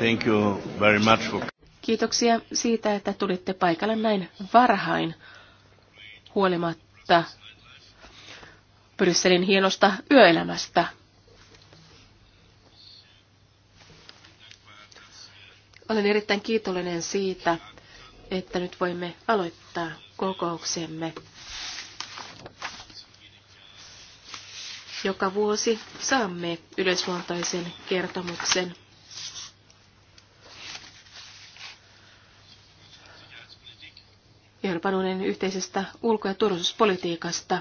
Thank you very much for... Kiitoksia siitä, että tulitte paikalle näin varhain, huolimatta Brysselin hienosta yöelämästä. Olen erittäin kiitollinen siitä, että nyt voimme aloittaa kokouksemme. Joka vuosi saamme yleisluontoisen kertomuksen Euroopan unionin yhteisestä ulko- ja turvallisuuspolitiikasta.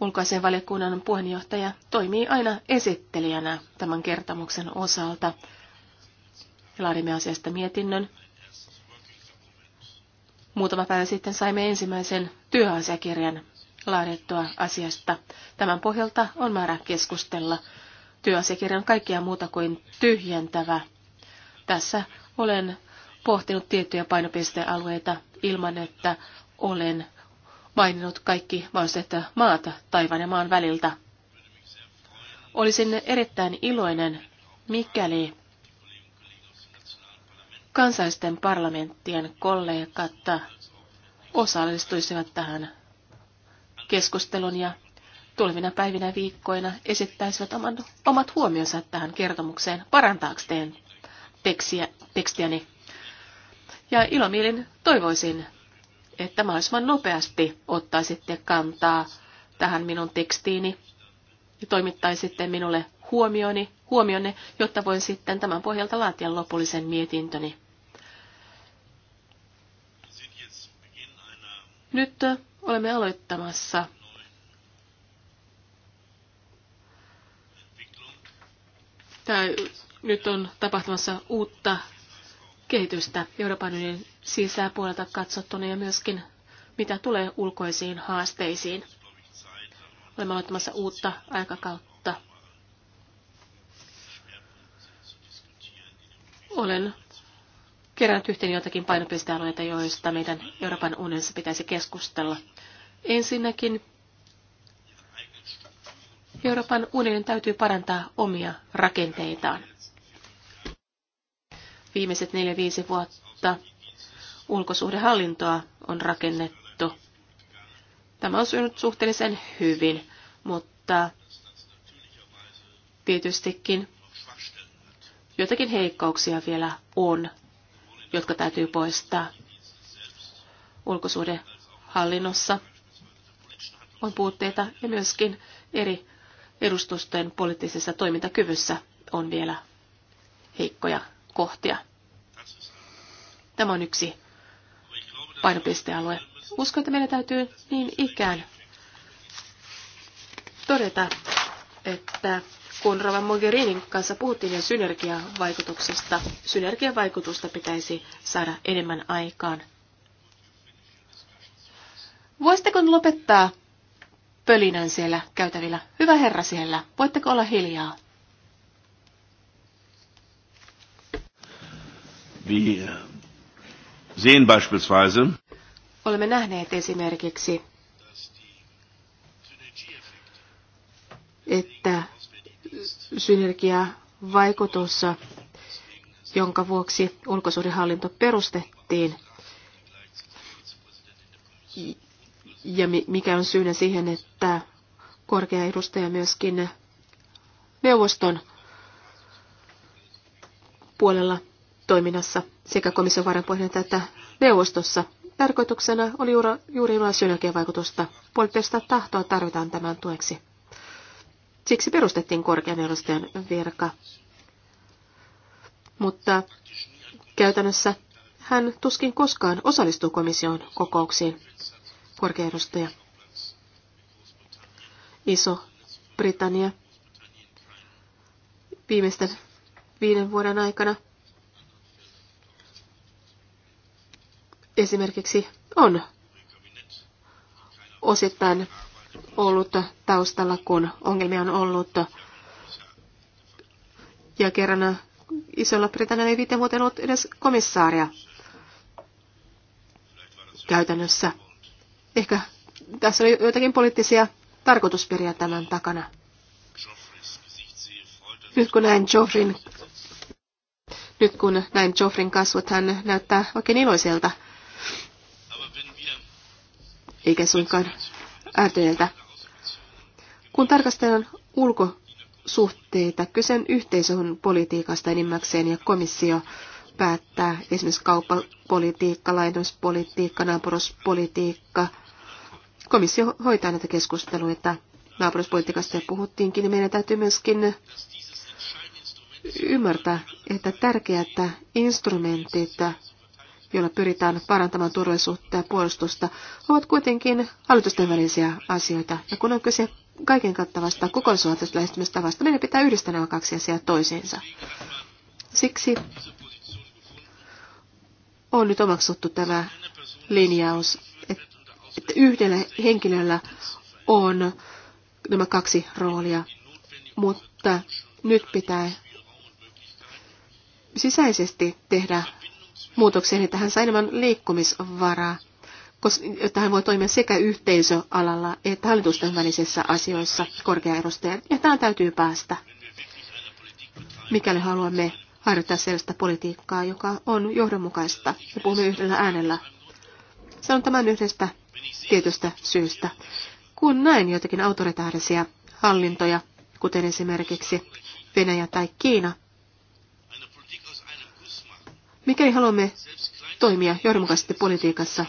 Ulkoisen valiokunnan puheenjohtaja toimii aina esittelijänä tämän kertomuksen osalta. Laadimme asiasta mietinnön. Muutama päivä sitten saimme ensimmäisen työasiakirjan laadittua asiasta. Tämän pohjalta on määrä keskustella. Työasiakirja on kaikkea muuta kuin tyhjentävä. Tässä olen pohtinut tiettyjä painopistealueita ilman, että olen maininnut kaikki mahdolliset maat taivaan ja maan väliltä. Olisin erittäin iloinen, mikäli kansallisten parlamenttien kollegat osallistuisivat tähän keskustelun ja tulevina päivinä viikkoina esittäisivät oman, omat huomionsa tähän kertomukseen parantaakseen tekstiä, tekstiäni. Ja ilomielin toivoisin, että mahdollisimman nopeasti ottaisitte kantaa tähän minun tekstiini ja toimittaisitte minulle huomioni, huomionne, jotta voin sitten tämän pohjalta laatia lopullisen mietintöni. Nyt olemme aloittamassa tai nyt on tapahtumassa uutta kehitystä Euroopan unionin sisäpuolelta katsottuna ja myöskin mitä tulee ulkoisiin haasteisiin. Olemme aloittamassa uutta aikakautta. Olen kerännyt yhteen joitakin painopistealueita, joista meidän Euroopan unionissa pitäisi keskustella. Ensinnäkin Euroopan unionin täytyy parantaa omia rakenteitaan viimeiset 4-5 vuotta ulkosuhdehallintoa on rakennettu. Tämä on syynyt suhteellisen hyvin, mutta tietystikin joitakin heikkouksia vielä on, jotka täytyy poistaa ulkosuhdehallinnossa. On puutteita ja myöskin eri edustusten poliittisessa toimintakyvyssä on vielä heikkoja kohtia. Tämä on yksi painopistealue. Uskon, että meidän täytyy niin ikään todeta, että kun Rova Mogherinin kanssa puhuttiin ja synergiavaikutuksesta, synergiavaikutusta pitäisi saada enemmän aikaan. Voisitteko lopettaa pölinän siellä käytävillä? Hyvä herra siellä, voitteko olla hiljaa? Yeah sehen beispielsweise, Olemme nähneet esimerkiksi, että synergiavaikutus, jonka vuoksi ulkosuhdehallinto perustettiin, ja mikä on syynä siihen, että korkea edustaja myöskin neuvoston puolella toiminnassa sekä komission varapuheenjohtaja että neuvostossa. Tarkoituksena oli juuri, juuri synergian vaikutusta. Poliittista tahtoa tarvitaan tämän tueksi. Siksi perustettiin korkean edustajan virka. Mutta käytännössä hän tuskin koskaan osallistuu komission kokouksiin. korkean edustaja. Iso Britannia viimeisten viiden vuoden aikana – esimerkiksi on osittain ollut taustalla, kun ongelmia on ollut. Ja kerran isolla Britannialla ei viiteen vuoteen ollut edes komissaaria käytännössä. Ehkä tässä oli joitakin poliittisia tarkoitusperiä tämän takana. Nyt kun näin Joffrin, nyt kun näin Joffrin kasvot, hän näyttää oikein iloiselta eikä suinkaan ääntäjältä. Kun tarkastellaan ulkosuhteita, kyse yhteisön politiikasta enimmäkseen ja komissio päättää esimerkiksi kauppapolitiikka, lainauspolitiikka, naapuruspolitiikka. Komissio hoitaa näitä keskusteluita naapuruspolitiikasta ja puhuttiinkin, niin meidän täytyy myöskin ymmärtää, että tärkeät instrumentit, joilla pyritään parantamaan turvallisuutta ja puolustusta, ovat kuitenkin hallitusten välisiä asioita. Ja kun on kyse kaiken kattavasta kokonaisuudesta lähestymistavasta, ne pitää yhdistää nämä kaksi asiaa toisiinsa. Siksi on nyt omaksuttu tämä linjaus, että yhdellä henkilöllä on nämä kaksi roolia, mutta nyt pitää sisäisesti tehdä muutoksia, niin tähän saa enemmän liikkumisvaraa, jotta hän voi toimia sekä yhteisöalalla että hallitusten välisissä asioissa korkeaedustajan. Ja tähän täytyy päästä, mikäli haluamme harjoittaa sellaista politiikkaa, joka on johdonmukaista ja puhumme yhdellä äänellä. Se on tämän yhdestä tietystä syystä. Kun näin jotakin autoritaarisia hallintoja, kuten esimerkiksi Venäjä tai Kiina, Mikäli haluamme toimia johdonmukaisesti politiikassa,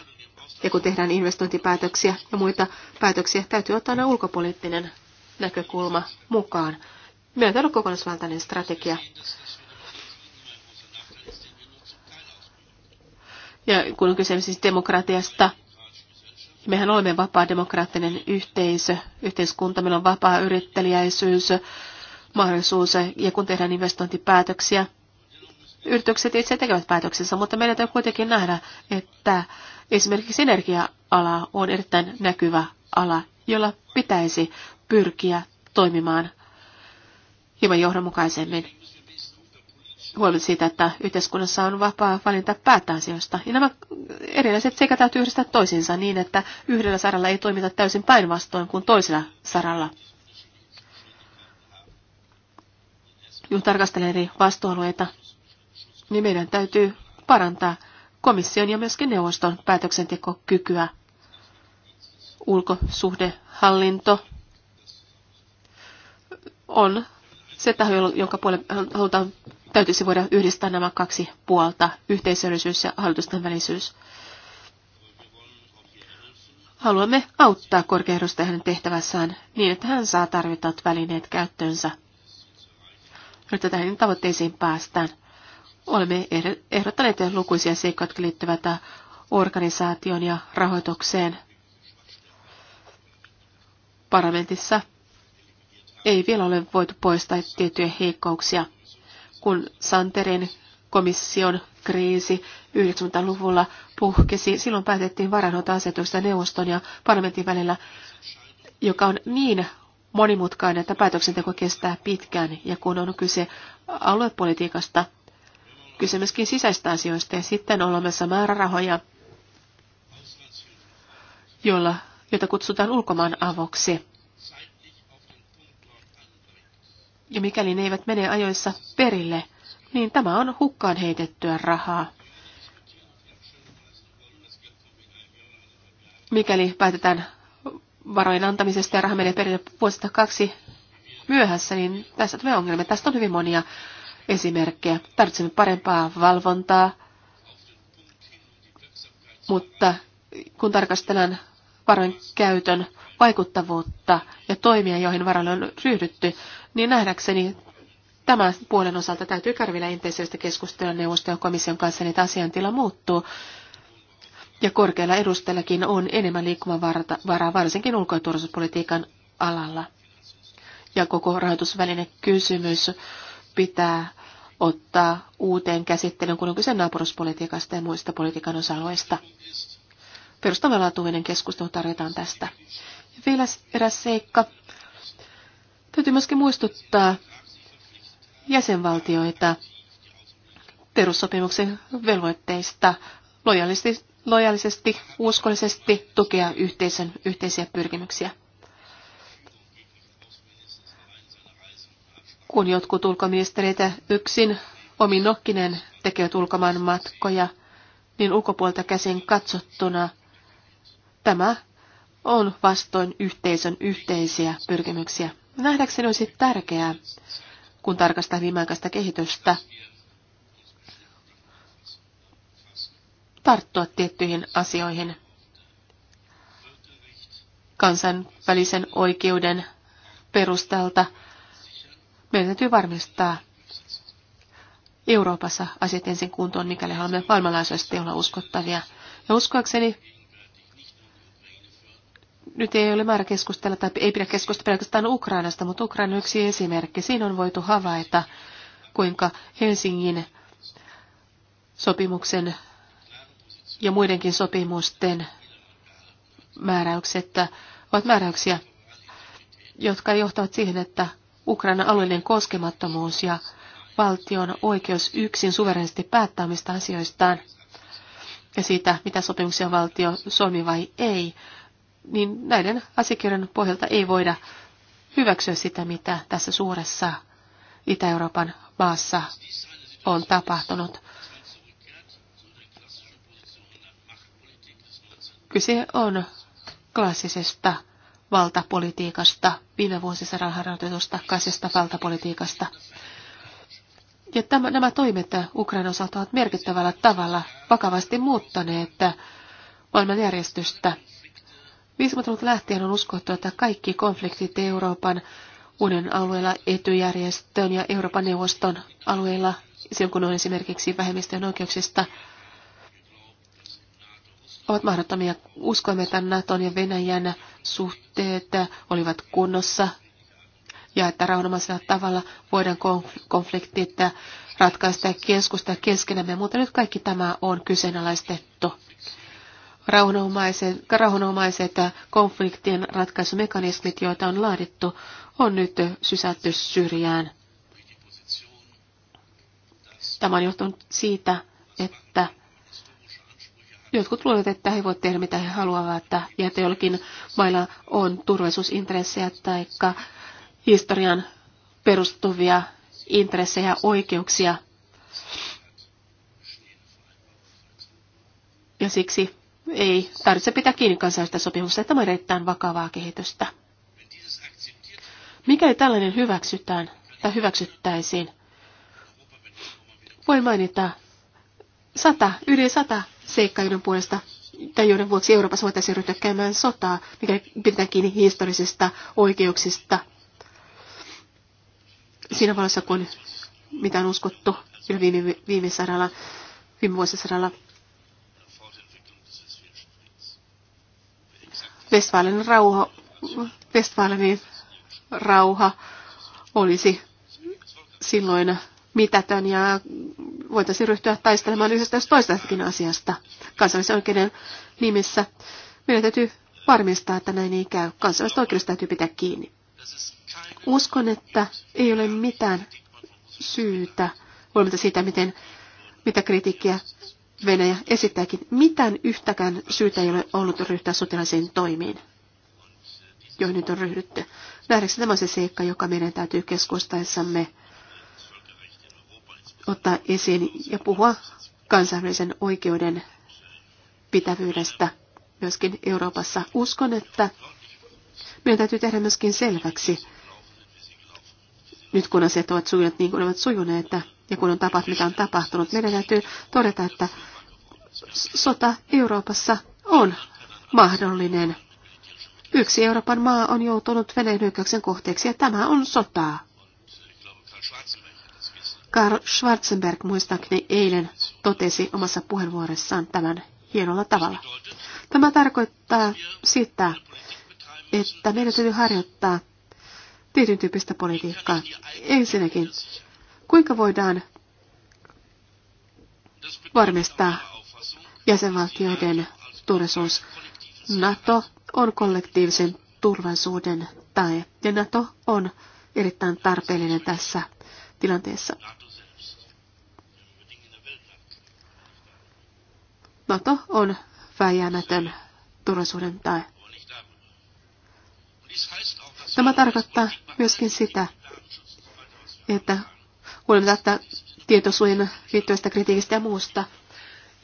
ja kun tehdään investointipäätöksiä ja muita päätöksiä, täytyy ottaa aina ulkopoliittinen näkökulma mukaan. Meillä on kokonaisvaltainen strategia. Ja kun on kyse siis demokratiasta, mehän olemme vapaa demokraattinen yhteisö, yhteiskunta, meillä on vapaa yrittelijäisyys, mahdollisuus, ja kun tehdään investointipäätöksiä, yritykset itse tekevät päätöksensä, mutta meidän täytyy kuitenkin nähdä, että esimerkiksi energia-ala on erittäin näkyvä ala, jolla pitäisi pyrkiä toimimaan hieman johdonmukaisemmin. huolimatta siitä, että yhteiskunnassa on vapaa valinta päättää asioista. Ja nämä erilaiset sekä täytyy yhdistää toisiinsa niin, että yhdellä saralla ei toimita täysin päinvastoin kuin toisella saralla. Kun tarkastelen eri vastuualueita, niin meidän täytyy parantaa komission ja myöskin neuvoston päätöksentekokykyä. Ulkosuhdehallinto on se taho, jonka puolelle halutaan, täytyisi voida yhdistää nämä kaksi puolta, yhteisöllisyys ja hallitusten välisyys. Haluamme auttaa korkeudusta hänen tehtävässään niin, että hän saa tarvittavat välineet käyttöönsä, jotta tähän tavoitteisiin päästään. Olemme ehdottaneet lukuisia seikkoja, jotka liittyvät organisaation ja rahoitukseen. Parlamentissa ei vielä ole voitu poistaa tiettyjä heikkouksia. Kun Santerin komission kriisi 90-luvulla puhkesi, silloin päätettiin varainhoitoasetusta neuvoston ja parlamentin välillä, joka on niin monimutkainen, että päätöksenteko kestää pitkään, ja kun on kyse aluepolitiikasta – kyse myöskin sisäistä asioista ja sitten on olemassa määrärahoja, jolla, jota kutsutaan ulkomaan avoksi. Ja mikäli ne eivät mene ajoissa perille, niin tämä on hukkaan heitettyä rahaa. Mikäli päätetään varojen antamisesta ja raha menee perille vuosista kaksi myöhässä, niin tässä tulee ongelmia. Tästä on hyvin monia esimerkkejä. Tarvitsemme parempaa valvontaa, mutta kun tarkastellaan varojen käytön vaikuttavuutta ja toimia, joihin varoille on ryhdytty, niin nähdäkseni tämän puolen osalta täytyy käydä vielä intensiivistä keskustelua neuvoston ja komission kanssa, niin että asiantila muuttuu. Ja korkealla edustajallakin on enemmän liikkumavaraa, varsinkin ulko- ja turvallisuuspolitiikan alalla. Ja koko rahoitusväline kysymys pitää ottaa uuteen käsittelyyn, kun on kyse naapuruspolitiikasta ja muista politiikan osa-alueista. Perustavanlaatuinen keskustelu tarjotaan tästä. Ja vielä eräs seikka. Täytyy myöskin muistuttaa jäsenvaltioita perussopimuksen velvoitteista lojallisesti, lojallisesti uskollisesti tukea yhteisön yhteisiä pyrkimyksiä. kun jotkut ulkoministereitä yksin omin nokkinen tekevät ulkomaan matkoja, niin ulkopuolta käsin katsottuna tämä on vastoin yhteisön yhteisiä pyrkimyksiä. Nähdäkseni olisi tärkeää, kun tarkastaa viimeaikaista kehitystä, tarttua tiettyihin asioihin. Kansainvälisen oikeuden perustalta meidän täytyy varmistaa Euroopassa asiat ensin kuntoon, mikäli haluamme maailmanlaajuisesti olla uskottavia. Ja uskoakseni nyt ei ole määrä keskustella tai ei pidä keskustella pelkästään Ukrainasta, mutta Ukraina on yksi esimerkki. Siinä on voitu havaita, kuinka Helsingin sopimuksen ja muidenkin sopimusten määräykset ovat määräyksiä, jotka johtavat siihen, että Ukrainan alueellinen koskemattomuus ja valtion oikeus yksin suverenisti päättää omista asioistaan ja siitä, mitä sopimuksia valtio solmi vai ei, niin näiden asiakirjan pohjalta ei voida hyväksyä sitä, mitä tässä suuressa Itä-Euroopan maassa on tapahtunut. Kyse on klassisesta valtapolitiikasta, viime vuosisadan harjoitetusta kaisesta valtapolitiikasta. Ja tämä, nämä toimet Ukrainan osalta ovat merkittävällä tavalla vakavasti muuttaneet maailmanjärjestystä. 50-luvulta lähtien on uskottu, että kaikki konfliktit Euroopan unen alueella, etujärjestön ja Euroopan neuvoston alueilla, silloin kun on esimerkiksi vähemmistöjen oikeuksista ovat mahdottomia. Uskoimme, että Naton ja Venäjän suhteet olivat kunnossa ja että rauhanomaisella tavalla voidaan konfliktit ratkaista ja keskustella keskenämme, mutta nyt kaikki tämä on kyseenalaistettu. Rauhanomaiset, rauhanomaiset konfliktien ratkaisumekanismit, joita on laadittu, on nyt sysätty syrjään. Tämä on johtunut siitä, että Jotkut luulevat, että he voivat tehdä mitä he haluavat, ja että jollakin mailla on turvallisuusintressejä tai historian perustuvia intressejä ja oikeuksia. Ja siksi ei tarvitse pitää kiinni kansainvälistä sopimusta. Tämä on erittäin vakavaa kehitystä. Mikäli tällainen hyväksytään tai hyväksyttäisiin, voin mainita sata, yli sata seikkailun puolesta tai joiden vuoksi Euroopassa voitaisiin ryhtyä käymään sotaa, mikä pitää kiinni historisista oikeuksista siinä valossa, kun mitä on uskottu jo viime, viime, saralla, viime vuosisadalla Westfalen rauha, Westfalenin rauha olisi silloin mitätön ja voitaisiin ryhtyä taistelemaan yhdestä jos toisestakin asiasta kansallisen oikeuden nimissä. Meidän täytyy varmistaa, että näin ei käy. Kansallista oikeudesta täytyy pitää kiinni. Uskon, että ei ole mitään syytä huolimatta siitä, miten, mitä kritiikkiä Venäjä esittääkin. Mitään yhtäkään syytä ei ole ollut ryhtyä sotilaisiin toimiin, joihin nyt on ryhdytty. Nähdäkseni tämä on se seikka, joka meidän täytyy keskustaessamme ottaa esiin ja puhua kansainvälisen oikeuden pitävyydestä myöskin Euroopassa. Uskon, että meidän täytyy tehdä myöskin selväksi, nyt kun asiat ovat sujuneet niin kuin ovat sujuneet ja kun on tapahtunut, mitä on tapahtunut, meidän täytyy todeta, että sota Euroopassa on mahdollinen. Yksi Euroopan maa on joutunut veneen hyökkäyksen kohteeksi ja tämä on sotaa. Karl Schwarzenberg muistaakseni eilen totesi omassa puheenvuorossaan tämän hienolla tavalla. Tämä tarkoittaa sitä, että meidän täytyy harjoittaa tietyn tyyppistä politiikkaa. Ensinnäkin, kuinka voidaan varmistaa jäsenvaltioiden turvallisuus. NATO on kollektiivisen turvallisuuden tae, ja NATO on erittäin tarpeellinen tässä tilanteessa. NATO on väijäämätön turvallisuuden tae. Tämä tarkoittaa myöskin sitä, että huolimatta tietosuojan liittyvästä kritiikistä ja muusta,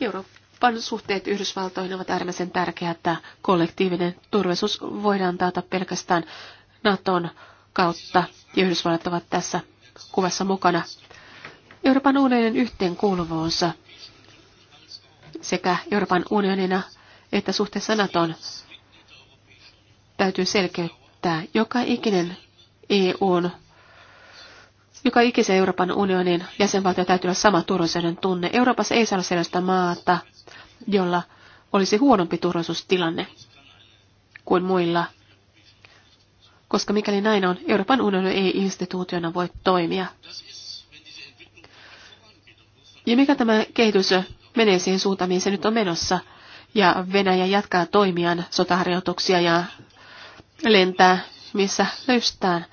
Euroopan suhteet Yhdysvaltoihin ovat äärimmäisen tärkeää, että kollektiivinen turvallisuus voidaan taata pelkästään Naton kautta, ja Yhdysvallat ovat tässä kuvassa mukana. Euroopan unionin yhteenkuuluvuus sekä Euroopan unionina että suhteessa Naton täytyy selkeyttää joka ikinen EUn joka ikisen Euroopan unionin jäsenvaltio täytyy olla sama turvallisuuden tunne. Euroopassa ei saa olla sellaista maata, jolla olisi huonompi turvallisuustilanne kuin muilla, koska mikäli näin on, Euroopan unioni ei instituutiona voi toimia. Ja mikä tämä kehitys menee siihen suuntaan, mihin se nyt on menossa. Ja Venäjä jatkaa toimiaan sotaharjoituksia ja lentää, missä löystään.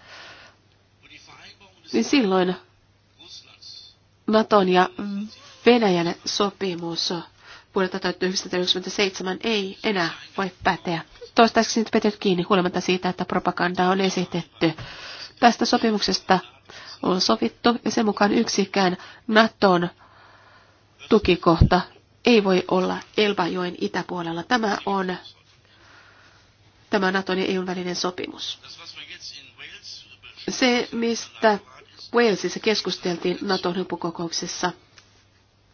Niin silloin Naton ja Venäjän sopimus vuodelta 1997 ei enää voi päteä. Toistaiseksi nyt petyt kiinni huolimatta siitä, että propaganda on esitetty. Tästä sopimuksesta on sovittu ja sen mukaan yksikään Naton tukikohta ei voi olla Elbajoen itäpuolella. Tämä on tämä Naton ja EUn välinen sopimus. Se, mistä Walesissa keskusteltiin Naton huippukokouksessa,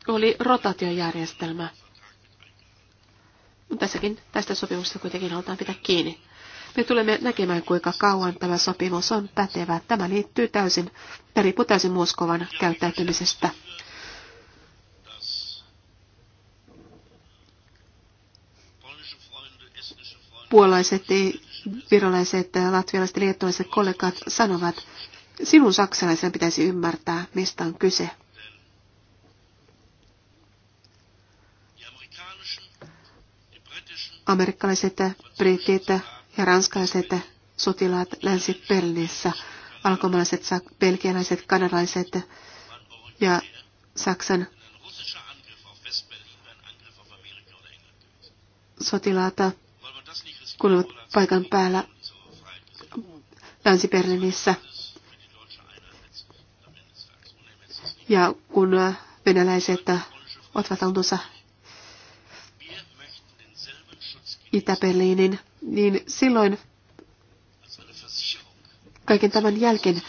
oli rotaatiojärjestelmä. Tässäkin tästä sopimuksesta kuitenkin halutaan pitää kiinni. Me tulemme näkemään, kuinka kauan tämä sopimus on pätevä. Tämä liittyy täysin, tämä riippuu täysin Moskovan käyttäytymisestä. puolalaiset, virolaiset, latvialaiset ja liettualaiset kollegat sanovat, sinun saksalaisen pitäisi ymmärtää, mistä on kyse. Amerikkalaiset, britit ja ranskalaiset sotilaat länsi pelnissä alkomaalaiset, belgialaiset, kanadalaiset ja Saksan sotilaata kun olet paikan päällä länsi berlinissä Ja kun venäläiset ovat autonsa Itä-Berliinin, niin silloin kaiken tämän jälkeen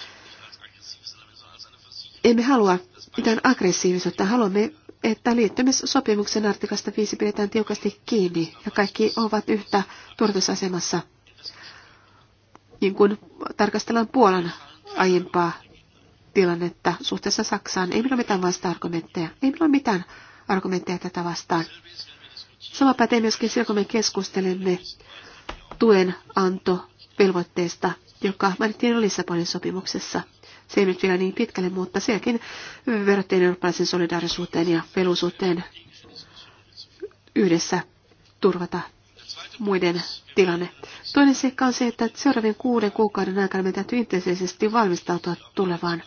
emme halua mitään aggressiivisuutta. Haluamme että liittymissopimuksen artikasta 5 pidetään tiukasti kiinni ja kaikki ovat yhtä turvallisuusasemassa, niin kuin tarkastellaan Puolan aiempaa tilannetta suhteessa Saksaan. Ei minulla mitään vasta-argumentteja. Ei minulla mitään argumentteja tätä vastaan. Sama pätee myöskin silloin, kun me keskustelemme tuen anto velvoitteesta, joka mainittiin Lissabonin sopimuksessa. Se ei nyt vielä niin pitkälle, mutta sielläkin verrattiin eurooppalaisen solidaarisuuteen ja veluisuuteen yhdessä turvata muiden tilanne. Toinen seikka on se, että seuraavien kuuden kuukauden aikana meidän täytyy intensiivisesti valmistautua tulevaan.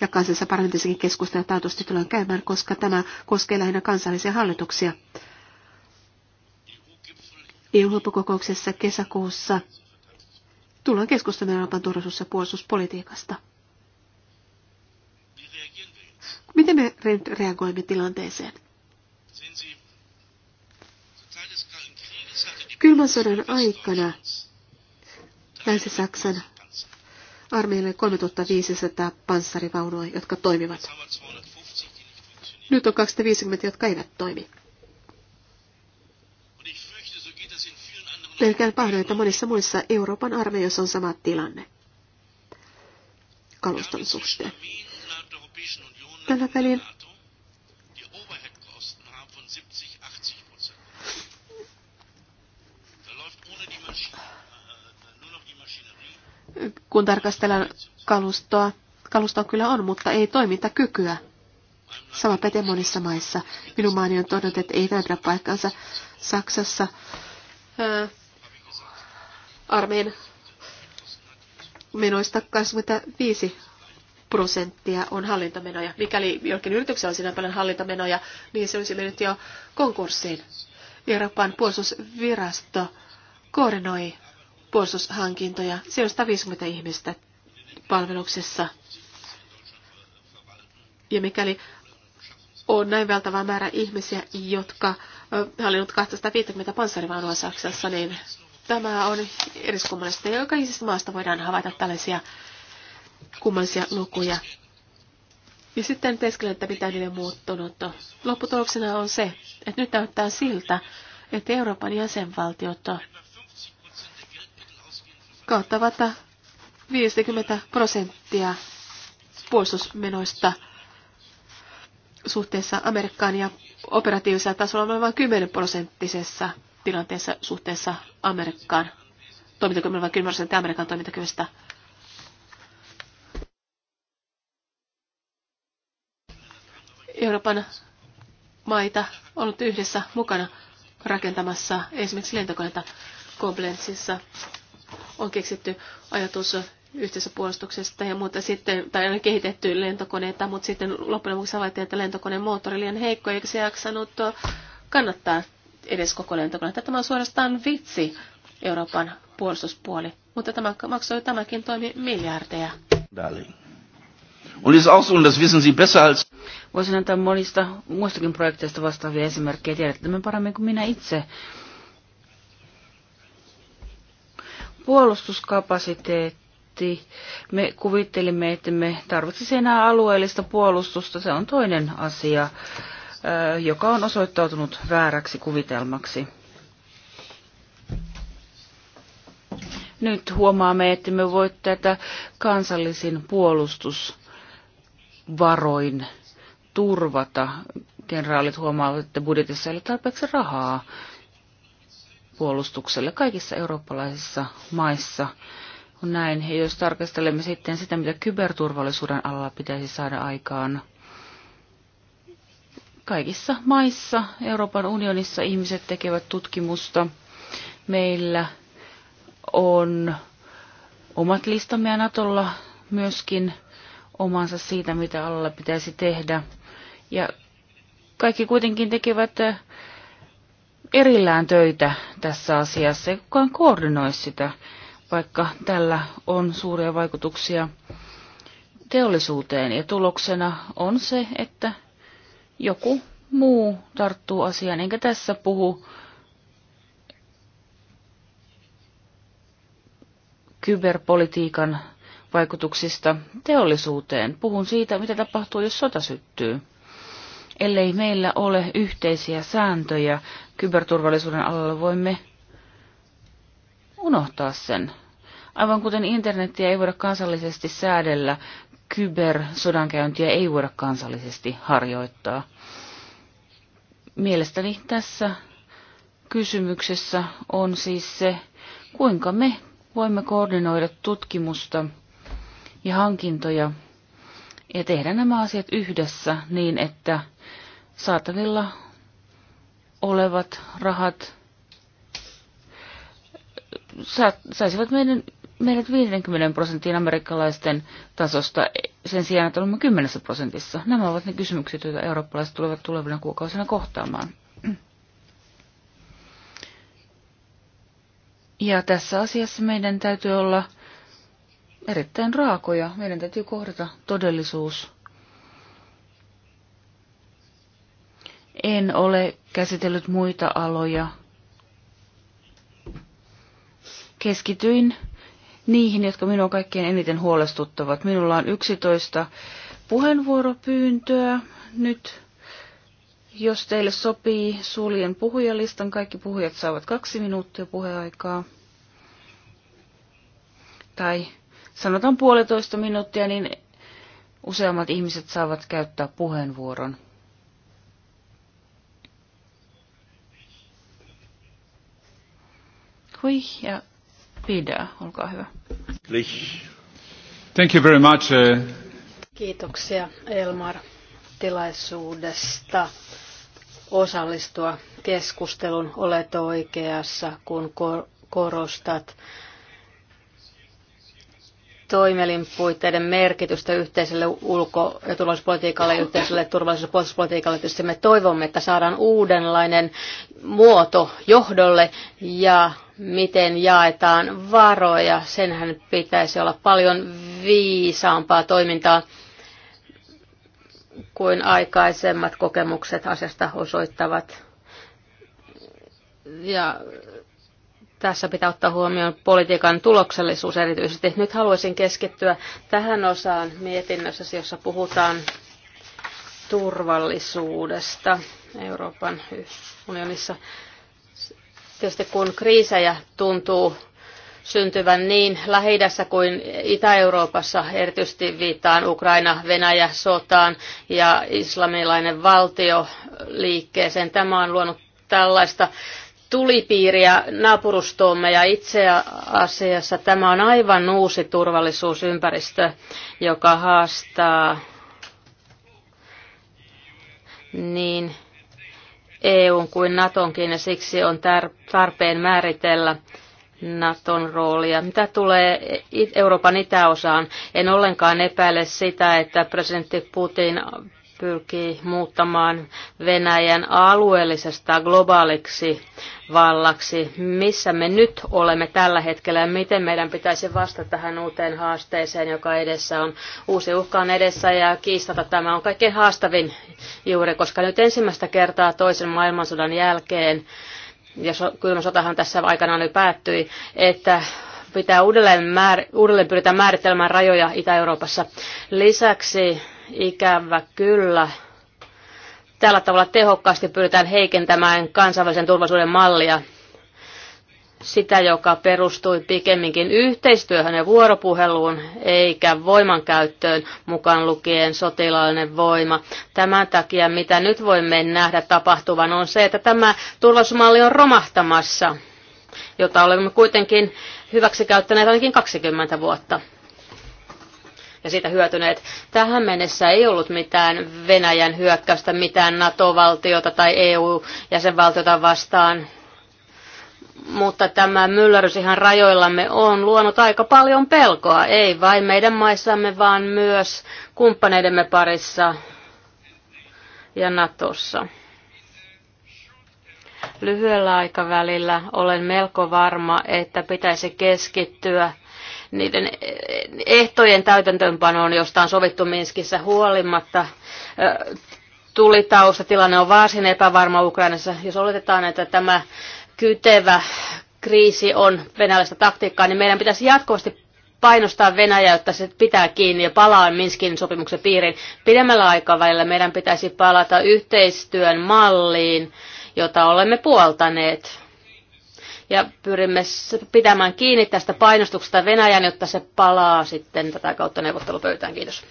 Ja kansallisessa parlamentissakin keskustelua taatusti tullaan käymään, koska tämä koskee lähinnä kansallisia hallituksia. EU-huippukokouksessa kesäkuussa tullaan keskustelemaan Euroopan turvallisuus- ja puolustuspolitiikasta. Miten me reagoimme tilanteeseen? Kylmän sodan aikana Länsi-Saksan armeijalle 3500 panssarivaunua, jotka toimivat. Nyt on 250, jotka eivät toimi. Pelkään pahoin, että monissa muissa Euroopan armeijoissa on sama tilanne kaluston suhteen tällä välin. Kun tarkastellaan kalustoa, kalustoa kyllä on, mutta ei toimintakykyä. Sama pätee monissa maissa. Minun maani on todennut, että ei näytä paikkansa Saksassa. Armeen menoista 25 prosenttia on hallintamenoja. Mikäli jollakin yrityksellä olisi näin paljon hallintamenoja, niin se olisi mennyt jo konkurssiin. Euroopan puolustusvirasto koordinoi puolustushankintoja. Siellä on 150 ihmistä palveluksessa. Ja mikäli on näin valtava määrä ihmisiä, jotka hallinnut 250 panssarivaunua Saksassa, niin tämä on eriskummallista. Jokaisesta maasta voidaan havaita tällaisia kummallisia lukuja. Ja sitten että mitä niille muuttunut. Lopputuloksena on se, että nyt näyttää siltä, että Euroopan jäsenvaltiot kauttavat 50 prosenttia puolustusmenoista suhteessa Amerikkaan ja operatiivisella tasolla olemme vain 10 prosenttisessa tilanteessa suhteessa Amerikkaan toimintakyvyllä vai 10 prosenttia Amerikan toimintakyvystä. Euroopan maita ollut yhdessä mukana rakentamassa esimerkiksi lentokoneita Koblenzissa. On keksitty ajatus puolustuksesta ja muuta sitten, tai on kehitetty lentokoneita, mutta sitten loppujen lopuksi havaittiin, että lentokoneen moottori liian heikko, eikä se jaksanut kannattaa edes koko lentokone. Tämä on suorastaan vitsi Euroopan puolustuspuoli, mutta tämä maksoi tämäkin toimi miljardeja. Darling. Und ist auch so, und das wissen Sie besser als Voisin antaa monista muistakin projekteista vastaavia esimerkkejä. Tiedätte paremmin kuin minä itse. Puolustuskapasiteetti. Me kuvittelimme, että me tarvitsisi enää alueellista puolustusta. Se on toinen asia, joka on osoittautunut vääräksi kuvitelmaksi. Nyt huomaamme, että me voi tätä kansallisin puolustusvaroin turvata. Kenraalit huomaavat, että budjetissa ei ole tarpeeksi rahaa puolustukselle kaikissa eurooppalaisissa maissa. On näin. Ja jos tarkastelemme sitten sitä, mitä kyberturvallisuuden alalla pitäisi saada aikaan, kaikissa maissa Euroopan unionissa ihmiset tekevät tutkimusta. Meillä on omat listamme ja Natolla myöskin omansa siitä, mitä alalla pitäisi tehdä. Ja kaikki kuitenkin tekevät eh, erillään töitä tässä asiassa, ei kukaan koordinoi sitä, vaikka tällä on suuria vaikutuksia teollisuuteen. Ja tuloksena on se, että joku muu tarttuu asiaan, enkä tässä puhu kyberpolitiikan vaikutuksista teollisuuteen. Puhun siitä, mitä tapahtuu, jos sota syttyy ellei meillä ole yhteisiä sääntöjä kyberturvallisuuden alalla, voimme unohtaa sen. Aivan kuten internettiä ei voida kansallisesti säädellä, kybersodankäyntiä ei voida kansallisesti harjoittaa. Mielestäni tässä kysymyksessä on siis se, kuinka me voimme koordinoida tutkimusta ja hankintoja ja tehdä nämä asiat yhdessä niin, että saatavilla olevat rahat saisivat meidän, meidät 50 prosenttiin amerikkalaisten tasosta sen sijaan, että olemme 10 prosentissa. Nämä ovat ne kysymykset, joita eurooppalaiset tulevat tulevina kuukausina kohtaamaan. Ja tässä asiassa meidän täytyy olla erittäin raakoja. Meidän täytyy kohdata todellisuus. En ole käsitellyt muita aloja. Keskityin niihin, jotka minua kaikkein eniten huolestuttavat. Minulla on 11 puheenvuoropyyntöä nyt. Jos teille sopii, suljen puhujalistan. Kaikki puhujat saavat kaksi minuuttia puheaikaa. Tai sanotaan puolitoista minuuttia, niin useammat ihmiset saavat käyttää puheenvuoron. Hui ja pidä, olkaa hyvä. Thank you very much. Uh, Kiitoksia Elmar tilaisuudesta osallistua keskustelun. Olet oikeassa, kun korostat toimielinpuitteiden merkitystä yhteiselle ulko- ja turvallisuuspolitiikalle, yhteiselle turvallisuus- ja puolustuspolitiikalle. Tietysti me toivomme, että saadaan uudenlainen muoto johdolle ja miten jaetaan varoja. Senhän pitäisi olla paljon viisaampaa toimintaa kuin aikaisemmat kokemukset asiasta osoittavat. Ja tässä pitää ottaa huomioon politiikan tuloksellisuus erityisesti. Nyt haluaisin keskittyä tähän osaan mietinnössä, jossa puhutaan turvallisuudesta Euroopan unionissa. Tietysti kun kriisejä tuntuu syntyvän niin lähi kuin Itä-Euroopassa, erityisesti viittaan Ukraina, Venäjä, sotaan ja islamilainen valtio liikkeeseen. Tämä on luonut tällaista tulipiiriä naapurustoomme ja itse asiassa tämä on aivan uusi turvallisuusympäristö, joka haastaa niin EUn kuin Natonkin ja siksi on tarpeen määritellä Naton roolia. Mitä tulee Euroopan itäosaan, en ollenkaan epäile sitä, että presidentti Putin pyrkii muuttamaan Venäjän alueellisesta globaaliksi vallaksi. Missä me nyt olemme tällä hetkellä ja miten meidän pitäisi vastata tähän uuteen haasteeseen, joka edessä on. Uusi uhka on edessä ja kiistata tämä on kaikkein haastavin juuri, koska nyt ensimmäistä kertaa toisen maailmansodan jälkeen, ja kylmä sotahan tässä aikanaan nyt päättyi, että pitää uudelleen, määr, uudelleen pyritään määrittelemään rajoja Itä-Euroopassa. Lisäksi ikävä kyllä tällä tavalla tehokkaasti pyritään heikentämään kansainvälisen turvallisuuden mallia, sitä, joka perustui pikemminkin yhteistyöhön ja vuoropuheluun, eikä voimankäyttöön mukaan lukien sotilaallinen voima. Tämän takia, mitä nyt voimme nähdä tapahtuvan, on se, että tämä turvallisuusmalli on romahtamassa, jota olemme kuitenkin hyväksikäyttäneet ainakin 20 vuotta ja siitä hyötyneet. Tähän mennessä ei ollut mitään Venäjän hyökkäystä, mitään NATO-valtiota tai EU-jäsenvaltiota vastaan, mutta tämä myllärys ihan rajoillamme on luonut aika paljon pelkoa, ei vain meidän maissamme, vaan myös kumppaneidemme parissa ja Natossa. Lyhyellä aikavälillä olen melko varma, että pitäisi keskittyä niiden eh, ehtojen täytäntöönpanoon, josta on sovittu Minskissä huolimatta. Tulitaustatilanne on varsin epävarma Ukrainassa. Jos oletetaan, että tämä kytevä kriisi on venäläistä taktiikkaa, niin meidän pitäisi jatkuvasti painostaa Venäjä, jotta se pitää kiinni ja palaa Minskin sopimuksen piiriin. Pidemmällä aikavälillä meidän pitäisi palata yhteistyön malliin, jota olemme puoltaneet ja pyrimme pitämään kiinni tästä painostuksesta Venäjän, jotta se palaa sitten tätä kautta neuvottelupöytään. Kiitos.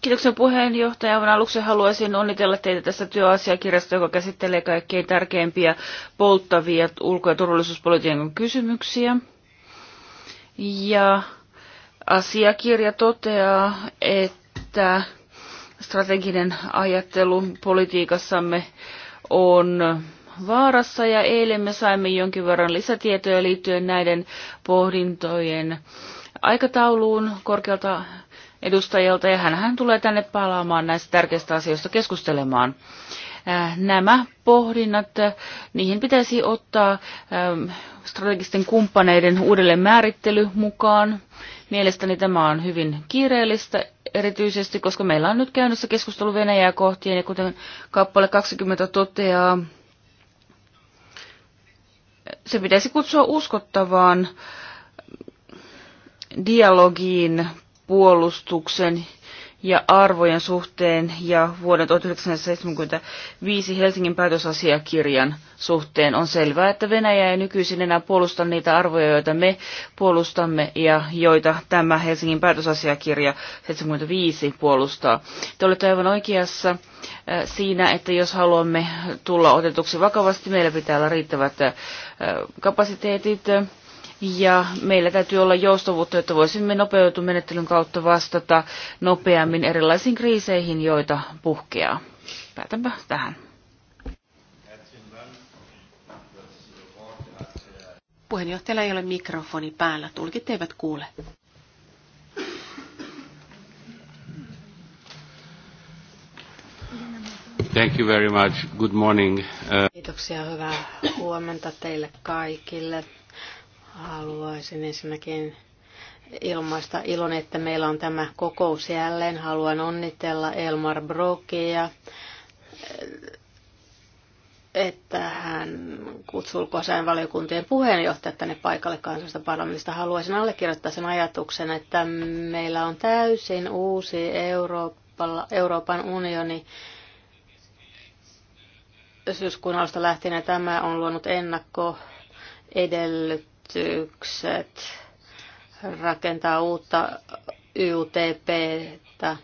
Kiitoksen puheenjohtaja. Aivan aluksi haluaisin onnitella teitä tässä työasiakirjasta, joka käsittelee kaikkein tärkeimpiä polttavia ulko- ja turvallisuuspolitiikan kysymyksiä. Ja asiakirja toteaa, että strateginen ajattelu politiikassamme on vaarassa ja eilen me saimme jonkin verran lisätietoja liittyen näiden pohdintojen aikatauluun korkealta edustajalta ja hän tulee tänne palaamaan näistä tärkeistä asioista keskustelemaan. Äh, nämä pohdinnat, äh, niihin pitäisi ottaa ähm, strategisten kumppaneiden uudelleen määrittely mukaan. Mielestäni tämä on hyvin kiireellistä erityisesti, koska meillä on nyt käynnissä keskustelu Venäjää kohtien ja kuten kappale 20 toteaa, se pitäisi kutsua uskottavaan dialogiin puolustuksen ja arvojen suhteen ja vuoden 1975 Helsingin päätösasiakirjan suhteen on selvää, että Venäjä ei nykyisin enää puolusta niitä arvoja, joita me puolustamme ja joita tämä Helsingin päätösasiakirja 75 puolustaa. Te olette aivan oikeassa äh, siinä, että jos haluamme tulla otetuksi vakavasti, meillä pitää olla riittävät äh, kapasiteetit, ja meillä täytyy olla joustavuutta, jotta voisimme menettelyn kautta vastata nopeammin erilaisiin kriiseihin, joita puhkeaa. Päätänpä tähän. Puheenjohtajalla ei ole mikrofoni päällä. Tulkit eivät kuule. Thank you very much. Good morning. Uh, Kiitoksia, hyvää huomenta teille kaikille. Haluaisin ensinnäkin ilmaista ilon, että meillä on tämä kokous jälleen. Haluan onnitella Elmar Brokia, että hän kutsui valiokuntien puheenjohtajat tänne paikalle kansallista parlamentista. Haluaisin allekirjoittaa sen ajatuksen, että meillä on täysin uusi Euroopan unioni, syyskuun alusta lähtien ja tämä on luonut ennakko edellyt yritykset rakentaa uutta UTP:tä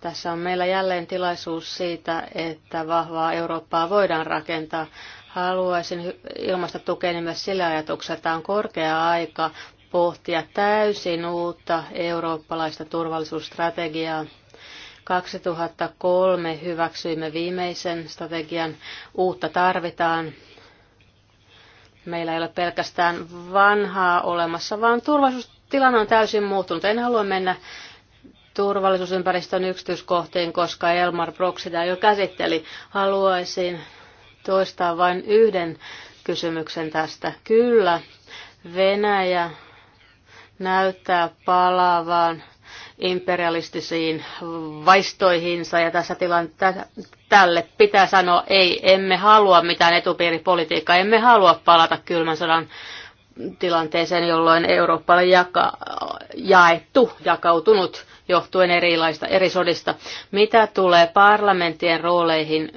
Tässä on meillä jälleen tilaisuus siitä, että vahvaa Eurooppaa voidaan rakentaa. Haluaisin ilmaista tukeni myös sillä ajatuksella, että on korkea aika pohtia täysin uutta eurooppalaista turvallisuusstrategiaa. 2003 hyväksyimme viimeisen strategian. Uutta tarvitaan Meillä ei ole pelkästään vanhaa olemassa, vaan turvallisuustilanne on täysin muuttunut. En halua mennä turvallisuusympäristön yksityiskohtiin, koska Elmar Brock sitä jo käsitteli. Haluaisin toistaa vain yhden kysymyksen tästä. Kyllä, Venäjä näyttää palaavaan imperialistisiin vaistoihinsa ja tässä tilanteessa tälle pitää sanoa ei, emme halua mitään etupiiripolitiikkaa, emme halua palata kylmän sodan tilanteeseen, jolloin Euroopalle jaka, jaettu, jakautunut johtuen erilaista eri sodista. Mitä tulee parlamenttien rooleihin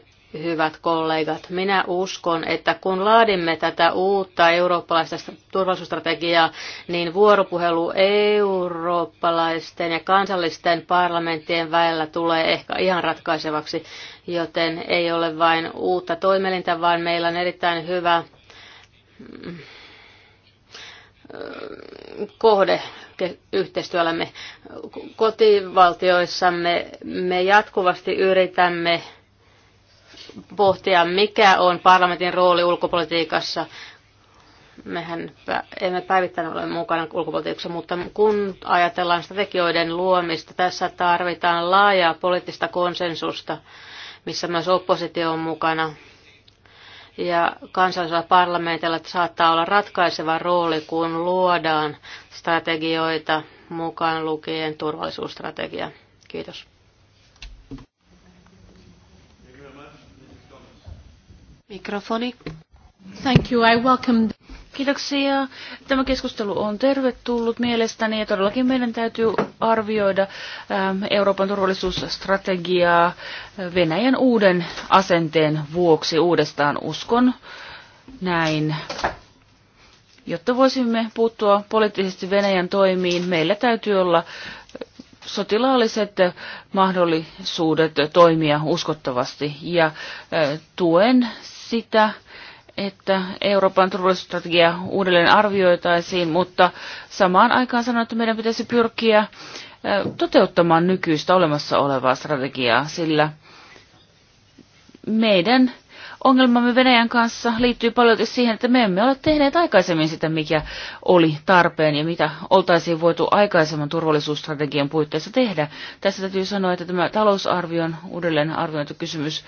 hyvät kollegat. Minä uskon, että kun laadimme tätä uutta eurooppalaista turvallisuusstrategiaa, niin vuoropuhelu eurooppalaisten ja kansallisten parlamenttien välillä tulee ehkä ihan ratkaisevaksi, joten ei ole vain uutta toimelinta, vaan meillä on erittäin hyvä mm, kohde yhteistyöllämme kotivaltioissamme. Me jatkuvasti yritämme pohtia, mikä on parlamentin rooli ulkopolitiikassa. Mehän emme päivittäin ole mukana ulkopolitiikassa, mutta kun ajatellaan strategioiden luomista, tässä tarvitaan laajaa poliittista konsensusta, missä myös oppositio on mukana. Ja kansallisella parlamentilla saattaa olla ratkaiseva rooli, kun luodaan strategioita mukaan lukien turvallisuusstrategia. Kiitos. Mikrofoni. Thank you. I welcome. Kiitoksia. Tämä keskustelu on tervetullut mielestäni ja todellakin meidän täytyy arvioida ähm, Euroopan turvallisuusstrategiaa äh, Venäjän uuden asenteen vuoksi uudestaan uskon näin. Jotta voisimme puuttua poliittisesti Venäjän toimiin, meillä täytyy olla äh, sotilaalliset äh, mahdollisuudet toimia uskottavasti ja tuen sitä, että Euroopan turvallisuusstrategia uudelleen arvioitaisiin, mutta samaan aikaan sanoin, että meidän pitäisi pyrkiä toteuttamaan nykyistä olemassa olevaa strategiaa, sillä meidän ongelmamme Venäjän kanssa liittyy paljon siihen, että me emme ole tehneet aikaisemmin sitä, mikä oli tarpeen ja mitä oltaisiin voitu aikaisemman turvallisuusstrategian puitteissa tehdä. Tässä täytyy sanoa, että tämä talousarvion uudelleen arviointikysymys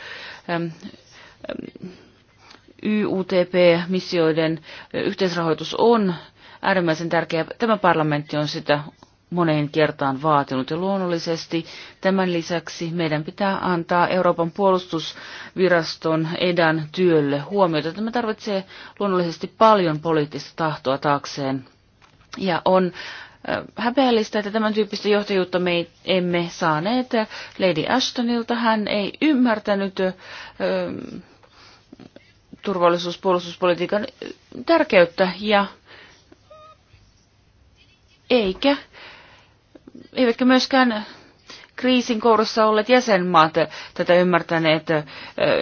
YUTP-missioiden yhteisrahoitus on äärimmäisen tärkeä. Tämä parlamentti on sitä moneen kertaan vaatinut ja luonnollisesti tämän lisäksi meidän pitää antaa Euroopan puolustusviraston edan työlle huomiota. Tämä tarvitsee luonnollisesti paljon poliittista tahtoa taakseen ja on häpeällistä, että tämän tyyppistä johtajuutta me emme saaneet Lady Ashtonilta. Hän ei ymmärtänyt turvallisuuspuolustuspolitiikan tärkeyttä ja eikä, eivätkä myöskään kriisin kourossa olleet jäsenmaat tätä ymmärtäneet,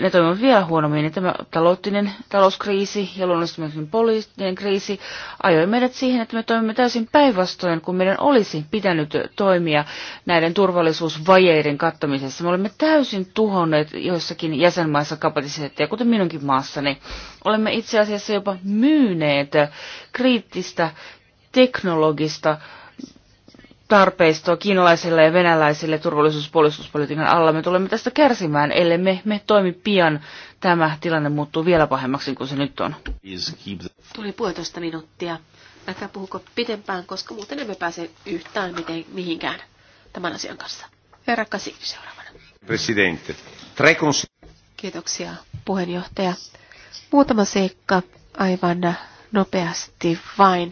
ne toimivat vielä huonommin. Ja tämä taloutinen talouskriisi ja luonnollisesti myös poliittinen kriisi ajoi meidät siihen, että me toimimme täysin päinvastoin, kun meidän olisi pitänyt toimia näiden turvallisuusvajeiden kattamisessa. Me olemme täysin tuhonneet joissakin jäsenmaissa kapasiteettia, kuten minunkin maassani. Olemme itse asiassa jopa myyneet kriittistä teknologista tarpeistoa kiinalaisille ja venäläisille turvallisuuspuolustuspolitiikan alla. Me tulemme tästä kärsimään, ellei me, me toimi pian. Tämä tilanne muuttuu vielä pahemmaksi kuin se nyt on. Tuli puolitoista minuuttia. Älkää puhuko pitempään, koska muuten emme pääse yhtään miten, mihinkään tämän asian kanssa. Herra Kasi seuraavana. Presidente. trekons. Kiitoksia puheenjohtaja. Muutama seikka aivan nopeasti vain.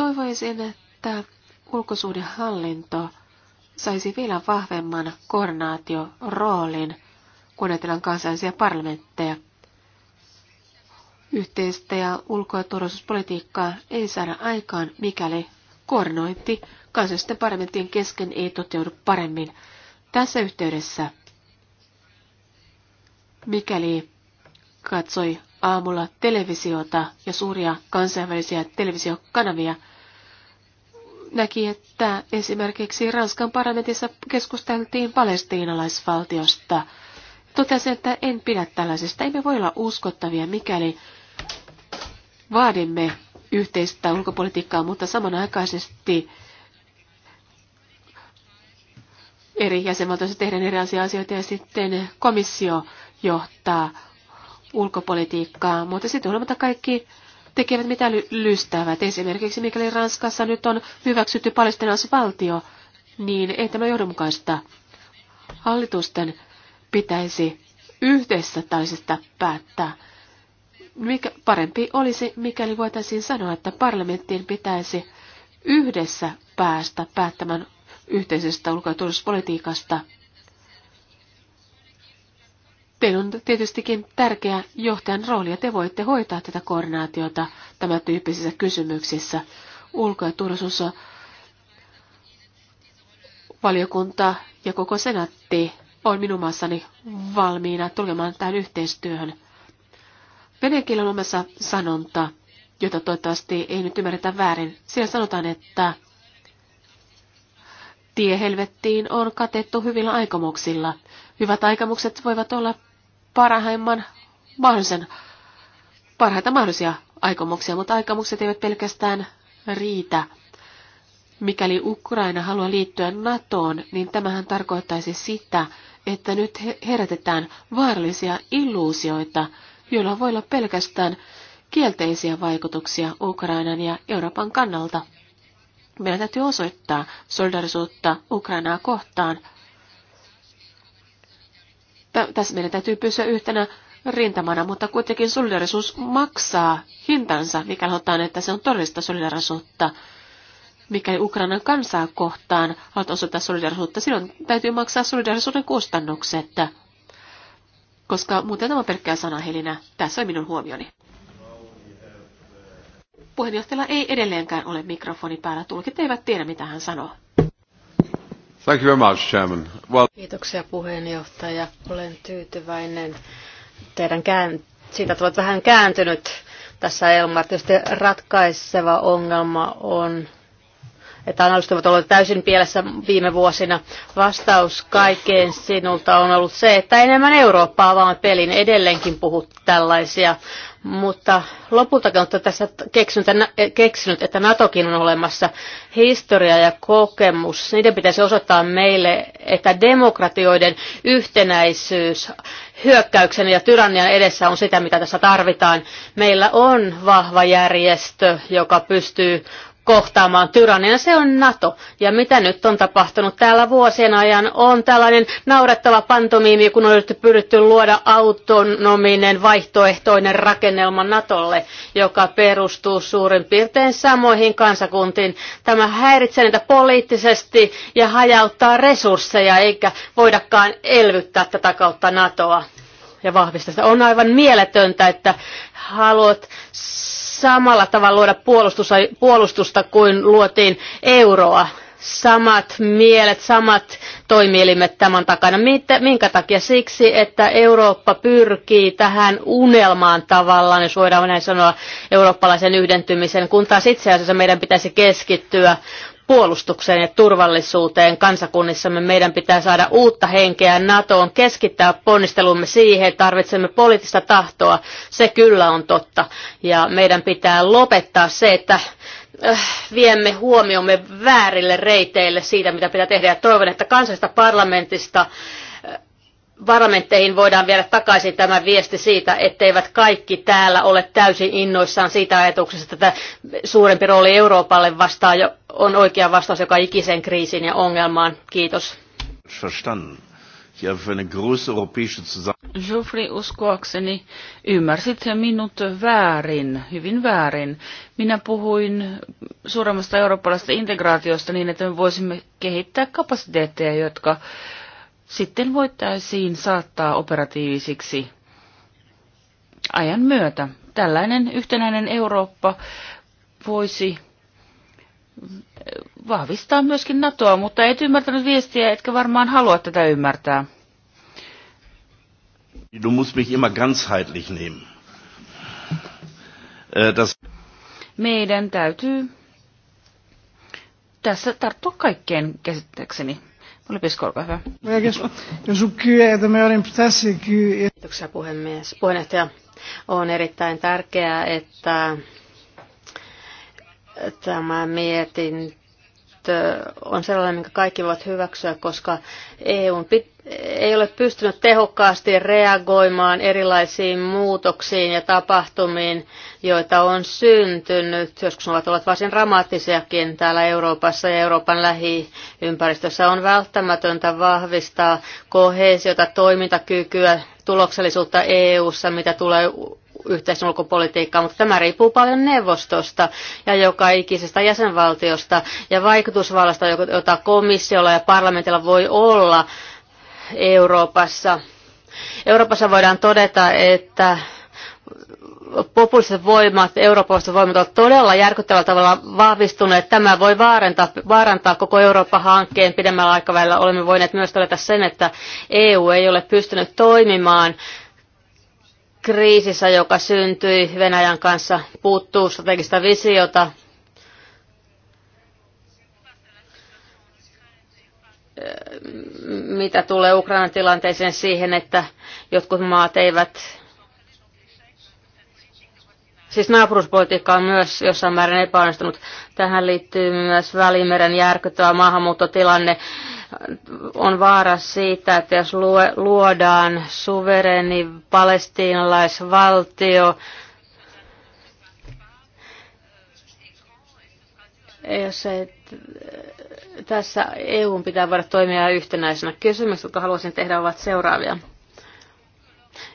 Toivoisin, että ulkosuhdehallinto saisi vielä vahvemman koordinaatioroolin, kun ajatellaan kansallisia parlamentteja. Yhteistä ja ulko- ja turvallisuuspolitiikkaa ei saada aikaan, mikäli koordinointi kansallisten parlamenttien kesken ei toteudu paremmin. Tässä yhteydessä, mikäli katsoi aamulla televisiota ja suuria kansainvälisiä televisiokanavia – näki, että esimerkiksi Ranskan parlamentissa keskusteltiin palestiinalaisvaltiosta. Totesin, että en pidä tällaisesta. Emme voi olla uskottavia, mikäli vaadimme yhteistä ulkopolitiikkaa, mutta samanaikaisesti eri jäsenvaltioissa tehdään eri asioita ja sitten komissio johtaa ulkopolitiikkaa, mutta sitten huolimatta kaikki tekevät mitä lystävät. Esimerkiksi mikäli Ranskassa nyt on hyväksytty valtio, niin ei tämä johdonmukaista. Hallitusten pitäisi yhdessä tällaisesta päättää. Mikä, parempi olisi, mikäli voitaisiin sanoa, että parlamenttiin pitäisi yhdessä päästä päättämään yhteisestä ulko- ja turvallisuuspolitiikasta. Teillä on tietystikin tärkeä johtajan rooli ja te voitte hoitaa tätä koordinaatiota tämän tyyppisissä kysymyksissä. Ulko- ja turvallisuus valiokunta ja koko senaatti on minun maassani valmiina tulemaan tähän yhteistyöhön. Venäjän kielellä on sanonta, jota toivottavasti ei nyt ymmärretä väärin. Siellä sanotaan, että tie helvettiin on katettu hyvillä aikomuksilla. Hyvät aikomukset voivat olla parhaimman mahdollisen, parhaita mahdollisia aikomuksia, mutta aikomukset eivät pelkästään riitä. Mikäli Ukraina haluaa liittyä NATOon, niin tämähän tarkoittaisi sitä, että nyt herätetään vaarallisia illuusioita, joilla voi olla pelkästään kielteisiä vaikutuksia Ukrainan ja Euroopan kannalta. Meidän täytyy osoittaa solidarisuutta Ukrainaa kohtaan mutta tässä meidän täytyy pysyä yhtenä rintamana, mutta kuitenkin solidarisuus maksaa hintansa, mikäli halutaan, että se on todellista solidarisuutta. Mikäli Ukrainan kansaa kohtaan halutaan osoittaa solidarisuutta, silloin täytyy maksaa solidarisuuden kustannukset, koska muuten tämä on pelkkää sanahelinä. Tässä on minun huomioni. Puheenjohtajalla ei edelleenkään ole mikrofoni päällä. Tulkit eivät tiedä, mitä hän sanoo. Thank you very much, Chairman. Well... Kiitoksia puheenjohtaja. Olen tyytyväinen teidän kään... siitä, ovat olet vähän kääntynyt tässä Elmar. Tietysti ratkaiseva ongelma on että analyysit ovat olleet täysin pielessä viime vuosina. Vastaus kaikkeen sinulta on ollut se, että enemmän Eurooppaa vaan pelin edelleenkin puhut tällaisia mutta lopultakin olette tässä eh, keksinyt, että NATOkin on olemassa. Historia ja kokemus, niiden pitäisi osoittaa meille, että demokratioiden yhtenäisyys hyökkäyksen ja tyrannian edessä on sitä, mitä tässä tarvitaan. Meillä on vahva järjestö, joka pystyy kohtaamaan tyrannia, se on NATO. Ja mitä nyt on tapahtunut täällä vuosien ajan, on tällainen naurettava pantomiimi, kun on pyritty luoda autonominen vaihtoehtoinen rakennelma NATOlle, joka perustuu suurin piirtein samoihin kansakuntiin. Tämä häiritsee niitä poliittisesti ja hajauttaa resursseja, eikä voidakaan elvyttää tätä kautta NATOa ja vahvistaa sitä. On aivan mieletöntä, että haluat samalla tavalla luoda puolustusta, puolustusta kuin luotiin euroa. Samat mielet, samat toimielimet tämän takana. Minkä takia? Siksi, että Eurooppa pyrkii tähän unelmaan tavallaan, jos voidaan näin sanoa, eurooppalaisen yhdentymisen, kun taas itse asiassa meidän pitäisi keskittyä puolustukseen ja turvallisuuteen kansakunnissamme. Meidän pitää saada uutta henkeä NATOon, keskittää ponnistelumme siihen, tarvitsemme poliittista tahtoa, se kyllä on totta. Ja meidän pitää lopettaa se, että äh, viemme huomiomme väärille reiteille siitä, mitä pitää tehdä. Ja toivon, että kansallisesta parlamentista varamentteihin voidaan viedä takaisin tämä viesti siitä, etteivät kaikki täällä ole täysin innoissaan siitä ajatuksesta, että suurempi rooli Euroopalle vastaa jo, on oikea vastaus joka ikiseen kriisiin ja ongelmaan. Kiitos. Verstanden. Joffrey, uskoakseni ymmärsit minut väärin, hyvin väärin. Minä puhuin suuremmasta eurooppalaisesta integraatiosta niin, että me voisimme kehittää kapasiteetteja, jotka sitten voittaisiin saattaa operatiivisiksi ajan myötä. Tällainen yhtenäinen Eurooppa voisi vahvistaa myöskin NATOa, mutta et ymmärtänyt viestiä, etkä varmaan halua tätä ymmärtää. Du musst mich immer ganzheitlich nehmen. Äh, das... Meidän täytyy tässä tarttua kaikkeen käsittääkseni. Olipis, olkaa hyvä. Kiitoksia puhemies. Puheenjohtaja, on erittäin tärkeää, että tämä mietintö on sellainen, minkä kaikki voivat hyväksyä, koska EU ei ole pystynyt tehokkaasti reagoimaan erilaisiin muutoksiin ja tapahtumiin, joita on syntynyt. Joskus ovat olleet varsin dramaattisiakin täällä Euroopassa ja Euroopan lähiympäristössä. On välttämätöntä vahvistaa kohesiota, toimintakykyä, tuloksellisuutta EU-ssa, mitä tulee yhteisen ulkopolitiikkaa, mutta tämä riippuu paljon neuvostosta ja joka ikisestä jäsenvaltiosta ja vaikutusvallasta, jota komissiolla ja parlamentilla voi olla Euroopassa. Euroopassa voidaan todeta, että populistiset voimat, eurooppalaiset voimat ovat todella järkyttävällä tavalla vahvistuneet. Tämä voi vaarantaa, vaarantaa koko Eurooppa-hankkeen pidemmällä aikavälillä. Olemme voineet myös todeta sen, että EU ei ole pystynyt toimimaan kriisissä, joka syntyi Venäjän kanssa, puuttuu strategista visiota. Mitä tulee Ukrainan tilanteeseen siihen, että jotkut maat eivät Siis naapuruspolitiikka on myös jossain määrin epäonnistunut. Tähän liittyy myös Välimeren järkyttävä maahanmuuttotilanne on vaara siitä, että jos luodaan suvereni palestiinalaisvaltio, jos ei, tässä EU pitää voida toimia yhtenäisenä. Kysymykset, jotka haluaisin tehdä, ovat seuraavia.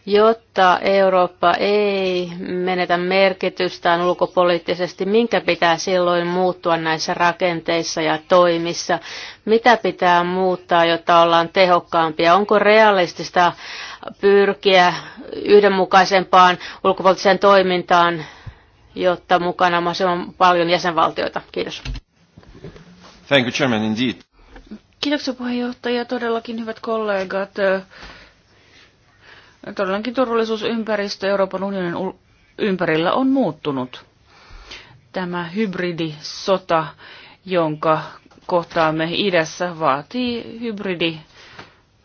Jotta Eurooppa ei menetä merkitystään ulkopoliittisesti, minkä pitää silloin muuttua näissä rakenteissa ja toimissa? Mitä pitää muuttaa, jotta ollaan tehokkaampia? Onko realistista pyrkiä yhdenmukaisempaan ulkopoliittiseen toimintaan, jotta mukana on paljon jäsenvaltioita? Kiitos. Thank you, Chairman, indeed. Kiitoksia puheenjohtaja. Todellakin hyvät kollegat. Todellakin turvallisuusympäristö Euroopan unionin ympärillä on muuttunut. Tämä hybridisota, jonka kohtaamme idässä, vaatii hybridi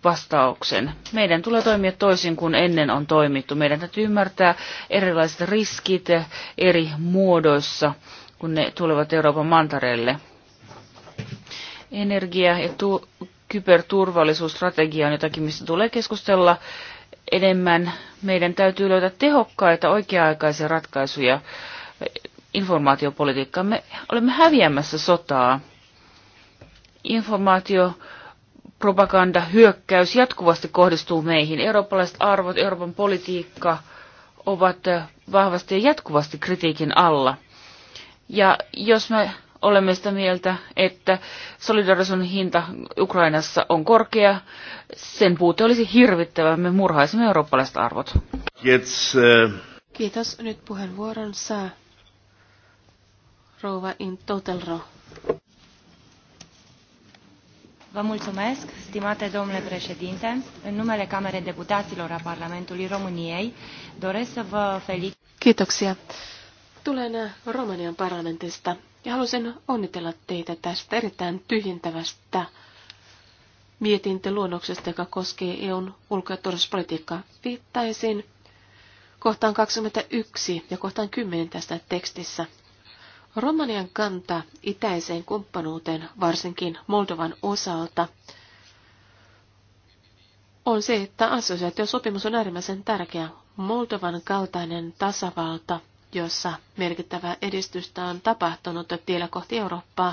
vastauksen. Meidän tulee toimia toisin kuin ennen on toimittu. Meidän täytyy ymmärtää erilaiset riskit eri muodoissa, kun ne tulevat Euroopan mantareille. Energia- ja tu- kyberturvallisuusstrategia on jotakin, mistä tulee keskustella enemmän meidän täytyy löytää tehokkaita oikea-aikaisia ratkaisuja informaatiopolitiikkaan. Me olemme häviämässä sotaa. Informaatio propaganda, hyökkäys jatkuvasti kohdistuu meihin. Eurooppalaiset arvot, Euroopan politiikka ovat vahvasti ja jatkuvasti kritiikin alla. Ja jos me olemme sitä mieltä, että solidarisuuden hinta Ukrainassa on korkea. Sen puute olisi hirvittävä. Me murhaisimme eurooppalaiset arvot. Kiitos. Äh. Kiitos. Nyt puheenvuoron saa Rova in totelro. Vă mulțumesc, stimate domnule președinte. În numele Camerei Deputaților a Parlamentului României doresc să vă felicit. Kiitoksia. Tulen Romanian parlamentista ja haluaisin onnitella teitä tästä erittäin tyhjentävästä mietintöluonnoksesta, joka koskee EUn ulko- ja turvallisuuspolitiikkaa. Viittaisin kohtaan 21 ja kohtaan 10 tästä tekstissä. Romanian kanta itäiseen kumppanuuteen, varsinkin Moldovan osalta, on se, että sopimus on äärimmäisen tärkeä. Moldovan kaltainen tasavalta jossa merkittävää edistystä on tapahtunut tiellä kohti Eurooppaa,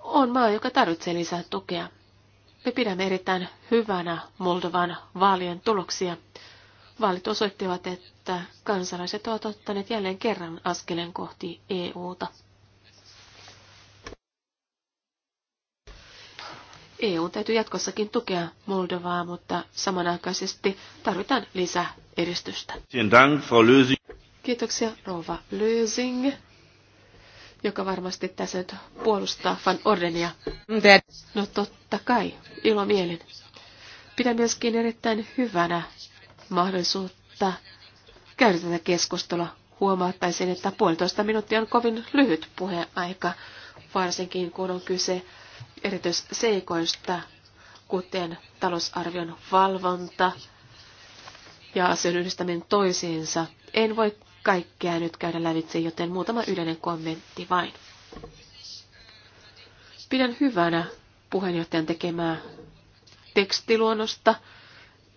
on maa, joka tarvitsee lisää tukea. Me pidämme erittäin hyvänä Moldovan vaalien tuloksia. Vaalit osoittivat, että kansalaiset ovat ottaneet jälleen kerran askeleen kohti EUta. EU täytyy jatkossakin tukea Moldovaa, mutta samanaikaisesti tarvitaan lisää edistystä. Kiitoksia Rova Lösing, joka varmasti tässä nyt puolustaa Van Ordenia. No totta kai, mielin. Pidän myöskin erittäin hyvänä mahdollisuutta käydä tätä keskustelua. Huomaattaisin, että puolitoista minuuttia on kovin lyhyt puheaika, varsinkin kun on kyse erityisseikoista, kuten talousarvion valvonta ja asioiden yhdistäminen toisiinsa. En voi kaikkea nyt käydä lävitse, joten muutama yleinen kommentti vain. Pidän hyvänä puheenjohtajan tekemää tekstiluonnosta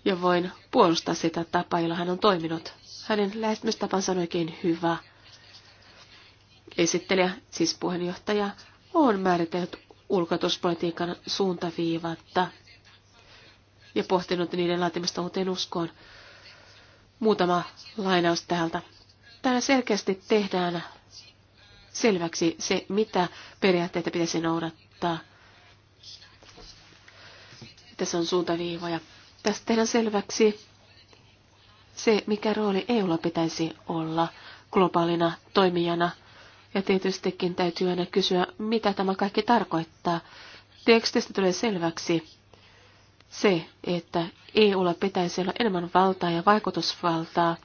ja voin puolustaa sitä tapaa, jolla hän on toiminut. Hänen lähestymistapansa on oikein hyvä. Esittelijä, siis puheenjohtaja, on määritellyt ulkotuspolitiikan suuntaviivatta ja pohtinut niiden laatimista uuteen uskoon. Muutama lainaus täältä. Täällä selkeästi tehdään selväksi se, mitä periaatteita pitäisi noudattaa. Tässä on suuntaviivoja. Tässä tehdään selväksi se, mikä rooli EUlla pitäisi olla globaalina toimijana – ja tietystikin täytyy aina kysyä, mitä tämä kaikki tarkoittaa. Tekstistä tulee selväksi se, että EUlla pitäisi olla enemmän valtaa ja vaikutusvaltaa.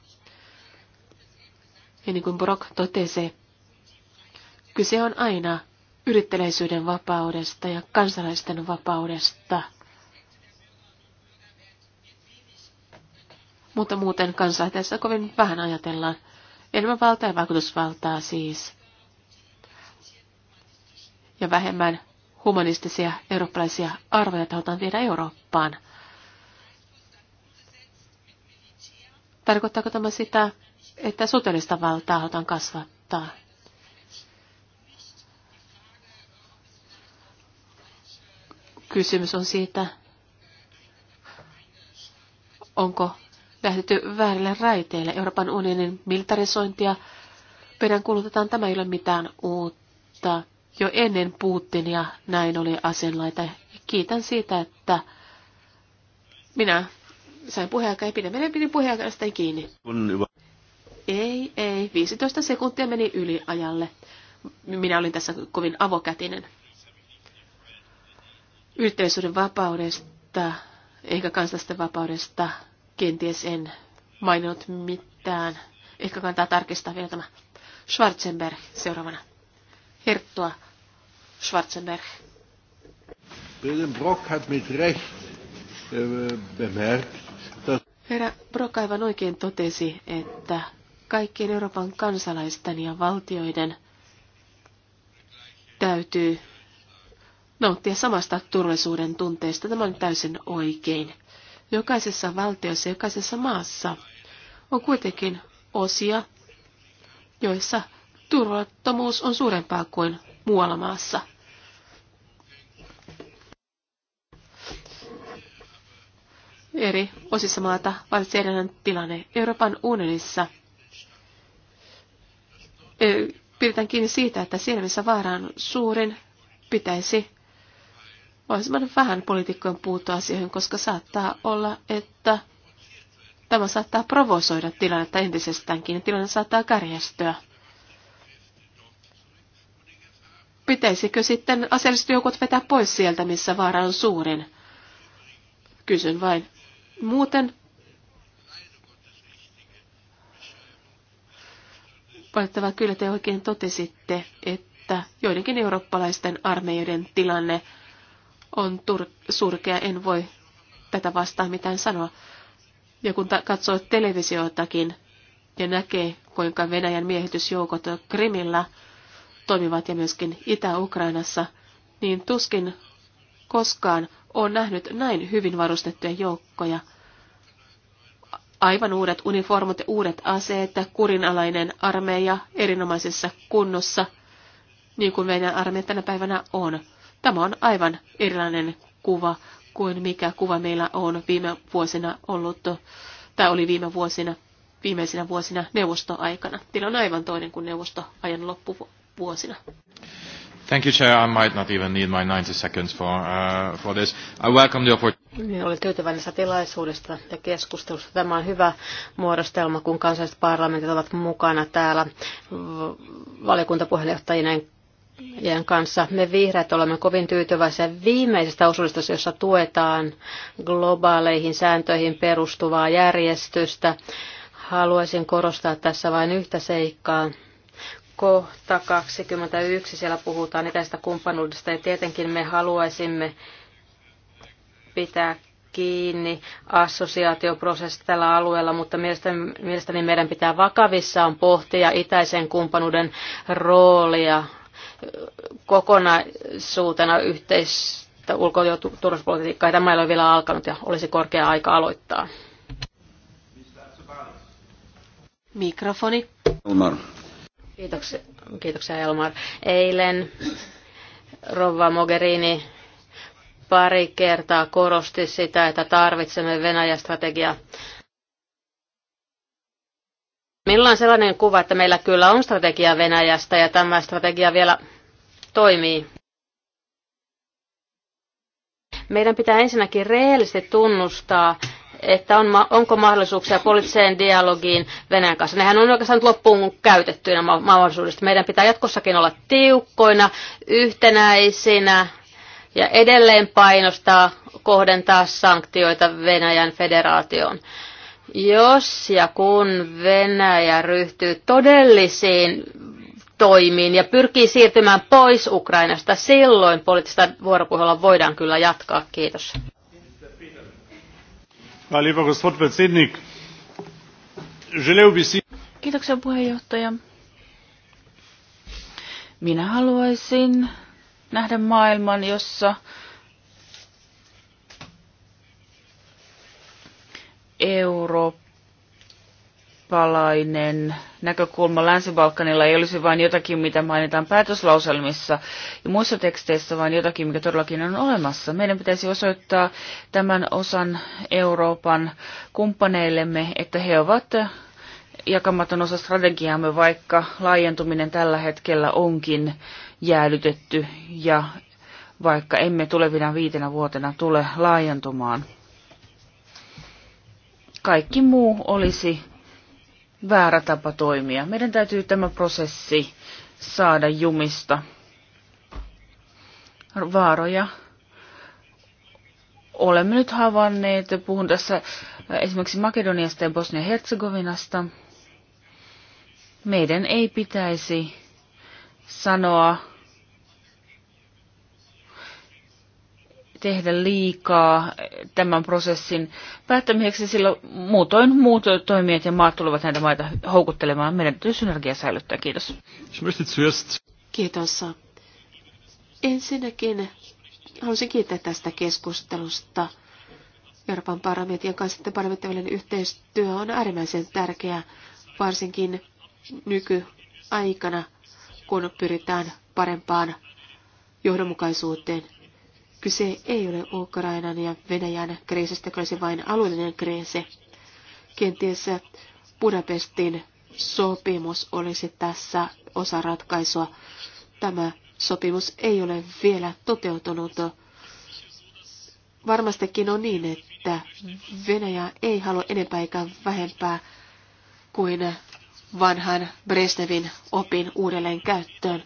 Ja niin kuin Brock totesi, kyse on aina yritteleisyyden vapaudesta ja kansalaisten vapaudesta. Mutta muuten kansalaisessa kovin vähän ajatellaan. Enemmän valtaa ja vaikutusvaltaa siis ja vähemmän humanistisia eurooppalaisia arvoja halutaan viedä Eurooppaan. Tarkoittaako tämä sitä, että sotilaista valtaa halutaan kasvattaa? Kysymys on siitä, onko lähdetty väärille raiteille. Euroopan unionin militarisointia peräänkuulutetaan. Tämä ei ole mitään uutta jo ennen ja näin oli asenlaita. Kiitän siitä, että minä sain puheenjohtaja ja pidän meidän pidin kiinni. Ei, ei, 15 sekuntia meni yli ajalle. Minä olin tässä kovin avokätinen. Yhteisöiden vapaudesta, ehkä kansallisten vapaudesta, kenties en maininnut mitään. Ehkä kannattaa tarkistaa vielä tämä. Schwarzenberg seuraavana. Herttua Schwarzenberg. Äh, Herra Brock aivan oikein totesi, että kaikkien Euroopan kansalaisten ja valtioiden täytyy nauttia samasta turvallisuuden tunteesta. Tämä on täysin oikein. Jokaisessa valtiossa, jokaisessa maassa on kuitenkin osia, joissa turvattomuus on suurempaa kuin muualla maassa. eri osissa maata valitsi erilainen tilanne. Euroopan unionissa pidetään kiinni siitä, että siellä missä vaara on suurin, pitäisi mahdollisimman vähän poliitikkojen puuttua asioihin, koska saattaa olla, että tämä saattaa provosoida tilannetta entisestäänkin ja tilanne saattaa kärjestyä. Pitäisikö sitten aseelliset joukot vetää pois sieltä, missä vaara on suurin? Kysyn vain. Muuten Valitettavaa kyllä te oikein totesitte, että joidenkin eurooppalaisten armeijoiden tilanne on tur- surkea. En voi tätä vastaan mitään sanoa. Ja kun ta- katsoo televisiotakin ja näkee, kuinka Venäjän miehitysjoukot Krimillä toimivat ja myöskin Itä-Ukrainassa, niin tuskin koskaan on nähnyt näin hyvin varustettuja joukkoja – aivan uudet uniformut ja uudet aseet, kurinalainen armeija erinomaisessa kunnossa, niin kuin meidän armeija tänä päivänä on. Tämä on aivan erilainen kuva kuin mikä kuva meillä on viime vuosina ollut, tai oli viime vuosina, viimeisinä vuosina neuvostoaikana. Tila on aivan toinen kuin neuvostoajan loppuvuosina. Thank you, Chair. I might not even need my 90 seconds for, uh, for this. I welcome the opportunity. Niin, olen tyytyväinen tästä tilaisuudesta ja keskustelusta. Tämä on hyvä muodostelma, kun kansalliset parlamentit ovat mukana täällä valiokuntapuheenjohtajien kanssa. Me vihreät olemme kovin tyytyväisiä viimeisestä osuudesta, jossa tuetaan globaaleihin sääntöihin perustuvaa järjestystä. Haluaisin korostaa tässä vain yhtä seikkaa kohta 21 siellä puhutaan itäisestä kumppanuudesta ja tietenkin me haluaisimme pitää kiinni assosiaatioprosessista tällä alueella, mutta mielestäni, mielestäni meidän pitää vakavissaan pohtia itäisen kumppanuuden roolia kokonaisuutena yhteistä ulko- ja turvallisuuspolitiikkaa. Tämä ei ole vielä alkanut ja olisi korkea aika aloittaa. Mikrofoni. Elmar. Kiitoksia, kiitoksia Elmar. Eilen Rova Mogherini pari kertaa korosti sitä, että tarvitsemme Venäjä-strategiaa. Meillä on sellainen kuva, että meillä kyllä on strategia Venäjästä ja tämä strategia vielä toimii. Meidän pitää ensinnäkin rehellisesti tunnustaa, että on, onko mahdollisuuksia poliittiseen dialogiin Venäjän kanssa. Nehän on oikeastaan loppuun käytettyinä mahdollisuudesta. Meidän pitää jatkossakin olla tiukkoina, yhtenäisinä, ja edelleen painostaa kohdentaa sanktioita Venäjän federaatioon. Jos ja kun Venäjä ryhtyy todellisiin toimiin ja pyrkii siirtymään pois Ukrainasta, silloin poliittista vuoropuhelua voidaan kyllä jatkaa. Kiitos. Kiitoksia puheenjohtaja. Minä haluaisin nähdä maailman, jossa eurooppalainen näkökulma Länsi-Balkanilla ei olisi vain jotakin, mitä mainitaan päätöslauselmissa ja muissa teksteissä, vaan jotakin, mikä todellakin on olemassa. Meidän pitäisi osoittaa tämän osan Euroopan kumppaneillemme, että he ovat jakamaton osa strategiaamme, vaikka laajentuminen tällä hetkellä onkin jäädytetty ja vaikka emme tulevina viitenä vuotena tule laajentumaan. Kaikki muu olisi väärä tapa toimia. Meidän täytyy tämä prosessi saada jumista. Vaaroja olemme nyt havainneet, puhun tässä esimerkiksi Makedoniasta ja Bosnia-Herzegovinasta, meidän ei pitäisi sanoa, tehdä liikaa tämän prosessin päättämiseksi, sillä muutoin muut toimijat ja maat tulevat näitä maita houkuttelemaan. Meidän täytyy synergia säilyttää. Kiitos. Kiitos. Ensinnäkin haluaisin kiittää tästä keskustelusta. Euroopan parlamentin ja kansallisten parlamentin yhteistyö on äärimmäisen tärkeää, varsinkin nykyaikana, kun pyritään parempaan johdonmukaisuuteen. Kyse ei ole Ukrainan ja Venäjän kriisistä, kyllä se vain alueellinen kriisi. Kenties Budapestin sopimus olisi tässä osa ratkaisua. Tämä sopimus ei ole vielä toteutunut. Varmastikin on niin, että Venäjä ei halua enempää eikä vähempää kuin vanhan Bresnevin opin uudelleen käyttöön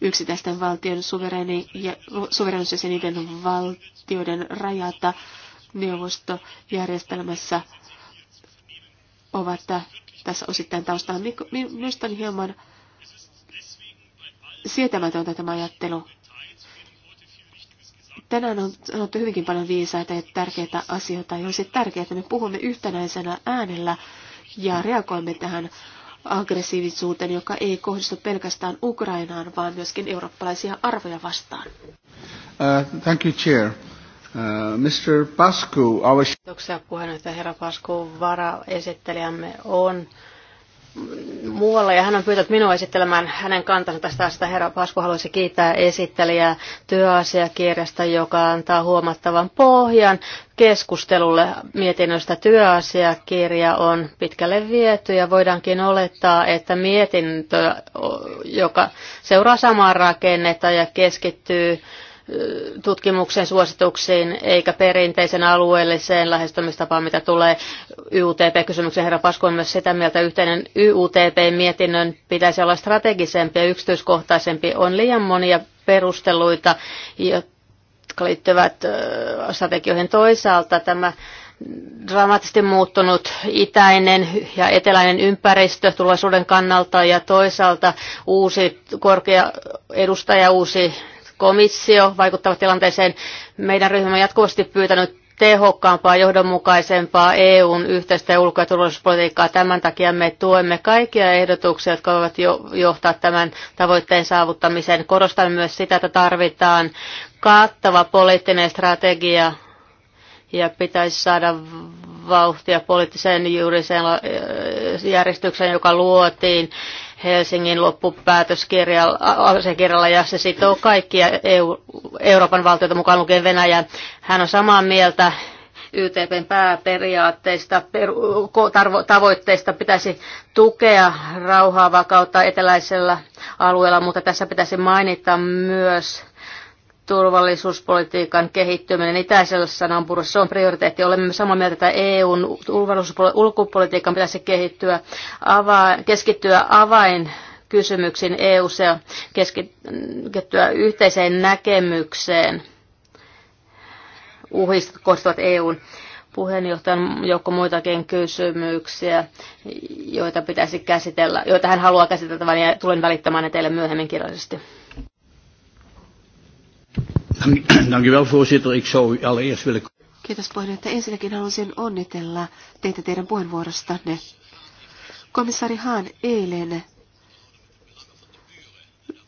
yksittäisten valtion suvereni ja, ja niiden valtioiden rajata neuvostojärjestelmässä ovat tässä osittain taustalla. Minusta on hieman sietämätöntä tämä ajattelu. Tänään on sanottu hyvinkin paljon viisaita ja tärkeitä asioita, ja olisi tärkeää, että me puhumme yhtenäisenä äänellä ja reagoimme tähän aggressiivisuuteen, joka ei kohdistu pelkästään Ukrainaan, vaan myöskin eurooppalaisia arvoja vastaan. Uh, thank you, Chair. Uh, Mr. Pascu, our... Kiitoksia puheenjohtaja herra Pasku. Varaesittelijämme on muualla ja hän on pyytänyt minua esittelemään hänen kantansa tästä asiasta. Herra Pasku haluaisi kiittää esittelijää työasiakirjasta, joka antaa huomattavan pohjan keskustelulle mietinnöstä. Työasiakirja on pitkälle viety ja voidaankin olettaa, että mietintö, joka seuraa samaa rakennetta ja keskittyy tutkimuksen suosituksiin eikä perinteisen alueelliseen lähestymistapaan, mitä tulee YUTP-kysymykseen. Herra Pasku on myös sitä mieltä, että yhteinen YUTP-mietinnön pitäisi olla strategisempi ja yksityiskohtaisempi. On liian monia perusteluita, jotka liittyvät strategioihin toisaalta. Tämä dramaattisesti muuttunut itäinen ja eteläinen ympäristö tulevaisuuden kannalta ja toisaalta uusi korkea edustaja, uusi komissio vaikuttavat tilanteeseen. Meidän ryhmämme on jatkuvasti pyytänyt tehokkaampaa, johdonmukaisempaa EUn yhteistä ulko- ja turvallisuuspolitiikkaa. Tämän takia me tuemme kaikkia ehdotuksia, jotka voivat jo johtaa tämän tavoitteen saavuttamiseen. Korostan myös sitä, että tarvitaan kattava poliittinen strategia ja pitäisi saada vauhtia poliittiseen juuriseen äh, järjestykseen, joka luotiin Helsingin loppupäätöskirjalla ja se sitoo kaikkia EU, Euroopan valtioita mukaan lukien Venäjä. Hän on samaa mieltä YTPn pääperiaatteista, peru, tavoitteista pitäisi tukea rauhaa vakautta eteläisellä alueella, mutta tässä pitäisi mainita myös turvallisuuspolitiikan kehittyminen itäisessä naapurissa on prioriteetti. Olemme samaa mieltä, että EUn ulkopolitiikan pitäisi kehittyä, ava, keskittyä avain kysymyksiin eu ja keskittyä yhteiseen näkemykseen uhista kohdistuvat EUn puheenjohtajan joukko muitakin kysymyksiä, joita pitäisi käsitellä, joita hän haluaa käsiteltävän ja tulen välittämään ne teille myöhemmin kirjallisesti. Dank u wel, voorzitter. Ik zou allereerst willen... Kiitos puheenjohtaja. Ensinnäkin haluaisin onnitella teitä teidän puheenvuorostanne. Komissaari Haan eilen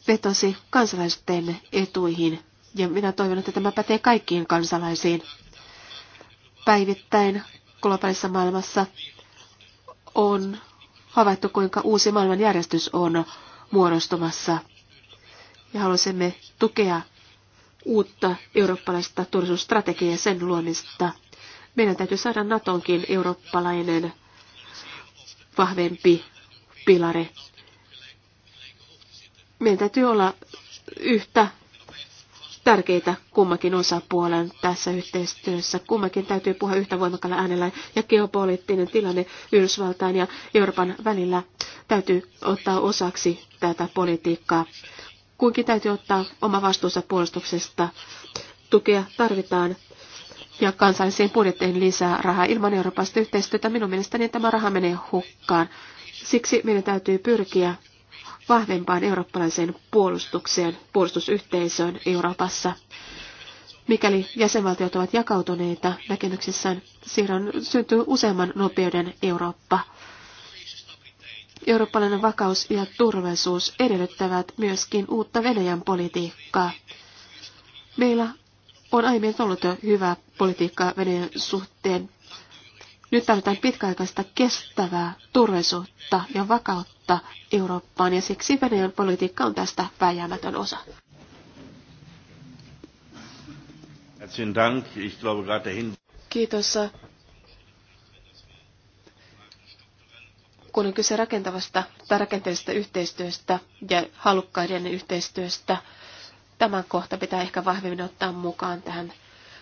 vetosi kansalaisten etuihin, ja minä toivon, että tämä pätee kaikkiin kansalaisiin. Päivittäin globaalissa maailmassa on havaittu, kuinka uusi maailmanjärjestys on muodostumassa, ja haluaisimme tukea uutta eurooppalaista turvallisuusstrategiaa ja sen luomista. Meidän täytyy saada Natonkin eurooppalainen vahvempi pilari. Meidän täytyy olla yhtä tärkeitä kummakin osapuolen tässä yhteistyössä. Kummakin täytyy puhua yhtä voimakkaalla äänellä ja geopoliittinen tilanne Yhdysvaltain ja Euroopan välillä täytyy ottaa osaksi tätä politiikkaa kuinkin täytyy ottaa oma vastuunsa puolustuksesta. Tukea tarvitaan ja kansallisiin budjetteihin lisää rahaa ilman eurooppalaista yhteistyötä. Minun mielestäni tämä raha menee hukkaan. Siksi meidän täytyy pyrkiä vahvempaan eurooppalaiseen puolustukseen, puolustusyhteisöön Euroopassa. Mikäli jäsenvaltiot ovat jakautuneita näkemyksissään, siirron syntyy useamman nopeuden Eurooppa. Eurooppalainen vakaus ja turvallisuus edellyttävät myöskin uutta Venäjän politiikkaa. Meillä on aiemmin ollut jo hyvä politiikka Venäjän suhteen. Nyt tarvitaan pitkäaikaista kestävää turvallisuutta ja vakautta Eurooppaan, ja siksi Venäjän politiikka on tästä vääjäämätön osa. Kiitos. kun on kyse rakentavasta tai rakenteellisesta yhteistyöstä ja halukkaiden yhteistyöstä, tämän kohta pitää ehkä vahvemmin ottaa mukaan tähän,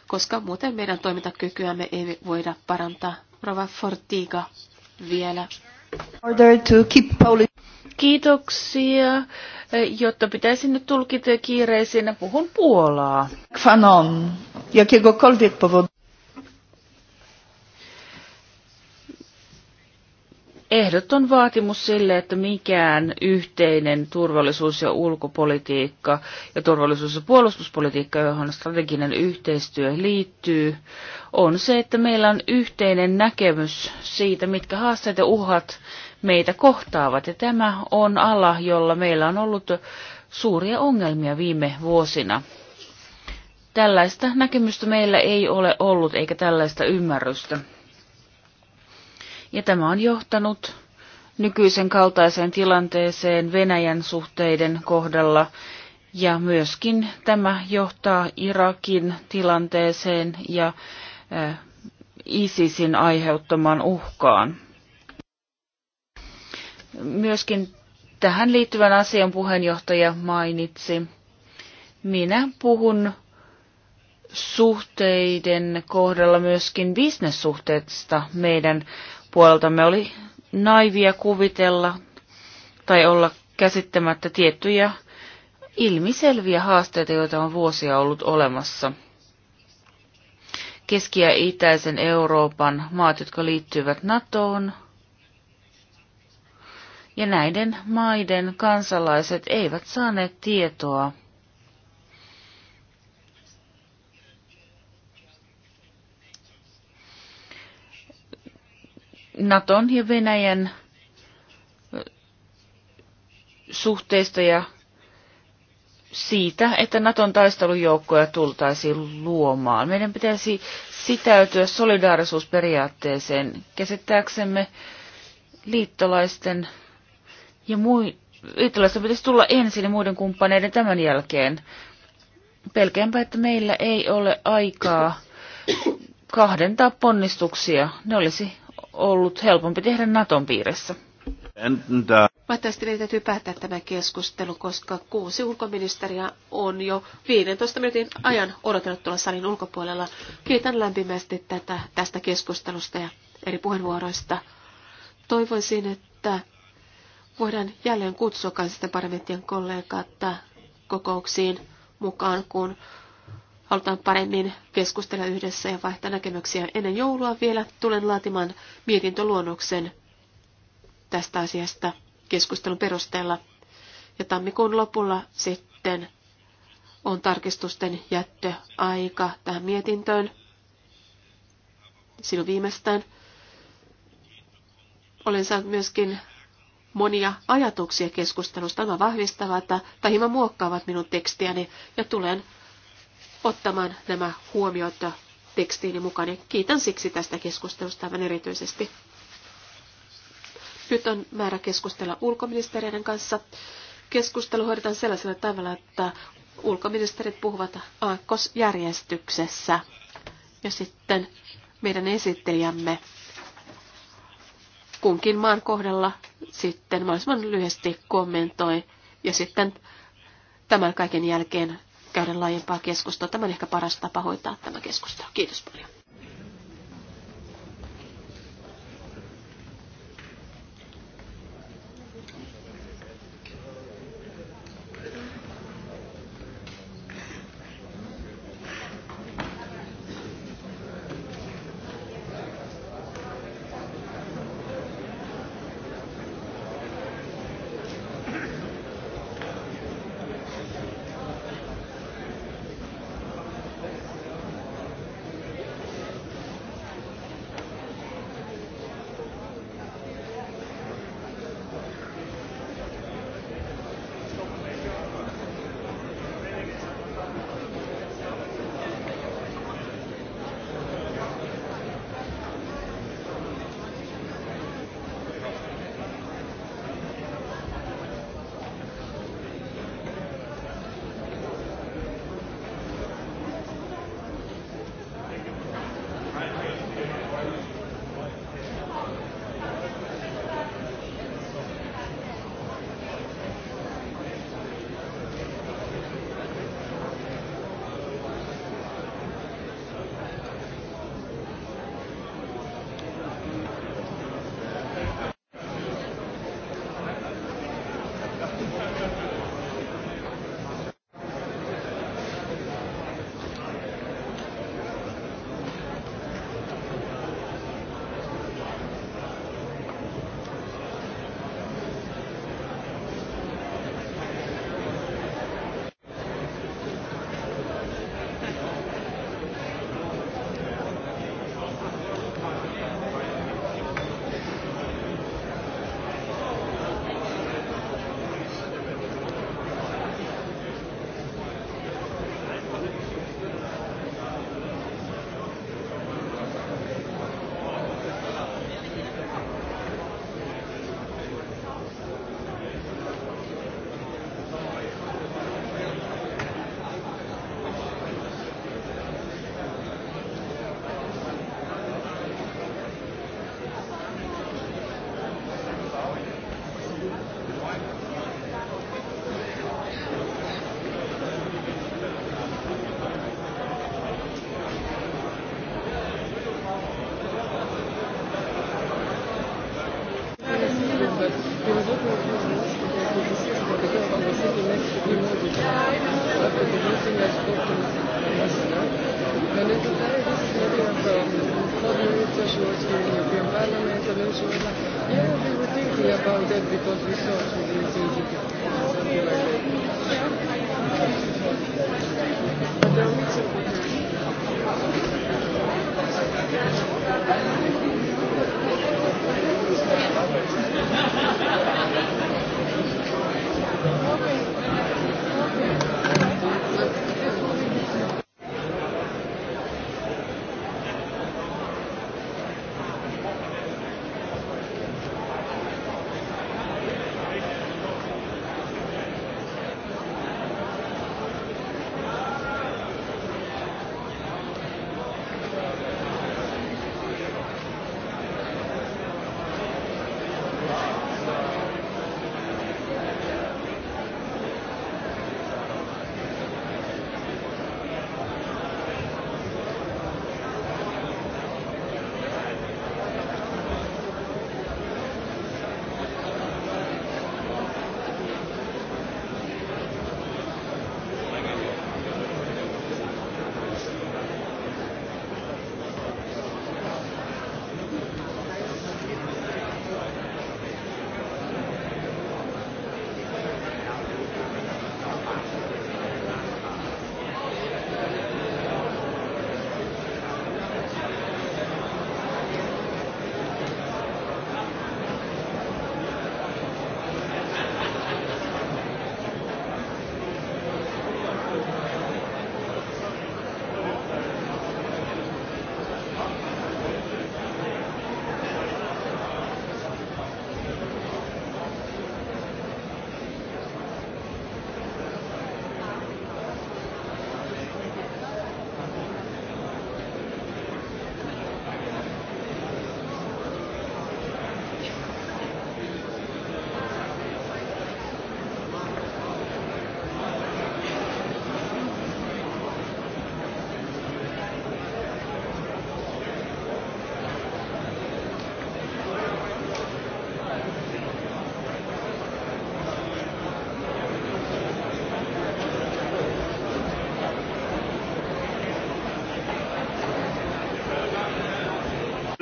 koska muuten meidän toimintakykyämme ei voida parantaa. Rova Fortiga vielä. Kiitoksia. Jotta pitäisi nyt tulkita kiireisinä, puhun Puolaa. Fanon, jakiegokolwiek povod. ehdoton vaatimus sille, että mikään yhteinen turvallisuus- ja ulkopolitiikka ja turvallisuus- ja puolustuspolitiikka, johon strateginen yhteistyö liittyy, on se, että meillä on yhteinen näkemys siitä, mitkä haasteet ja uhat meitä kohtaavat. Ja tämä on ala, jolla meillä on ollut suuria ongelmia viime vuosina. Tällaista näkemystä meillä ei ole ollut eikä tällaista ymmärrystä. Ja tämä on johtanut nykyisen kaltaiseen tilanteeseen Venäjän suhteiden kohdalla. Ja myöskin tämä johtaa Irakin tilanteeseen ja eh, ISISin aiheuttamaan uhkaan. Myöskin tähän liittyvän asian puheenjohtaja mainitsi. Minä puhun suhteiden kohdalla myöskin bisnessuhteista meidän me oli naivia kuvitella tai olla käsittämättä tiettyjä ilmiselviä haasteita, joita on vuosia ollut olemassa. Keski- ja Itäisen Euroopan maat, jotka liittyvät NATOon, ja näiden maiden kansalaiset eivät saaneet tietoa Naton ja Venäjän suhteista ja siitä, että Naton taistelujoukkoja tultaisiin luomaan. Meidän pitäisi sitäytyä solidaarisuusperiaatteeseen käsittääksemme liittolaisten ja muiden liittolaisten pitäisi tulla ensin ja muiden kumppaneiden tämän jälkeen. Pelkäänpä, että meillä ei ole aikaa kahdentaa ponnistuksia. Ne olisi ollut helpompi tehdä Naton piirissä. Valitettavasti uh, meidän täytyy päättää tämä keskustelu, koska kuusi ulkoministeriä on jo 15 minuutin ajan odotellut tuolla salin ulkopuolella. Kiitän lämpimästi tätä, tästä keskustelusta ja eri puheenvuoroista. Toivoisin, että voidaan jälleen kutsua kansallisten parlamenttien kollegat kokouksiin mukaan, kun halutaan paremmin keskustella yhdessä ja vaihtaa näkemyksiä. Ennen joulua vielä tulen laatimaan mietintöluonnoksen tästä asiasta keskustelun perusteella. Ja tammikuun lopulla sitten on tarkistusten jättöaika tähän mietintöön. Silloin viimeistään olen saanut myöskin monia ajatuksia keskustelusta. Tämä vahvistavat tai hieman muokkaavat minun tekstiäni ja tulen ottamaan nämä huomiot tekstiini mukaan. Ja kiitän siksi tästä keskustelusta aivan erityisesti. Nyt on määrä keskustella ulkoministeriöiden kanssa. Keskustelu hoidetaan sellaisella tavalla, että ulkoministerit puhuvat aakkosjärjestyksessä. Ja sitten meidän esittelijämme kunkin maan kohdalla sitten mahdollisimman lyhyesti kommentoi. Ja sitten tämän kaiken jälkeen käydä laajempaa keskustelua. Tämä on ehkä paras tapa hoitaa tämä keskustelu. Kiitos paljon.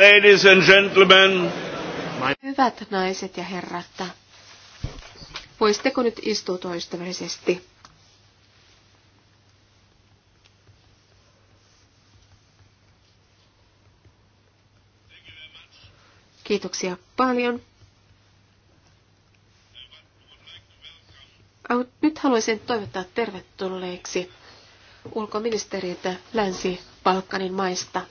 Ladies and gentlemen. Hyvät naiset ja herrat, voisitteko nyt istua ystävällisesti? Kiitoksia paljon. Nyt haluaisin toivottaa tervetulleeksi ulkoministeriötä Länsi-Balkanin maista.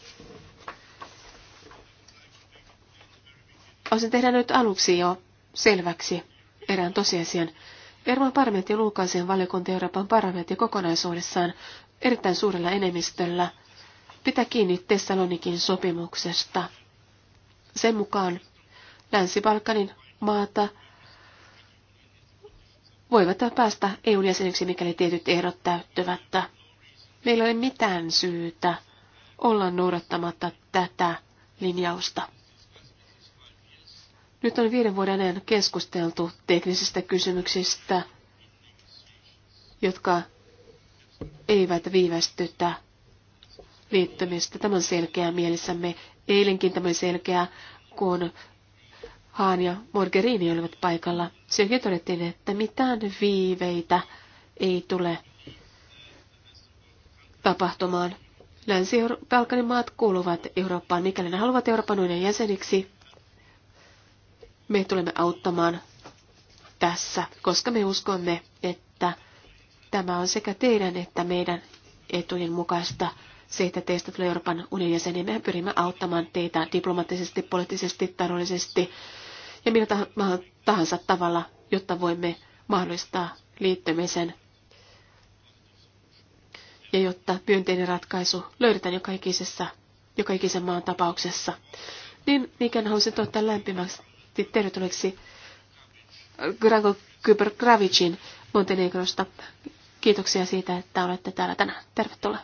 Haluaisin tehdä nyt aluksi jo selväksi erään tosiasian. Euroopan parlamentti Luukaisen valiokunta Euroopan parlamentti kokonaisuudessaan erittäin suurella enemmistöllä pitää kiinni Tessalonikin sopimuksesta. Sen mukaan Länsi-Balkanin maata voivat päästä EUn jäseneksi, mikäli tietyt ehdot täyttyvät. Meillä ei ole mitään syytä olla noudattamatta tätä linjausta. Nyt on viiden vuoden ajan keskusteltu teknisistä kysymyksistä, jotka eivät viivästytä liittymistä. Tämä on selkeää mielessämme. Eilenkin tämä oli selkeää, kun Haan ja Morgerini olivat paikalla. Sielläkin todettiin, että mitään viiveitä ei tule tapahtumaan. Länsi-Balkanin maat kuuluvat Eurooppaan. Mikäli ne haluavat Euroopan unionin jäseniksi, me tulemme auttamaan tässä, koska me uskomme, että tämä on sekä teidän että meidän etujen mukaista se, että teistä tulee Euroopan unionin jäseniä. Niin Mehän pyrimme auttamaan teitä diplomaattisesti, poliittisesti, taloudellisesti ja millä tahansa tavalla, jotta voimme mahdollistaa liittymisen ja jotta myönteinen ratkaisu löydetään joka ikisessä, joka ikisen maan tapauksessa. Niin, mikä haluaisin tuottaa lämpimästi toivotti tervetulleeksi Grago Kybergravicin Montenegrosta. Kiitoksia siitä, että olette täällä tänään. Tervetuloa.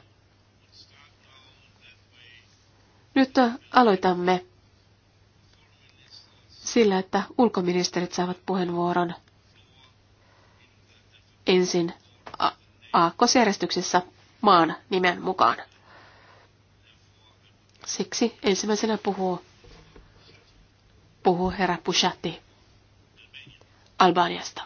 Nyt aloitamme sillä, että ulkoministerit saavat puheenvuoron ensin aakkosjärjestyksessä maan nimen mukaan. Siksi ensimmäisenä puhuu puhuu herra Pushatti Albaniasta.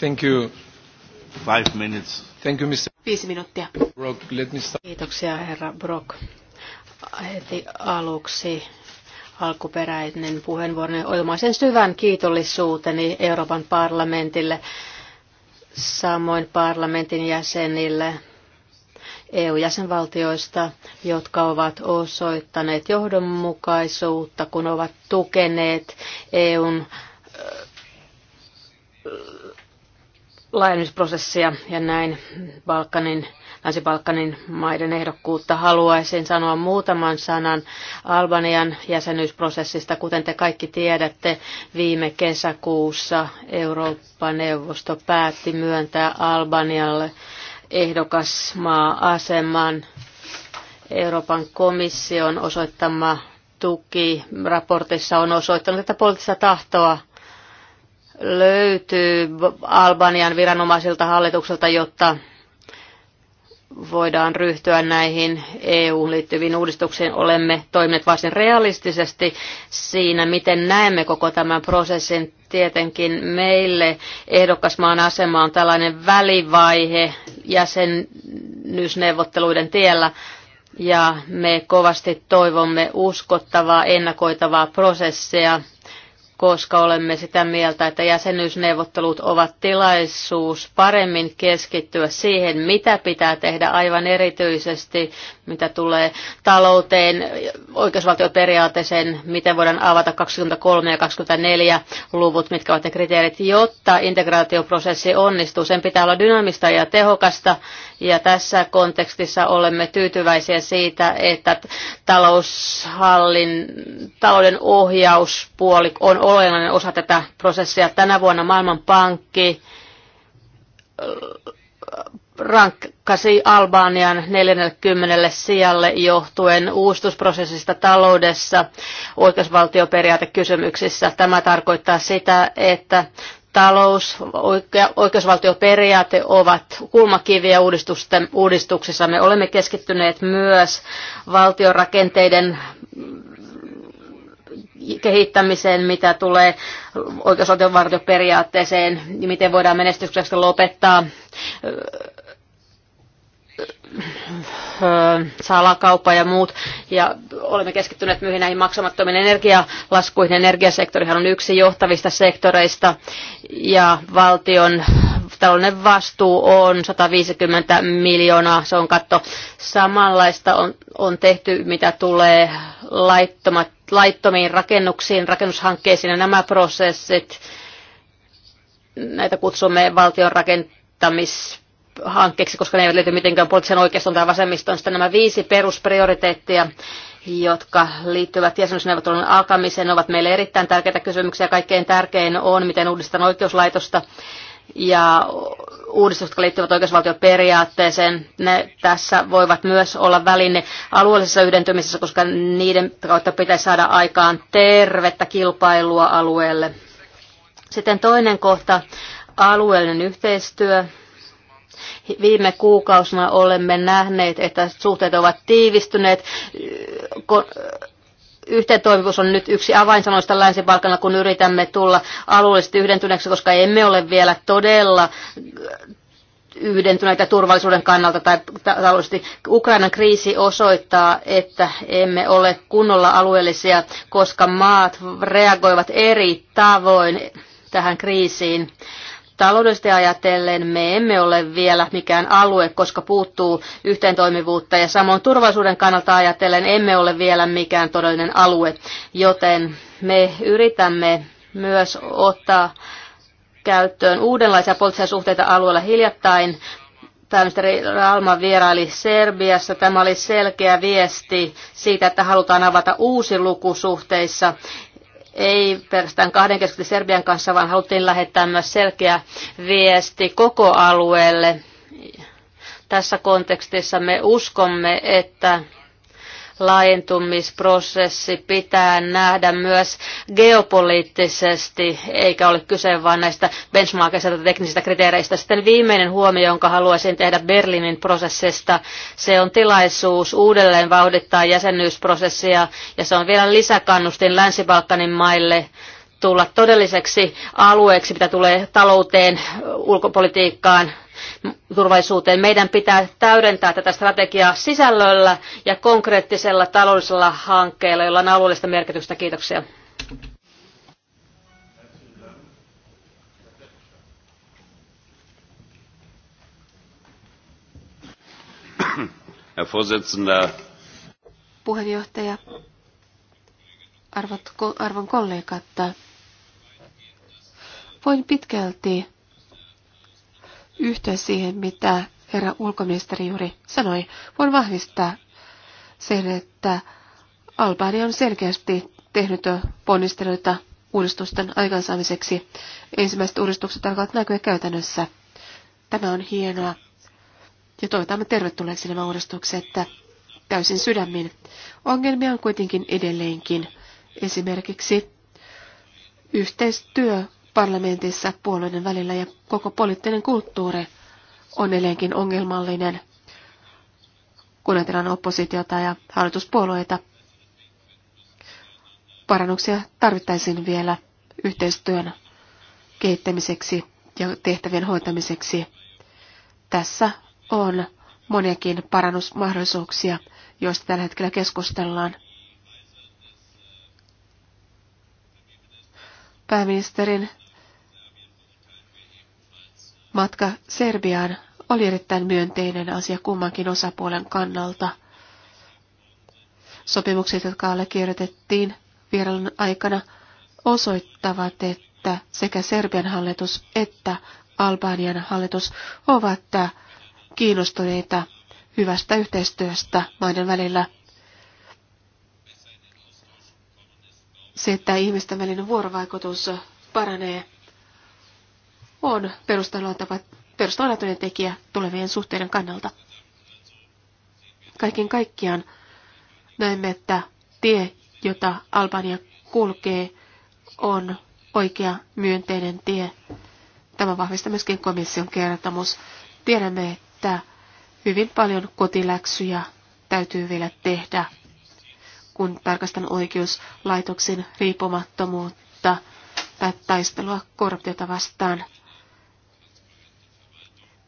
Thank you. Five minutes. Thank you, Mr. Viisi minuuttia. Brock, let me start. Kiitoksia, herra Brock. Heti aluksi alkuperäinen puheenvuoro ilmaisen syvän kiitollisuuteni Euroopan parlamentille samoin parlamentin jäsenille EU-jäsenvaltioista, jotka ovat osoittaneet johdonmukaisuutta, kun ovat tukeneet EUn laajennusprosessia ja näin Balkanin, Länsi-Balkanin maiden ehdokkuutta. Haluaisin sanoa muutaman sanan Albanian jäsenyysprosessista. Kuten te kaikki tiedätte, viime kesäkuussa Eurooppa-neuvosto päätti myöntää Albanialle ehdokasmaa-aseman. Euroopan komission osoittama tuki raportissa on osoittanut, että poliittista tahtoa löytyy Albanian viranomaisilta hallitukselta, jotta voidaan ryhtyä näihin eu liittyviin uudistuksiin. Olemme toimineet varsin realistisesti siinä, miten näemme koko tämän prosessin. Tietenkin meille ehdokasmaan asema on tällainen välivaihe jäsennysneuvotteluiden tiellä, ja me kovasti toivomme uskottavaa, ennakoitavaa prosessia koska olemme sitä mieltä, että jäsenyysneuvottelut ovat tilaisuus paremmin keskittyä siihen, mitä pitää tehdä aivan erityisesti, mitä tulee talouteen, oikeusvaltioperiaatteeseen, miten voidaan avata 23 ja 24 luvut, mitkä ovat ne kriteerit, jotta integraatioprosessi onnistuu. Sen pitää olla dynaamista ja tehokasta ja tässä kontekstissa olemme tyytyväisiä siitä, että taloushallin, talouden ohjauspuoli on olennainen osa tätä prosessia. Tänä vuonna Maailmanpankki äh, rankkasi Albanian 40 sijalle johtuen uustusprosessista taloudessa oikeusvaltioperiaatekysymyksissä. Tämä tarkoittaa sitä, että talous, ja oikeusvaltioperiaate ovat kulmakiviä uudistuksissa. Me olemme keskittyneet myös valtiorakenteiden kehittämiseen, mitä tulee oikeusvaltioperiaatteeseen, miten voidaan menestyksestä lopettaa salakauppa ja muut. Ja olemme keskittyneet myöhin näihin maksamattomiin energialaskuihin. Energiasektorihan on yksi johtavista sektoreista ja valtion taloudellinen vastuu on 150 miljoonaa. Se on katto. Samanlaista on, on tehty, mitä tulee laittomat, laittomiin rakennuksiin, rakennushankkeisiin ja nämä prosessit. Näitä kutsumme valtion rakentamis hankkeeksi, koska ne eivät liity mitenkään poliittisen oikeiston tai vasemmiston. Sitten nämä viisi perusprioriteettia, jotka liittyvät jäsenyysneuvottelun alkamiseen, ovat meille erittäin tärkeitä kysymyksiä. Kaikkein tärkein on, miten uudistetaan oikeuslaitosta ja uudistukset, jotka liittyvät oikeusvaltioperiaatteeseen, ne tässä voivat myös olla väline alueellisessa yhdentymisessä, koska niiden kautta pitäisi saada aikaan tervettä kilpailua alueelle. Sitten toinen kohta, alueellinen yhteistyö. Viime kuukausina olemme nähneet, että suhteet ovat tiivistyneet. Yhteentoimivuus on nyt yksi avainsanoista länsi kun yritämme tulla alueellisesti yhdentyneeksi, koska emme ole vielä todella yhdentyneitä turvallisuuden kannalta tai taloudellisesti. Ukrainan kriisi osoittaa, että emme ole kunnolla alueellisia, koska maat reagoivat eri tavoin tähän kriisiin. Taloudellisesti ajatellen me emme ole vielä mikään alue, koska puuttuu yhteentoimivuutta ja samoin turvallisuuden kannalta ajatellen emme ole vielä mikään todellinen alue, joten me yritämme myös ottaa käyttöön uudenlaisia poliittisia suhteita alueella hiljattain. Pääministeri Ralma vieraili Serbiassa. Tämä oli selkeä viesti siitä, että halutaan avata uusi luku suhteissa ei pelkästään kahdenkeskisesti Serbian kanssa, vaan haluttiin lähettää myös selkeä viesti koko alueelle. Tässä kontekstissa me uskomme, että laajentumisprosessi pitää nähdä myös geopoliittisesti, eikä ole kyse vain näistä benchmarkista tai teknisistä kriteereistä. Sitten viimeinen huomio, jonka haluaisin tehdä Berliinin prosessista, se on tilaisuus uudelleen vauhdittaa jäsenyysprosessia, ja se on vielä lisäkannustin Länsi-Balkanin maille tulla todelliseksi alueeksi, mitä tulee talouteen, ulkopolitiikkaan, turvallisuuteen. Meidän pitää täydentää tätä strategiaa sisällöllä ja konkreettisella taloudellisella hankkeella, jolla on alueellista merkitystä. Kiitoksia. Puheenjohtaja, arvon kollegat, voin pitkälti yhtyä siihen, mitä herra ulkoministeri juuri sanoi. Voin vahvistaa sen, että Albania on selkeästi tehnyt ponnisteluita uudistusten aikansaamiseksi. Ensimmäiset uudistukset alkavat näkyä käytännössä. Tämä on hienoa. Ja toivotamme tervetulleeksi nämä uudistukset että täysin sydämin. Ongelmia on kuitenkin edelleenkin. Esimerkiksi yhteistyö parlamentissa puolueiden välillä ja koko poliittinen kulttuuri on edelleenkin ongelmallinen, kun ajatellaan oppositiota ja hallituspuolueita. Parannuksia tarvittaisiin vielä yhteistyön kehittämiseksi ja tehtävien hoitamiseksi. Tässä on moniakin parannusmahdollisuuksia, joista tällä hetkellä keskustellaan. Pääministerin matka Serbiaan oli erittäin myönteinen asia kummankin osapuolen kannalta. Sopimukset, jotka allekirjoitettiin vierailun aikana, osoittavat, että sekä Serbian hallitus että Albanian hallitus ovat kiinnostuneita hyvästä yhteistyöstä maiden välillä. Se, että ihmisten välinen vuorovaikutus paranee, on perustavanlaatuinen tekijä tulevien suhteiden kannalta. Kaiken kaikkiaan näemme, että tie, jota Albania kulkee, on oikea myönteinen tie. Tämä vahvistaa myöskin komission kertomus. Tiedämme, että hyvin paljon kotiläksyjä täytyy vielä tehdä, kun tarkastan oikeuslaitoksen riippumattomuutta tai taistelua korruptiota vastaan –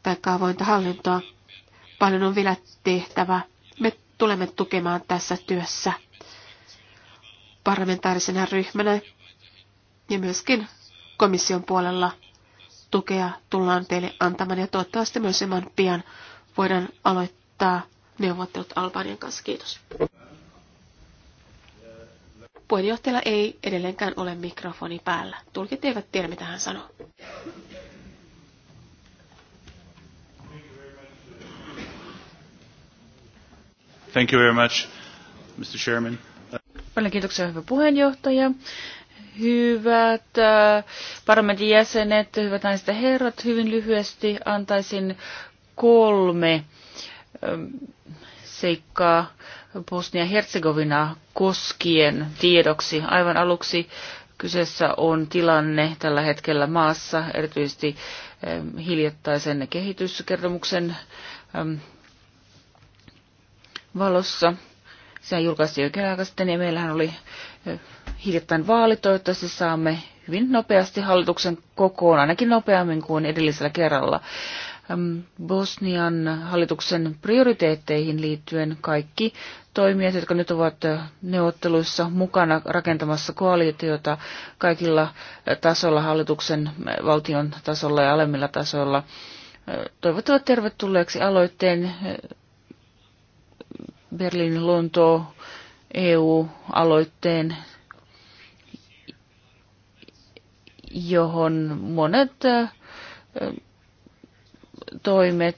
tai avointa hallintoa. Paljon on vielä tehtävä. Me tulemme tukemaan tässä työssä parlamentaarisena ryhmänä ja myöskin komission puolella tukea tullaan teille antamaan ja toivottavasti myös pian voidaan aloittaa neuvottelut Albanian kanssa. Kiitos. Puheenjohtajalla ei edelleenkään ole mikrofoni päällä. Tulkit eivät tiedä, mitä hän sanoo. Paljon kiitoksia, hyvä puheenjohtaja. Hyvät äh, parlamentin jäsenet, hyvät naiset ja herrat, hyvin lyhyesti antaisin kolme ähm, seikkaa Bosnia-Herzegovina koskien tiedoksi. Aivan aluksi kyseessä on tilanne tällä hetkellä maassa, erityisesti ähm, hiljattaisen kehityskertomuksen ähm, valossa. Se julkaisi jokin aika sitten ja meillähän oli hiljattain vaali. Toivottavasti saamme hyvin nopeasti hallituksen kokoon, ainakin nopeammin kuin edellisellä kerralla. Bosnian hallituksen prioriteetteihin liittyen kaikki toimijat, jotka nyt ovat neuvotteluissa mukana rakentamassa koalitiota kaikilla tasolla, hallituksen, valtion tasolla ja alemmilla tasoilla, toivottavat tervetulleeksi aloitteen Berliin luonto EU-aloitteen, johon monet toimet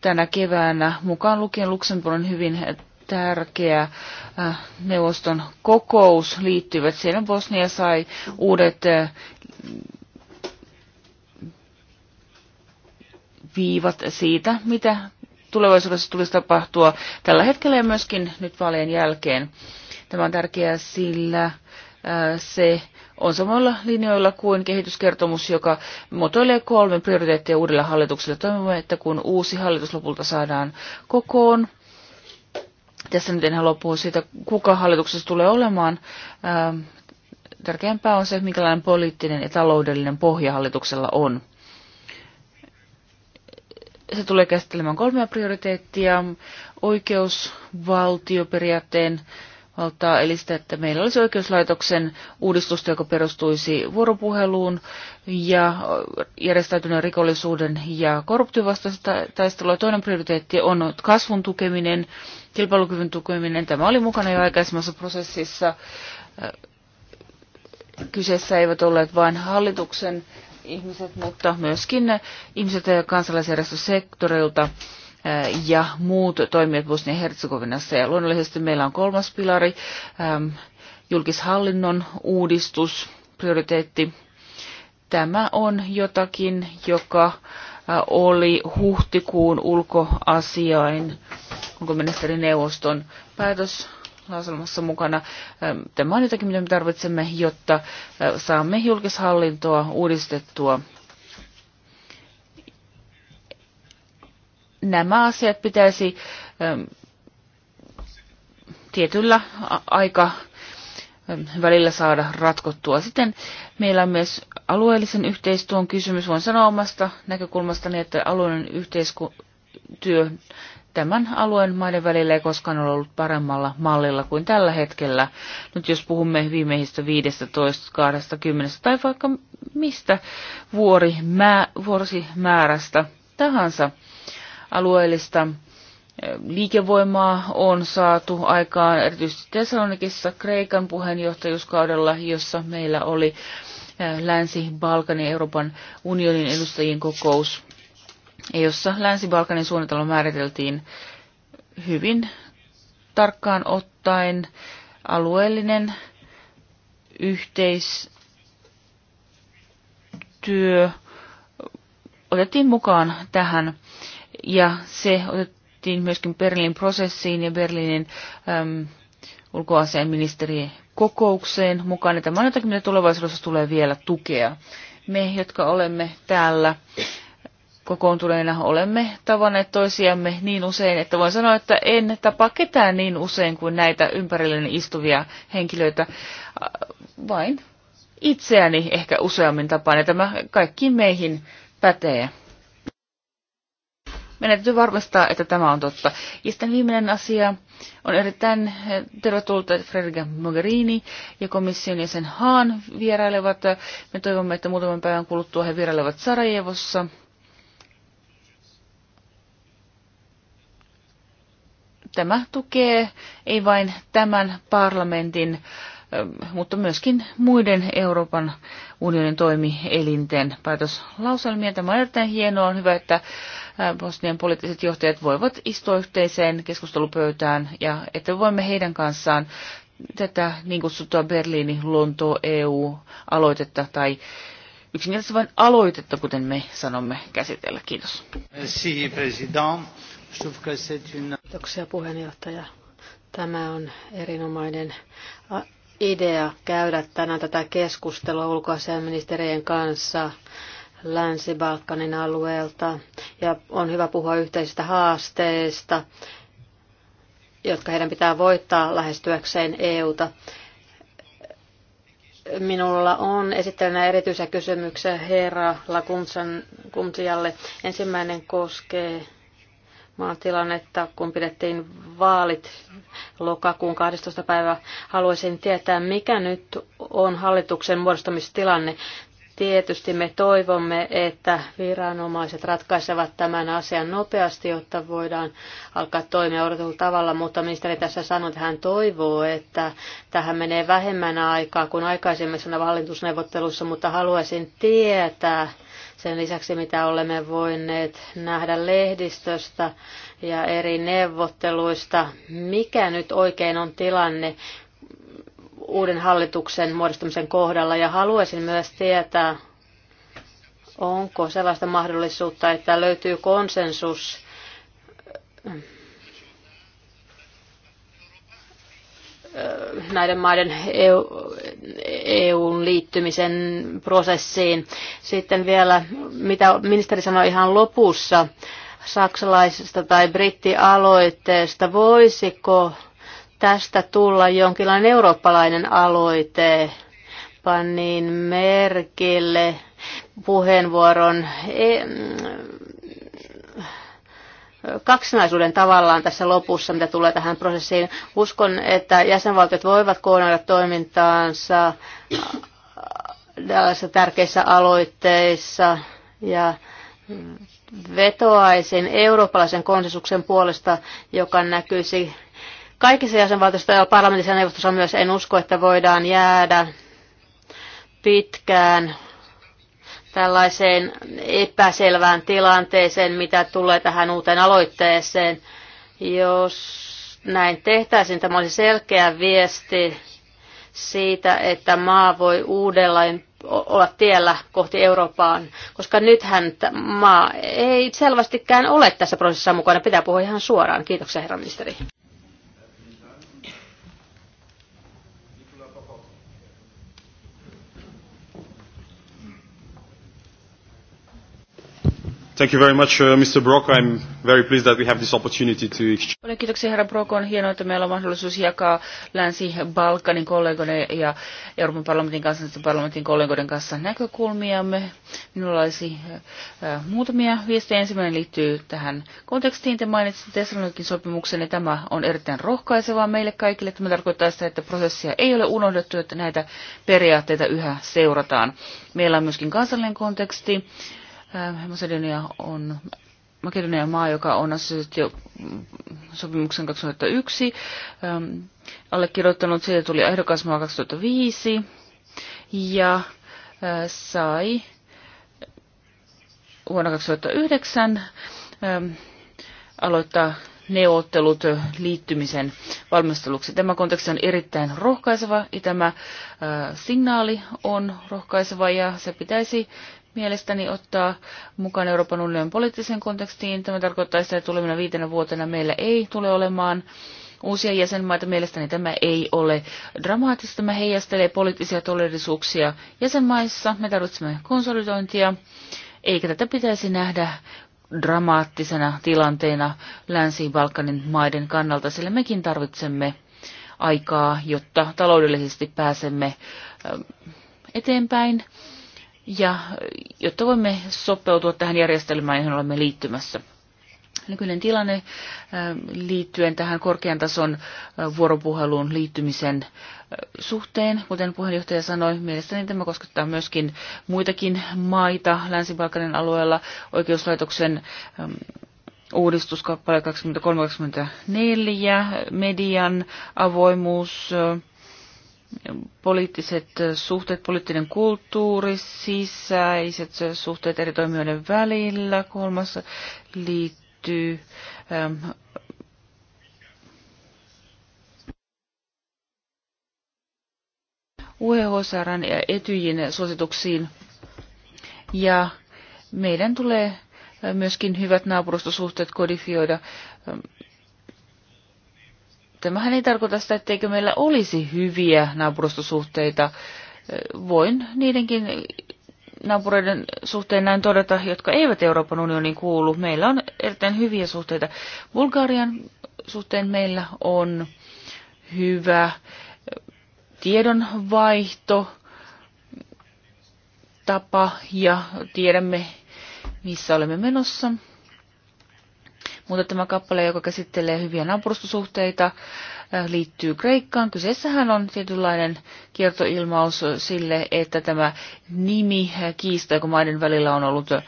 tänä keväänä, mukaan lukien Luxemburgin hyvin tärkeä neuvoston kokous liittyvät. Siellä Bosnia sai uudet viivat siitä, mitä tulevaisuudessa tulisi tapahtua tällä hetkellä ja myöskin nyt vaalien jälkeen. Tämä on tärkeää, sillä äh, se on samalla linjoilla kuin kehityskertomus, joka muotoilee kolme prioriteettia uudelle hallitukselle. Toivomme, että kun uusi hallitus lopulta saadaan kokoon, tässä nyt en halua puhua siitä, kuka hallituksessa tulee olemaan. Äh, tärkeämpää on se, minkälainen poliittinen ja taloudellinen pohja hallituksella on se tulee käsittelemään kolmea prioriteettia. Oikeusvaltioperiaatteen valtaa, eli sitä, että meillä olisi oikeuslaitoksen uudistusta, joka perustuisi vuoropuheluun ja järjestäytyneen rikollisuuden ja korruptiovastaista taistelua. Toinen prioriteetti on kasvun tukeminen, kilpailukyvyn tukeminen. Tämä oli mukana jo aikaisemmassa prosessissa. Kyseessä eivät olleet vain hallituksen ihmiset, mutta myöskin ihmiset ja kansalaisjärjestösektorilta eh, ja muut toimijat Bosnian herzegovinassa Ja luonnollisesti meillä on kolmas pilari, ehm, julkishallinnon uudistus, prioriteetti. Tämä on jotakin, joka eh, oli huhtikuun ulkoasiain ulkoministerineuvoston päätös päätöslauselmassa mukana. Ähm, tämä on jotakin, mitä me tarvitsemme, jotta äh, saamme julkishallintoa uudistettua. Nämä asiat pitäisi ähm, tietyllä aika ähm, välillä saada ratkottua. Sitten meillä on myös alueellisen yhteistyön kysymys. Voin sanoa omasta näkökulmastani, että alueellinen yhteistyö tämän alueen maiden välillä ei koskaan ole ollut paremmalla mallilla kuin tällä hetkellä. Nyt jos puhumme viimeisistä 15, 20 tai vaikka mistä vuori, mä, vuosimäärästä tahansa alueellista eh, liikevoimaa on saatu aikaan erityisesti Thessalonikissa Kreikan puheenjohtajuuskaudella, jossa meillä oli eh, Länsi-Balkanin Euroopan unionin edustajien kokous jossa Länsi-Balkanin suunnitelma määriteltiin hyvin tarkkaan ottaen alueellinen yhteistyö otettiin mukaan tähän ja se otettiin myöskin Berliinin prosessiin ja Berliinin ulkoasiainministeriön kokoukseen mukaan. Ja tämä on jotakin, mitä tulevaisuudessa tulee vielä tukea. Me, jotka olemme täällä kokoontuneena olemme tavanneet toisiamme niin usein, että voin sanoa, että en tapa ketään niin usein kuin näitä ympärilleni istuvia henkilöitä, vain itseäni ehkä useammin tapaan, ja tämä kaikki meihin pätee. Meidän täytyy varmistaa, että tämä on totta. Ja sitten viimeinen asia on erittäin tervetullut, että Frederica Mogherini ja komission jäsen Haan vierailevat. Me toivomme, että muutaman päivän kuluttua he vierailevat Sarajevossa – tämä tukee ei vain tämän parlamentin, ähm, mutta myöskin muiden Euroopan unionin toimielinten päätöslauselmia. Tämä on erittäin hienoa. On hyvä, että äh, Bosnian poliittiset johtajat voivat istua yhteiseen keskustelupöytään ja että voimme heidän kanssaan tätä niin kutsuttua Berliini, Lonto, EU-aloitetta tai yksinkertaisesti vain aloitetta, kuten me sanomme käsitellä. Kiitos. Merci, president. Kiitoksia puheenjohtaja. Tämä on erinomainen idea käydä tänään tätä keskustelua ulkoasiaministerien kanssa Länsi-Balkanin alueelta. Ja on hyvä puhua yhteisistä haasteista, jotka heidän pitää voittaa lähestyäkseen EUta. Minulla on esittelenä erityisiä kysymyksiä herra Lakuntsialle. Ensimmäinen koskee maan tilannetta, kun pidettiin vaalit lokakuun 12. päivä. Haluaisin tietää, mikä nyt on hallituksen muodostamistilanne. Tietysti me toivomme, että viranomaiset ratkaisevat tämän asian nopeasti, jotta voidaan alkaa toimia odotetulla tavalla, mutta ministeri tässä sanoi, että hän toivoo, että tähän menee vähemmän aikaa kuin aikaisemmissa hallitusneuvottelussa, mutta haluaisin tietää, sen lisäksi, mitä olemme voineet nähdä lehdistöstä ja eri neuvotteluista, mikä nyt oikein on tilanne uuden hallituksen muodostumisen kohdalla. Ja haluaisin myös tietää, onko sellaista mahdollisuutta, että löytyy konsensus näiden maiden EU, EUn liittymisen prosessiin. Sitten vielä, mitä ministeri sanoi ihan lopussa, saksalaisesta tai brittialoitteesta, voisiko tästä tulla jonkinlainen eurooppalainen aloite? Pannin merkille puheenvuoron e, kaksinaisuuden tavallaan tässä lopussa, mitä tulee tähän prosessiin. Uskon, että jäsenvaltiot voivat koordinoida toimintaansa äh, tällaisissa tärkeissä aloitteissa ja vetoaisin eurooppalaisen konsensuksen puolesta, joka näkyisi kaikissa jäsenvaltioissa ja parlamentissa ja neuvostossa myös. En usko, että voidaan jäädä pitkään tällaiseen epäselvään tilanteeseen, mitä tulee tähän uuteen aloitteeseen. Jos näin tehtäisiin, tämä olisi selkeä viesti siitä, että maa voi uudelleen olla tiellä kohti Eurooppaan, koska nythän maa ei selvästikään ole tässä prosessissa mukana. Pitää puhua ihan suoraan. Kiitoksia, herra ministeri. Thank you very much, uh, Mr. Brock. I'm very pleased that we have this opportunity to exchange. Kiitoksia, herra Brock. On hienoa, että meillä on mahdollisuus jakaa Länsi-Balkanin kollegoiden ja Euroopan parlamentin kansallisten parlamentin kollegoiden kanssa näkökulmiamme. Minulla olisi äh, äh, muutamia viestejä. Ensimmäinen liittyy tähän kontekstiin. Te mainitsitte Thessalonikin sopimuksen, ja tämä on erittäin rohkaisevaa meille kaikille. Tämä tarkoittaa sitä, että prosessia ei ole unohdettu, että näitä periaatteita yhä seurataan. Meillä on myöskin kansallinen konteksti. Äh, Äh, Macedonia on Makedonian maa, joka on asetettu sopimuksen 2001, allekirjoittanut, siitä tuli ehdokasmaa 2005 ja äh, sai vuonna 2009 ähm, aloittaa neuvottelut liittymisen valmisteluksi. Tämä konteksti on erittäin rohkaiseva ja tämä äh, signaali on rohkaiseva ja se pitäisi mielestäni ottaa mukaan Euroopan unionin poliittiseen kontekstiin. Tämä tarkoittaa sitä, että tulevina viitenä vuotena meillä ei tule olemaan uusia jäsenmaita. Mielestäni tämä ei ole dramaattista. Tämä heijastelee poliittisia todellisuuksia jäsenmaissa. Me tarvitsemme konsolidointia, eikä tätä pitäisi nähdä dramaattisena tilanteena Länsi-Balkanin maiden kannalta, sillä mekin tarvitsemme aikaa, jotta taloudellisesti pääsemme eteenpäin ja jotta voimme sopeutua tähän järjestelmään, johon olemme liittymässä. Nykyinen tilanne äh, liittyen tähän korkean tason äh, vuoropuheluun liittymisen äh, suhteen, kuten puheenjohtaja sanoi, mielestäni tämä koskettaa myöskin muitakin maita länsi alueella oikeuslaitoksen ähm, uudistuskappale 2324, median avoimuus, poliittiset suhteet, poliittinen kulttuuri, sisäiset suhteet eri toimijoiden välillä. Kolmas liittyy ähm, UHCR e ja Etyjin suosituksiin. Ja meidän tulee myöskin hyvät naapurustosuhteet kodifioida ähm, Tämähän ei tarkoita sitä, etteikö meillä olisi hyviä naapurustosuhteita. Voin niidenkin naapureiden suhteen näin todeta, jotka eivät Euroopan unioniin kuulu. Meillä on erittäin hyviä suhteita. Bulgarian suhteen meillä on hyvä tiedonvaihto tapa ja tiedämme, missä olemme menossa. Mutta tämä kappale, joka käsittelee hyviä naapurustosuhteita, äh, liittyy Kreikkaan. Kyseessähän on tietynlainen kiertoilmaus sille, että tämä nimi äh, kiista, joka maiden välillä on ollut äh,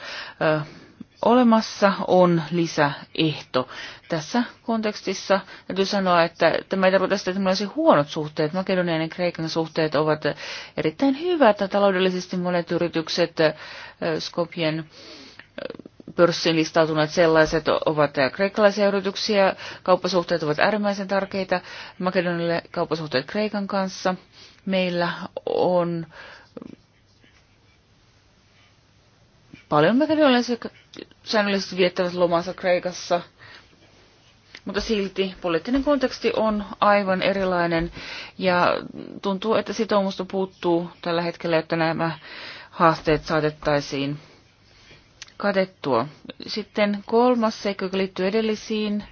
olemassa, on lisäehto. Tässä kontekstissa täytyy sanoa, että tämä ei tarkoita sitä, että meillä olisi huonot suhteet. Makedonian ja Kreikan suhteet ovat erittäin hyvät. Taloudellisesti monet yritykset Skopien pörssiin listautuneet sellaiset ovat kreikkalaisia yrityksiä. Kauppasuhteet ovat äärimmäisen tärkeitä. Makedonille kauppasuhteet Kreikan kanssa. Meillä on paljon jotka säännöllisesti viettävät lomansa Kreikassa. Mutta silti poliittinen konteksti on aivan erilainen ja tuntuu, että sitoumusta puuttuu tällä hetkellä, että nämä haasteet saatettaisiin katettua. Sitten kolmas seikka, joka liittyy edellisiin,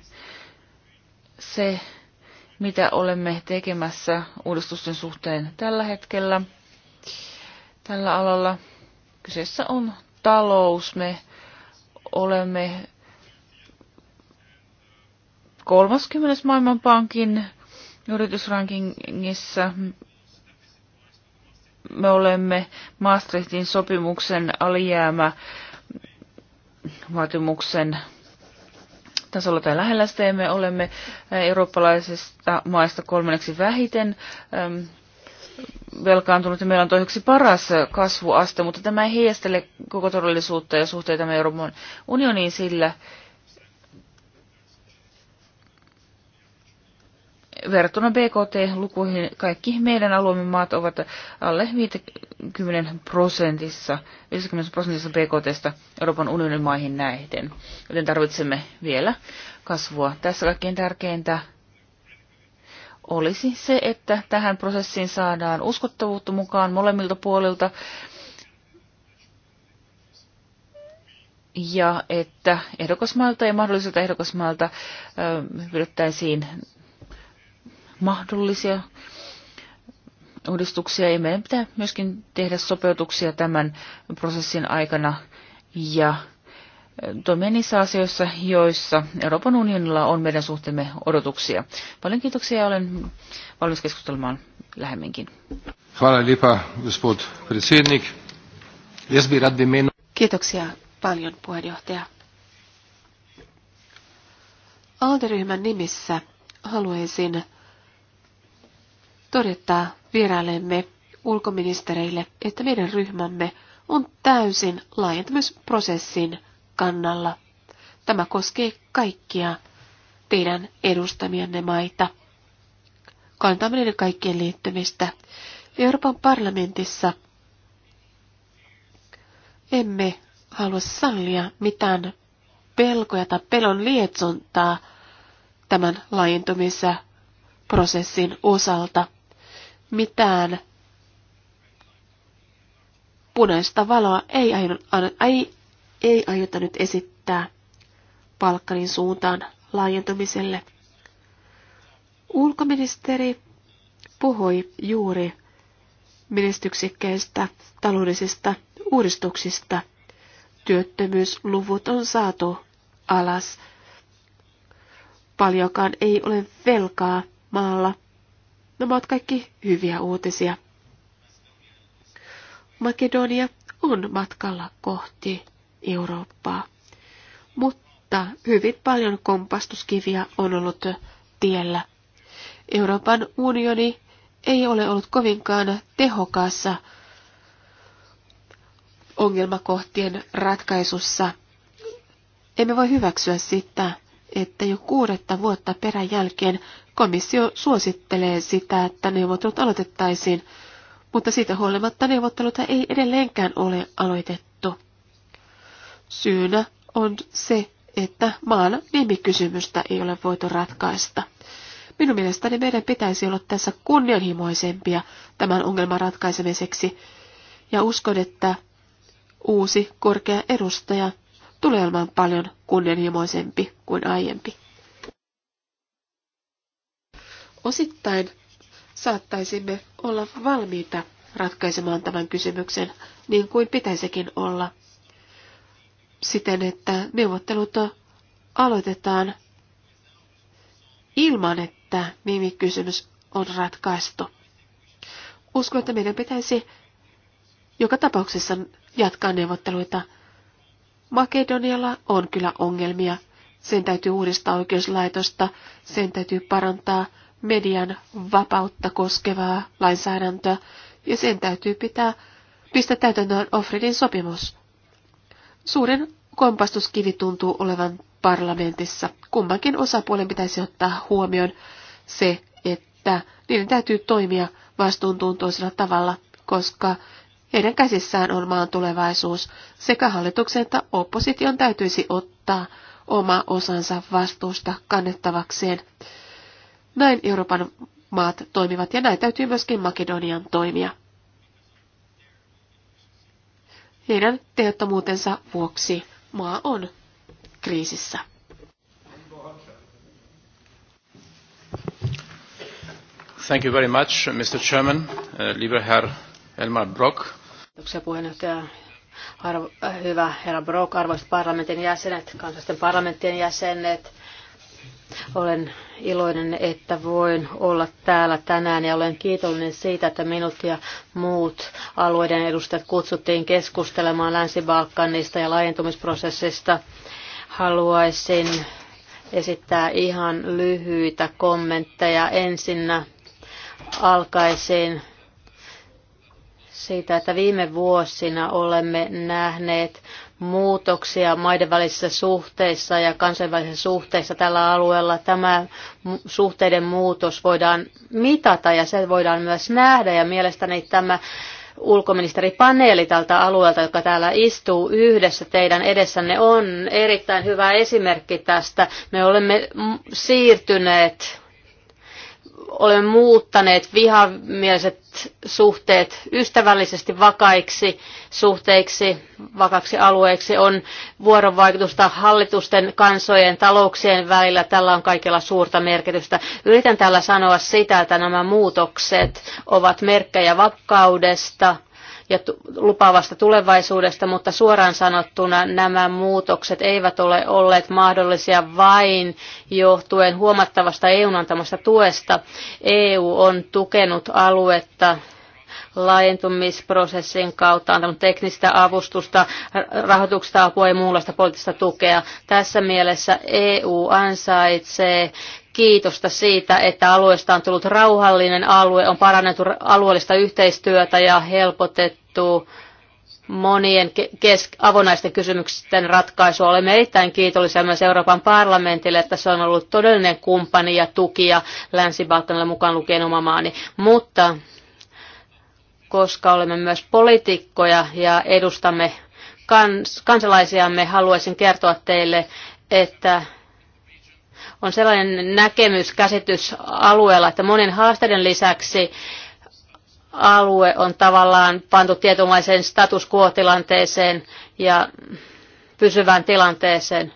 se mitä olemme tekemässä uudistusten suhteen tällä hetkellä. Tällä alalla kyseessä on talous. Me olemme 30. maailmanpankin yritysrankingissa. Me olemme Maastrichtin sopimuksen alijäämä vaatimuksen tasolla tai lähellä sitä, ja me olemme eurooppalaisista maista kolmanneksi vähiten äm, velkaantunut, ja meillä on toiseksi paras kasvuaste, mutta tämä ei heijastele koko todellisuutta ja suhteita Euroopan unioniin, sillä verrattuna BKT-lukuihin kaikki meidän alueemme maat ovat alle 50 prosentissa, 50 prosentissa BKTstä Euroopan unionin maihin näiden. joten tarvitsemme vielä kasvua. Tässä kaikkein tärkeintä olisi se, että tähän prosessiin saadaan uskottavuutta mukaan molemmilta puolilta ja että ehdokasmailta ja mahdollisilta ehdokasmailta pyydettäisiin mahdollisia uudistuksia ja meidän pitää myöskin tehdä sopeutuksia tämän prosessin aikana ja eh, toimia niissä asioissa, joissa Euroopan unionilla on meidän suhteemme odotuksia. Paljon kiitoksia ja olen valmis keskustelemaan lähemminkin. Kiitoksia paljon puheenjohtaja. Alderyhmän nimissä haluaisin todeta vierailemme ulkoministereille, että meidän ryhmämme on täysin laajentamisprosessin kannalla. Tämä koskee kaikkia teidän edustamianne maita. Kantamme niiden kaikkien liittymistä. Euroopan parlamentissa emme halua sallia mitään pelkoja tai pelon lietsontaa tämän laajentumisprosessin osalta mitään punaista valoa ei, aion, ei, ei aiota nyt esittää Balkanin suuntaan laajentumiselle. Ulkoministeri puhui juuri menestyksekkäistä taloudellisista uudistuksista. Työttömyysluvut on saatu alas. Paljonkaan ei ole velkaa maalla Nämä ovat kaikki hyviä uutisia. Makedonia on matkalla kohti Eurooppaa, mutta hyvin paljon kompastuskiviä on ollut tiellä. Euroopan unioni ei ole ollut kovinkaan tehokassa ongelmakohtien ratkaisussa. Emme voi hyväksyä sitä, että jo kuudetta vuotta peräjälkeen komissio suosittelee sitä, että neuvottelut aloitettaisiin, mutta siitä huolimatta neuvotteluta ei edelleenkään ole aloitettu. Syynä on se, että maan nimikysymystä ei ole voitu ratkaista. Minun mielestäni meidän pitäisi olla tässä kunnianhimoisempia tämän ongelman ratkaisemiseksi, ja uskon, että uusi korkea edustaja tulee olemaan paljon kunnianhimoisempi kuin aiempi. Osittain saattaisimme olla valmiita ratkaisemaan tämän kysymyksen niin kuin pitäisikin olla, siten että neuvottelut aloitetaan ilman, että nimikysymys on ratkaistu. Uskon, että meidän pitäisi joka tapauksessa jatkaa neuvotteluita Makedonialla on kyllä ongelmia. Sen täytyy uudistaa oikeuslaitosta, sen täytyy parantaa median vapautta koskevaa lainsäädäntöä ja sen täytyy pitää pistää täytäntöön Ofridin sopimus. Suurin kompastuskivi tuntuu olevan parlamentissa. Kummankin osapuolen pitäisi ottaa huomioon se, että niiden täytyy toimia vastuuntuntoisella tavalla, koska heidän käsissään on maan tulevaisuus. Sekä hallituksen että opposition täytyisi ottaa oma osansa vastuusta kannettavakseen. Näin Euroopan maat toimivat ja näin täytyy myöskin Makedonian toimia. Heidän tehottomuutensa vuoksi maa on kriisissä. Thank you very much, Mr. Chairman, uh, lieber Herr Elmar Brock. Kiitoksia puheenjohtaja. Arvo, hyvä herra Brok, arvoisat parlamentin jäsenet, kansallisten parlamenttien jäsenet. Olen iloinen, että voin olla täällä tänään ja olen kiitollinen siitä, että minut ja muut alueiden edustajat kutsuttiin keskustelemaan Länsi-Balkanista ja laajentumisprosessista. Haluaisin esittää ihan lyhyitä kommentteja. Ensinnä alkaisin siitä, että viime vuosina olemme nähneet muutoksia maiden välisissä suhteissa ja kansainvälisissä suhteissa tällä alueella. Tämä suhteiden muutos voidaan mitata ja se voidaan myös nähdä ja mielestäni tämä ulkoministeripaneeli tältä alueelta, joka täällä istuu yhdessä teidän edessänne, on erittäin hyvä esimerkki tästä. Me olemme siirtyneet olemme muuttaneet vihamieliset suhteet ystävällisesti vakaiksi suhteiksi, vakaksi alueiksi. On vuorovaikutusta hallitusten, kansojen, talouksien välillä. Tällä on kaikilla suurta merkitystä. Yritän täällä sanoa sitä, että nämä muutokset ovat merkkejä vakaudesta – ja lupaavasta tulevaisuudesta, mutta suoraan sanottuna nämä muutokset eivät ole olleet mahdollisia vain johtuen huomattavasta EUn antamasta tuesta. EU on tukenut aluetta laajentumisprosessin kautta antanut teknistä avustusta, rahoituksesta apua ja muunlaista poliittista tukea. Tässä mielessä EU ansaitsee kiitosta siitä, että alueesta on tullut rauhallinen alue, on parannettu alueellista yhteistyötä ja helpotettu monien kes- avonaisten kysymysten ratkaisua. Olemme erittäin kiitollisia myös Euroopan parlamentille, että se on ollut todellinen kumppani ja tukija Länsi-Balkanilla mukaan lukien oma maani. Mutta koska olemme myös poliitikkoja ja edustamme kans- kansalaisiamme, haluaisin kertoa teille, että on sellainen näkemys, käsitys alueella, että monen haasteiden lisäksi alue on tavallaan pantu tietynlaiseen status quo-tilanteeseen ja pysyvään tilanteeseen.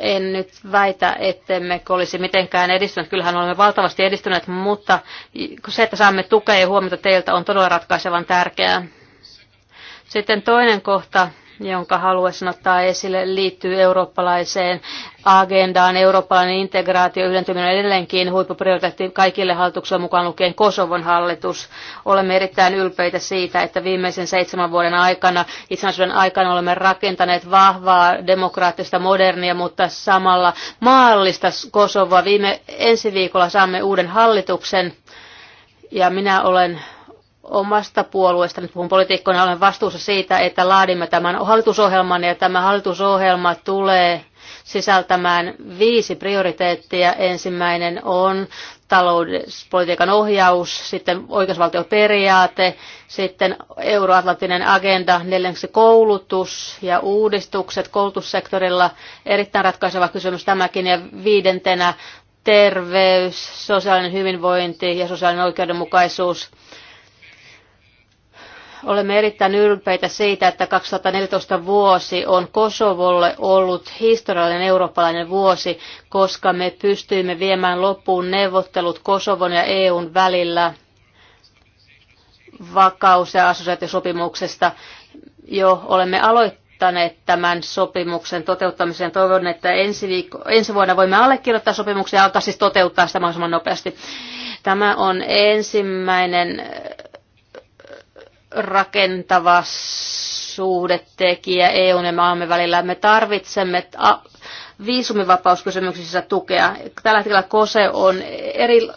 En nyt väitä, ettemme olisi mitenkään edistyneet. Kyllähän olemme valtavasti edistyneet, mutta se, että saamme tukea ja huomiota teiltä, on todella ratkaisevan tärkeää. Sitten toinen kohta jonka haluaisin ottaa esille, liittyy eurooppalaiseen agendaan. Eurooppalainen integraatio yhdentyminen on edelleenkin huippuprioriteetti kaikille hallituksille mukaan lukien Kosovon hallitus. Olemme erittäin ylpeitä siitä, että viimeisen seitsemän vuoden aikana, itsenäisyyden aikana olemme rakentaneet vahvaa, demokraattista, modernia, mutta samalla maallista Kosovoa. Viime ensi viikolla saamme uuden hallituksen ja minä olen omasta puolueesta, nyt puhun politiikkoina, olen vastuussa siitä, että laadimme tämän hallitusohjelman ja tämä hallitusohjelma tulee sisältämään viisi prioriteettia. Ensimmäinen on talouspolitiikan ohjaus, sitten oikeusvaltioperiaate, sitten euroatlanttinen agenda, neljänneksi koulutus ja uudistukset koulutussektorilla, erittäin ratkaiseva kysymys tämäkin, ja viidentenä terveys, sosiaalinen hyvinvointi ja sosiaalinen oikeudenmukaisuus. Olemme erittäin ylpeitä siitä, että 2014 vuosi on Kosovolle ollut historiallinen eurooppalainen vuosi, koska me pystyimme viemään loppuun neuvottelut Kosovon ja EUn välillä vakaus- ja assosiaatiosopimuksesta. Jo olemme aloittaneet tämän sopimuksen toteuttamisen. Toivon, että ensi, viikko, ensi vuonna voimme allekirjoittaa sopimuksen ja alkaa siis toteuttaa sitä mahdollisimman nopeasti. Tämä on ensimmäinen rakentava suhdetekijä EUn ja maamme välillä. Me tarvitsemme viisumivapauskysymyksissä tukea. Tällä hetkellä Kose on eri,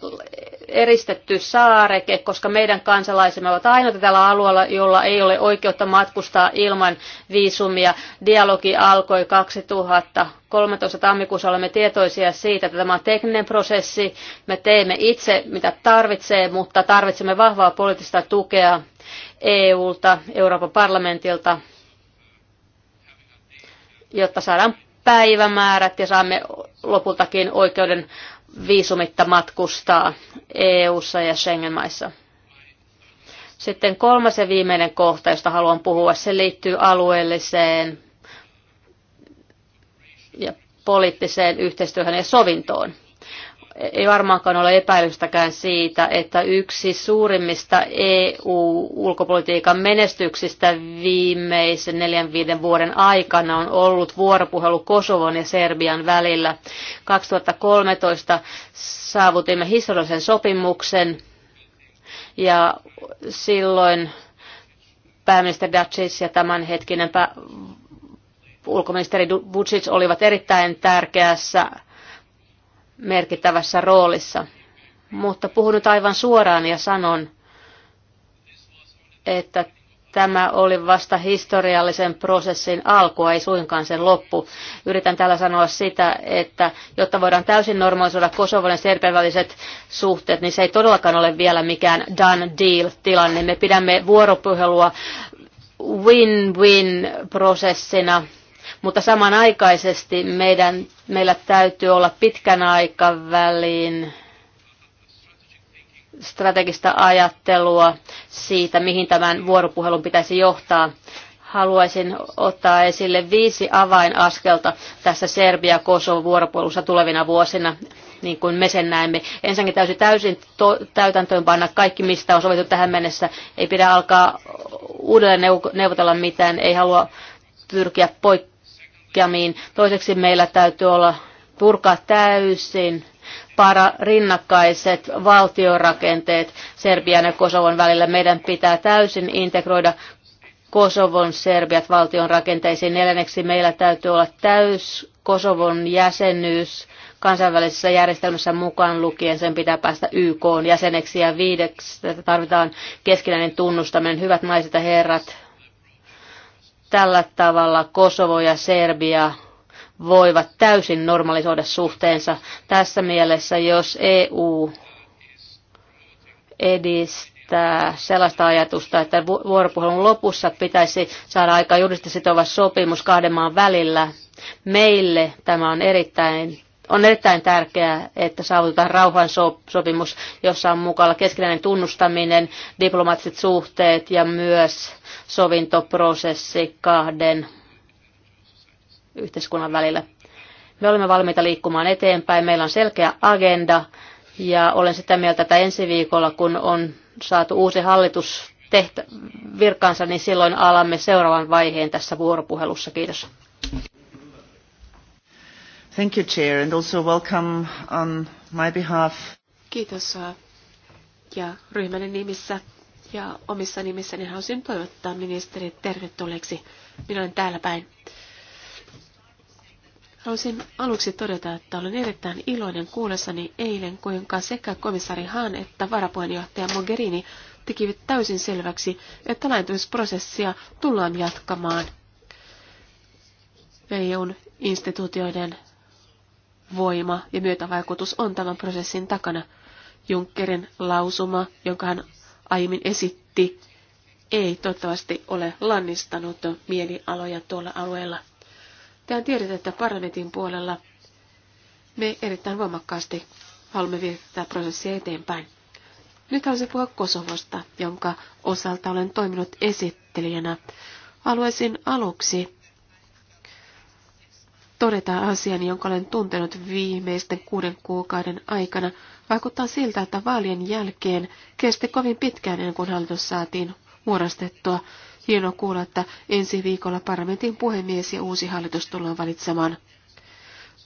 eristetty saareke, koska meidän kansalaisemme ovat ainoita tällä alueella, jolla ei ole oikeutta matkustaa ilman viisumia. Dialogi alkoi 2013 tammikuussa. Olemme tietoisia siitä, että tämä on tekninen prosessi. Me teemme itse, mitä tarvitsee, mutta tarvitsemme vahvaa poliittista tukea EUlta, Euroopan parlamentilta, jotta saadaan päivämäärät ja saamme lopultakin oikeuden viisumitta matkustaa EU:ssa ja Schengen-maissa. Sitten kolmas ja viimeinen kohta, josta haluan puhua, se liittyy alueelliseen ja poliittiseen yhteistyöhön ja sovintoon ei varmaankaan ole epäilystäkään siitä, että yksi suurimmista EU-ulkopolitiikan menestyksistä viimeisen neljän viiden vuoden aikana on ollut vuoropuhelu Kosovon ja Serbian välillä. 2013 saavutimme historiallisen sopimuksen ja silloin pääministeri Dacis ja tämänhetkinen pää- ulkoministeri Vucic olivat erittäin tärkeässä merkittävässä roolissa. Mutta puhun nyt aivan suoraan ja sanon, että tämä oli vasta historiallisen prosessin alkua, ei suinkaan sen loppu. Yritän tällä sanoa sitä, että jotta voidaan täysin normalisoida Kosovon ja Serbian väliset suhteet, niin se ei todellakaan ole vielä mikään done deal-tilanne. Me pidämme vuoropuhelua win-win prosessina mutta samanaikaisesti meidän, meillä täytyy olla pitkän aikavälin strategista ajattelua siitä, mihin tämän vuoropuhelun pitäisi johtaa. Haluaisin ottaa esille viisi avainaskelta tässä Serbia-Kosovo-vuoropuhelussa tulevina vuosina niin kuin me sen näemme. Ensinnäkin täysin, täysin to, täytäntöön panna kaikki, mistä on sovittu tähän mennessä. Ei pidä alkaa uudelleen neuvotella mitään, ei halua pyrkiä poikkeamaan poikkeamiin. Toiseksi meillä täytyy olla purkaa täysin para rinnakkaiset valtiorakenteet Serbian ja Kosovon välillä. Meidän pitää täysin integroida Kosovon serbiat valtion rakenteisiin. Neljänneksi meillä täytyy olla täys Kosovon jäsenyys kansainvälisessä järjestelmässä mukaan lukien. Sen pitää päästä YK jäseneksi ja viideksi tarvitaan keskinäinen tunnustaminen. Hyvät naiset ja herrat, Tällä tavalla Kosovo ja Serbia voivat täysin normalisoida suhteensa. Tässä mielessä, jos EU edistää sellaista ajatusta, että vuoropuhelun lopussa pitäisi saada aika juridisesti sitova sopimus kahden maan välillä, meille tämä on erittäin on erittäin tärkeää, että saavutetaan rauhansopimus, jossa on mukana keskinäinen tunnustaminen, diplomaattiset suhteet ja myös sovintoprosessi kahden yhteiskunnan välillä. Me olemme valmiita liikkumaan eteenpäin. Meillä on selkeä agenda ja olen sitä mieltä, että ensi viikolla, kun on saatu uusi hallitus tehtä- virkansa niin silloin alamme seuraavan vaiheen tässä vuoropuhelussa. Kiitos. Thank you, Chair, and also welcome on my behalf. Kiitos ja ryhmäni nimissä ja omissa nimissäni haluaisin toivottaa ministerit tervetulleeksi. Minä olen täällä päin. Haluaisin aluksi todeta, että olen erittäin iloinen kuulessani eilen, kuinka sekä komissaari Hahn että varapuheenjohtaja Mogherini tekivät täysin selväksi, että laajentumisprosessia tullaan jatkamaan EUn instituutioiden voima ja myötävaikutus on tämän prosessin takana. Junckerin lausuma, jonka hän aiemmin esitti, ei toivottavasti ole lannistanut mielialoja tuolla alueella. Tämä tiedetään, että parlamentin puolella me erittäin voimakkaasti haluamme viedä tätä prosessia eteenpäin. Nyt haluaisin puhua Kosovosta, jonka osalta olen toiminut esittelijänä. Haluaisin aluksi todeta asian, jonka olen tuntenut viimeisten kuuden kuukauden aikana. Vaikuttaa siltä, että vaalien jälkeen kesti kovin pitkään ennen kuin hallitus saatiin muodostettua. Hienoa kuulla, että ensi viikolla parlamentin puhemies ja uusi hallitus tullaan valitsemaan.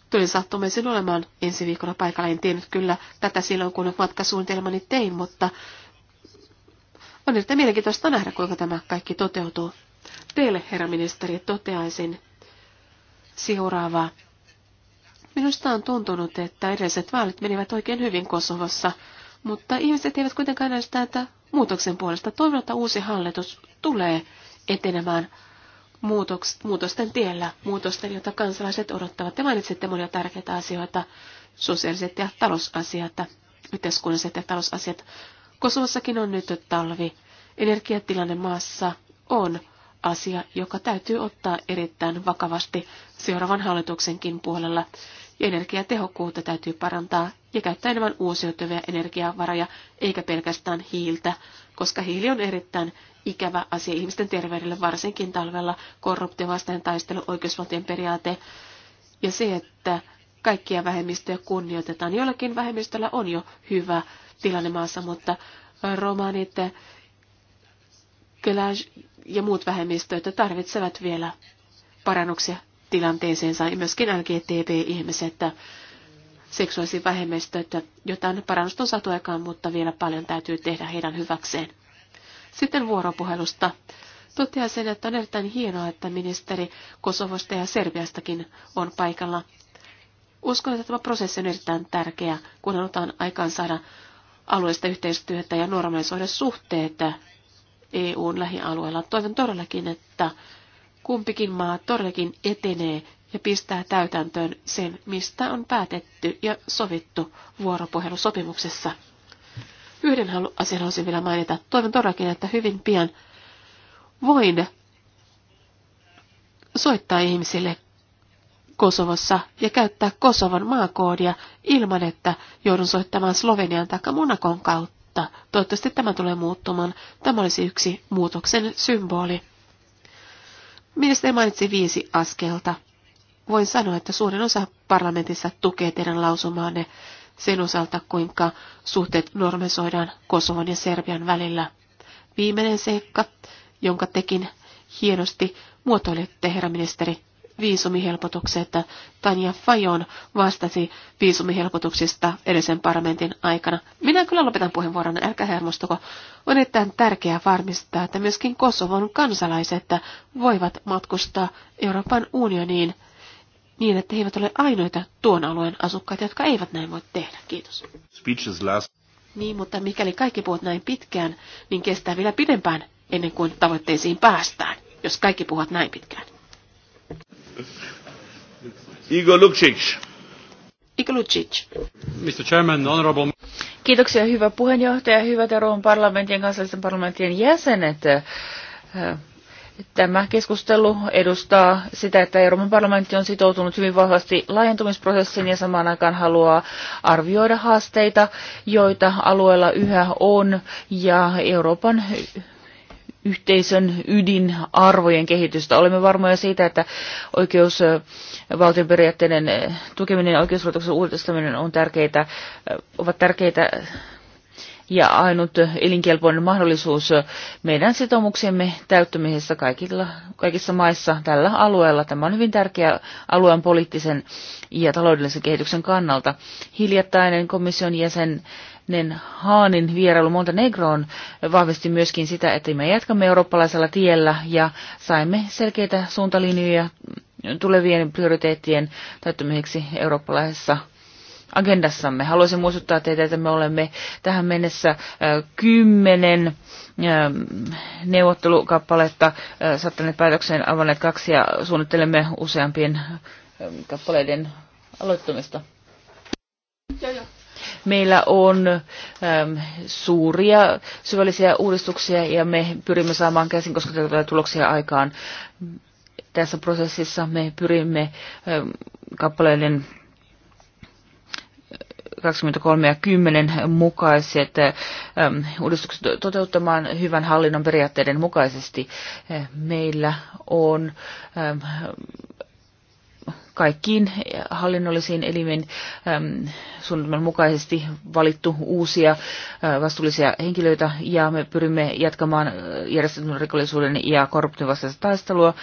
Tulin sattumaisin olemaan ensi viikolla paikalla. En tiennyt kyllä tätä silloin, kun matkasuunnitelmani tein, mutta on erittäin mielenkiintoista nähdä, kuinka tämä kaikki toteutuu. Teille, herra ministeri, toteaisin, seuraavaa. Minusta on tuntunut, että edelliset vaalit menivät oikein hyvin Kosovossa, mutta ihmiset eivät kuitenkaan näistä että muutoksen puolesta toivon, että uusi hallitus tulee etenemään muutosten tiellä, muutosten, jota kansalaiset odottavat. Te mainitsitte monia tärkeitä asioita, sosiaaliset ja talousasiat, yhteiskunnalliset ja talousasiat. Kosovossakin on nyt talvi. Energiatilanne maassa on asia, joka täytyy ottaa erittäin vakavasti seuraavan hallituksenkin puolella. Energiatehokkuutta täytyy parantaa ja käyttää enemmän uusiutuvia energiavaroja, eikä pelkästään hiiltä, koska hiili on erittäin ikävä asia ihmisten terveydelle, varsinkin talvella korruptiovastainen taistelu, oikeusvaltion periaate ja se, että kaikkia vähemmistöjä kunnioitetaan. Jollakin vähemmistöllä on jo hyvä tilanne maassa, mutta romanit, ja muut vähemmistöt tarvitsevat vielä parannuksia tilanteeseensa ja myöskin LGTB-ihmiset, seksuaalisia vähemmistöitä, jotain parannusta on saatu aikaan, mutta vielä paljon täytyy tehdä heidän hyväkseen. Sitten vuoropuhelusta. Totean sen, että on erittäin hienoa, että ministeri Kosovosta ja Serbiastakin on paikalla. Uskon, että tämä prosessi on erittäin tärkeä, kun halutaan aikaan saada alueellista yhteistyötä ja normalisoida suhteet EUn lähialueella. Toivon todellakin, että kumpikin maa todellakin etenee ja pistää täytäntöön sen, mistä on päätetty ja sovittu vuoropuhelusopimuksessa. Yhden asian haluaisin vielä mainita. Toivon todellakin, että hyvin pian voin soittaa ihmisille Kosovossa ja käyttää Kosovan maakoodia ilman, että joudun soittamaan Slovenian tai Monakon kautta mutta Toivottavasti tämä tulee muuttumaan. Tämä olisi yksi muutoksen symboli. Ministeri mainitsi viisi askelta. Voin sanoa, että suurin osa parlamentissa tukee teidän lausumaanne sen osalta, kuinka suhteet normisoidaan Kosovon ja Serbian välillä. Viimeinen seikka, jonka tekin hienosti muotoilette, herra ministeri, viisumihelpotukset. Tanja Fajon vastasi viisumihelpotuksista edellisen parlamentin aikana. Minä kyllä lopetan puheenvuoron, älkää hermostuko. On erittäin tärkeää varmistaa, että myöskin Kosovon kansalaiset voivat matkustaa Euroopan unioniin niin, että he eivät ole ainoita tuon alueen asukkaita, jotka eivät näin voi tehdä. Kiitos. Niin, mutta mikäli kaikki puhut näin pitkään, niin kestää vielä pidempään ennen kuin tavoitteisiin päästään, jos kaikki puhut näin pitkään. Igor Lukšić. Igor Lukšić. Mr. Chairman, honorable... Kiitoksia hyvä puheenjohtaja, hyvät Euroopan parlamentin ja kansallisten jäsenet. Äh, tämä keskustelu edustaa sitä, että Euroopan parlamentti on sitoutunut hyvin vahvasti laajentumisprosessiin ja samaan aikaan haluaa arvioida haasteita, joita alueella yhä on ja Euroopan yhteisön ydinarvojen kehitystä. Olemme varmoja siitä, että oikeus valtionperiaatteiden tukeminen ja oikeuslaitoksen uudistaminen on tärkeitä, ovat tärkeitä ja ainut elinkelpoinen mahdollisuus meidän sitoumuksemme täyttämisessä kaikilla, kaikissa maissa tällä alueella. Tämä on hyvin tärkeä alueen poliittisen ja taloudellisen kehityksen kannalta. Hiljattainen komission jäsen Nen Haanin vierailu Montenegroon vahvisti myöskin sitä, että me jatkamme eurooppalaisella tiellä ja saimme selkeitä suuntalinjoja tulevien prioriteettien täyttämiseksi eurooppalaisessa agendassamme. Haluaisin muistuttaa teitä, että me olemme tähän mennessä äh, kymmenen äh, neuvottelukappaletta äh, saattaneet päätökseen avanneet kaksi ja suunnittelemme useampien kappaleiden aloittamista. Joo, joo. Meillä on äm, suuria syvällisiä uudistuksia ja me pyrimme saamaan käsin koska tuloksia aikaan. Tässä prosessissa me pyrimme äm, kappaleiden 23 äh, ja 10 mukaiset äm, uudistukset toteuttamaan hyvän hallinnon periaatteiden mukaisesti. Äh, meillä on äm, kaikkiin hallinnollisiin elimen äm, suunnitelman mukaisesti valittu uusia ä, vastuullisia henkilöitä ja me pyrimme jatkamaan järjestetyn rikollisuuden ja korruption vastaista taistelua.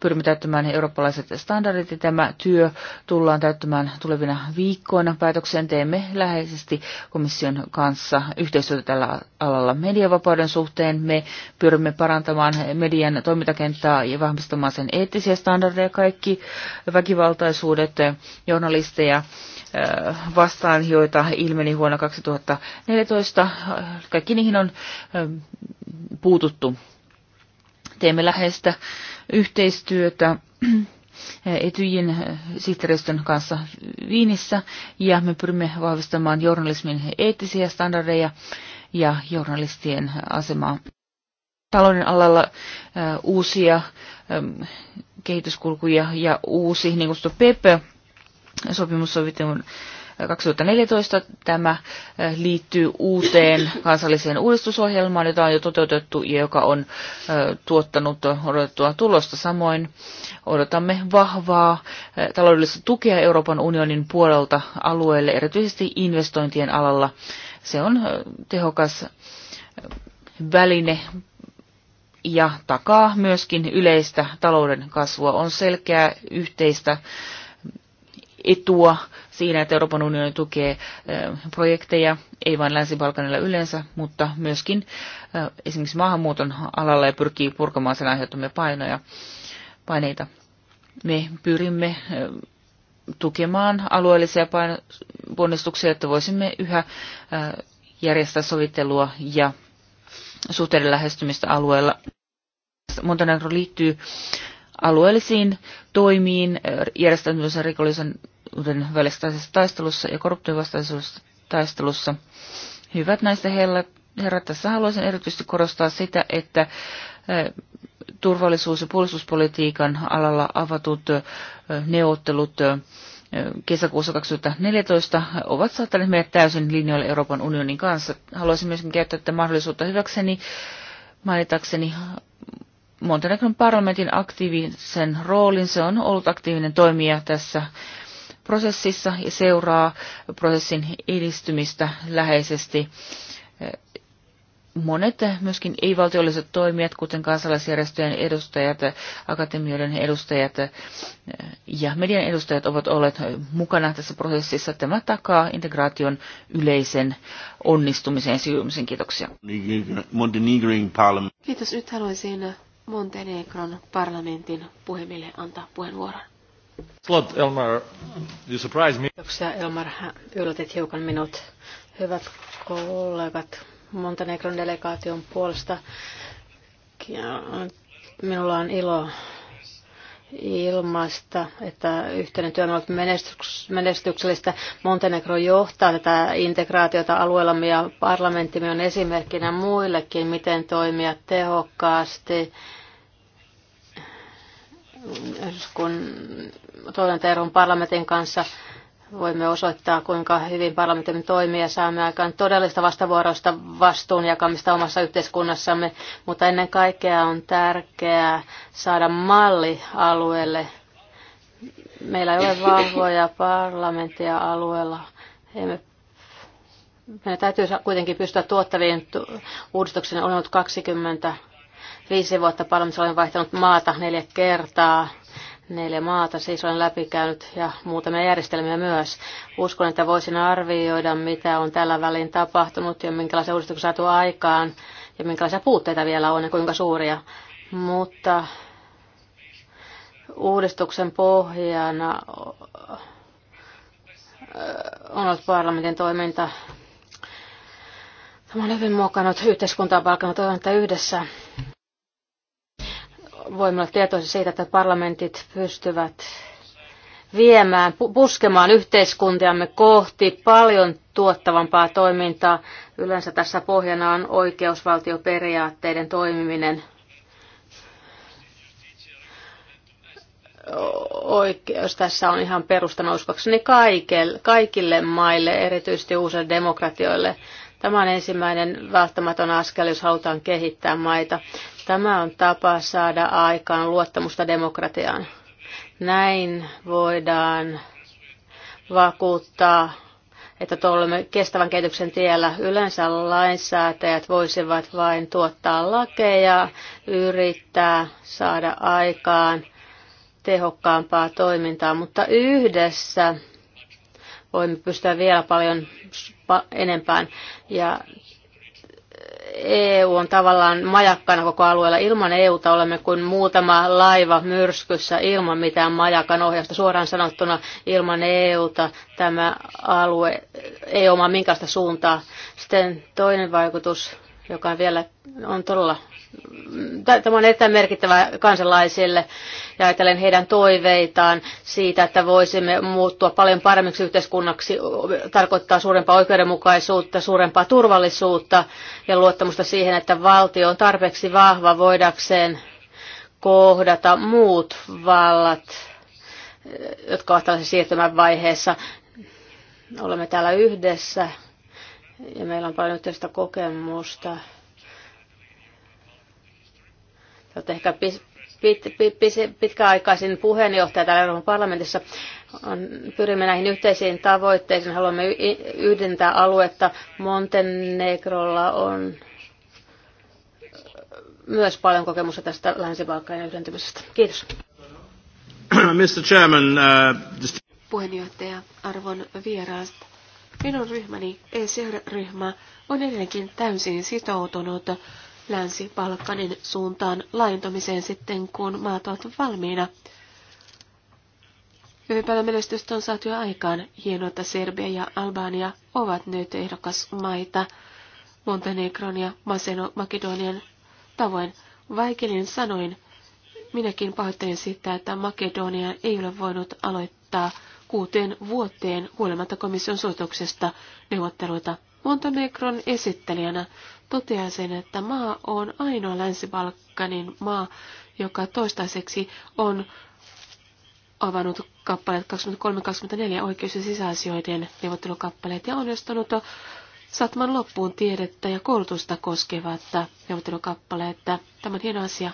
Pyrimme täyttämään eurooppalaiset standardit ja tämä työ tullaan täyttämään tulevina viikkoina. Päätöksen teemme läheisesti komission kanssa yhteistyötä tällä alalla mediavapauden suhteen. Me pyrimme parantamaan median toimintakenttää ja vahvistamaan sen eettisiä standardeja kaikki väkivalta väkivaltaisuudet journalisteja äh, vastaan, joita ilmeni vuonna 2014. Kaikki niihin on ähm, puututtu. Teemme läheistä yhteistyötä äh, Etyjin äh, sihteeristön kanssa Viinissä ja me pyrimme vahvistamaan journalismin eettisiä standardeja ja journalistien asemaa. Talouden alalla uusia ähm, kehityskulkuja ja uusi niin kutsuttu PEP, sovittu 2014 tämä äh, liittyy uuteen kansalliseen uudistusohjelmaan, jota on jo toteutettu ja joka on äh, tuottanut odotettua tulosta. Samoin odotamme vahvaa äh, taloudellista tukea Euroopan unionin puolelta alueelle, erityisesti investointien alalla. Se on tehokas väline ja takaa myöskin yleistä talouden kasvua. On selkeää yhteistä etua siinä, että Euroopan unioni tukee projekteja, ei vain Länsi-Balkanilla yleensä, mutta myöskin esimerkiksi maahanmuuton alalla ja pyrkii purkamaan sen aiheuttamia painoja, paineita. Me pyrimme tukemaan alueellisia ponnistuksia, että voisimme yhä järjestää sovittelua ja suhteiden lähestymistä alueella. Montenegro liittyy alueellisiin toimiin äh, järjestäytymisen rikollisen välistäisessä taistelussa ja korruptiovastaisessa taistelussa. Hyvät näistä herrat, tässä haluaisin erityisesti korostaa sitä, että äh, turvallisuus- ja puolustuspolitiikan alalla avatut äh, neuvottelut kesäkuussa 2014 ovat saattaneet meidät täysin linjoille Euroopan unionin kanssa. Haluaisin myöskin käyttää tätä mahdollisuutta hyväkseni mainitakseni Montenegron parlamentin aktiivisen roolin. Se on ollut aktiivinen toimija tässä prosessissa ja seuraa prosessin edistymistä läheisesti monet myöskin ei-valtiolliset toimijat, kuten kansalaisjärjestöjen edustajat, akatemioiden edustajat eh, ja median edustajat ovat olleet mukana tässä prosessissa. Tämä takaa integraation yleisen onnistumisen syyumisen. Kiitoksia. Kiitos. Nyt haluaisin Montenegron parlamentin puhemille antaa puheenvuoron. Slot, Elmar, you surprised me. Kiitoksia Elmar, yllätit hiukan minut. Hyvät kollegat, Montenegron delegaation puolesta. Minulla on ilo ilmaista, että yhteinen työ on ollut menestyksellistä. Montenegro johtaa tätä integraatiota alueella, ja parlamenttimme on esimerkkinä muillekin, miten toimia tehokkaasti. Kun toinen Eeron parlamentin kanssa voimme osoittaa, kuinka hyvin parlamentin toimii ja saamme aikaan todellista vastavuoroista vastuun jakamista omassa yhteiskunnassamme, mutta ennen kaikkea on tärkeää saada malli alueelle. Meillä ei ole vahvoja parlamentteja alueella. Emme meidän täytyy kuitenkin pystyä tuottaviin uudistuksiin. Olen ollut 25 vuotta parlamentissa, olen vaihtanut maata neljä kertaa neljä maata, siis olen läpikäynyt ja muutamia järjestelmiä myös. Uskon, että voisin arvioida, mitä on tällä välin tapahtunut ja minkälaisia uudistuksia saatu aikaan ja minkälaisia puutteita vielä on ja kuinka suuria. Mutta uudistuksen pohjana on ollut parlamentin toiminta. Tämä on hyvin muokannut yhteiskuntaa palkannut toivon, että yhdessä voimme olla tietoisia siitä, että parlamentit pystyvät viemään, puskemaan yhteiskuntiamme kohti paljon tuottavampaa toimintaa. Yleensä tässä pohjana on oikeusvaltioperiaatteiden toimiminen. Oikeus tässä on ihan perustana uskokseni kaikille, kaikille maille, erityisesti uusille demokratioille. Tämä on ensimmäinen välttämätön askel, jos halutaan kehittää maita. Tämä on tapa saada aikaan luottamusta demokratiaan. Näin voidaan vakuuttaa, että olemme kestävän kehityksen tiellä. Yleensä lainsäätäjät voisivat vain tuottaa lakeja, yrittää saada aikaan tehokkaampaa toimintaa, mutta yhdessä voimme pystyä vielä paljon enempään. Ja EU on tavallaan majakkana koko alueella. Ilman EUta olemme kuin muutama laiva myrskyssä ilman mitään majakan ohjausta. Suoraan sanottuna ilman EUta tämä alue ei omaa minkästä suuntaa. Sitten toinen vaikutus joka vielä on todella, tämä on erittäin merkittävä kansalaisille ja ajatellen heidän toiveitaan siitä, että voisimme muuttua paljon paremmiksi yhteiskunnaksi, tarkoittaa suurempaa oikeudenmukaisuutta, suurempaa turvallisuutta ja luottamusta siihen, että valtio on tarpeeksi vahva voidakseen kohdata muut vallat, jotka ovat tällaisessa siirtymän vaiheessa. Olemme täällä yhdessä ja meillä on paljon yhteistä kokemusta. olette ehkä pit, pit, pit, pitkäaikaisin puheenjohtaja täällä Euroopan parlamentissa. On, pyrimme näihin yhteisiin tavoitteisiin. Haluamme yhdentää aluetta. Montenegrolla on myös paljon kokemusta tästä Länsi-Balkanin yhdentymisestä. Kiitos. Mr. Chairman, uh, puheenjohtaja, arvon vieraasta. Minun ryhmäni, ECR-ryhmä, on edelleenkin täysin sitoutunut Länsi-Balkanin suuntaan laajentumiseen sitten, kun maat ovat valmiina. Hyvin paljon menestystä on saatu jo aikaan. Hienoa, että Serbia ja Albania ovat nyt ehdokasmaita Montenegron ja Maseno Makedonian tavoin. Vaikein sanoin, minäkin pahoittelen sitä, että Makedonia ei ole voinut aloittaa kuuteen vuoteen huolimatta komission suotuksesta neuvotteluita. Montenegron esittelijänä toteaa sen, että maa on ainoa Länsi-Balkanin maa, joka toistaiseksi on avannut kappaleet 23-24 oikeus- ja sisäasioiden neuvottelukappaleet ja onnistunut satman loppuun tiedettä ja koulutusta koskevat neuvottelukappaleet. Tämä on hieno asia.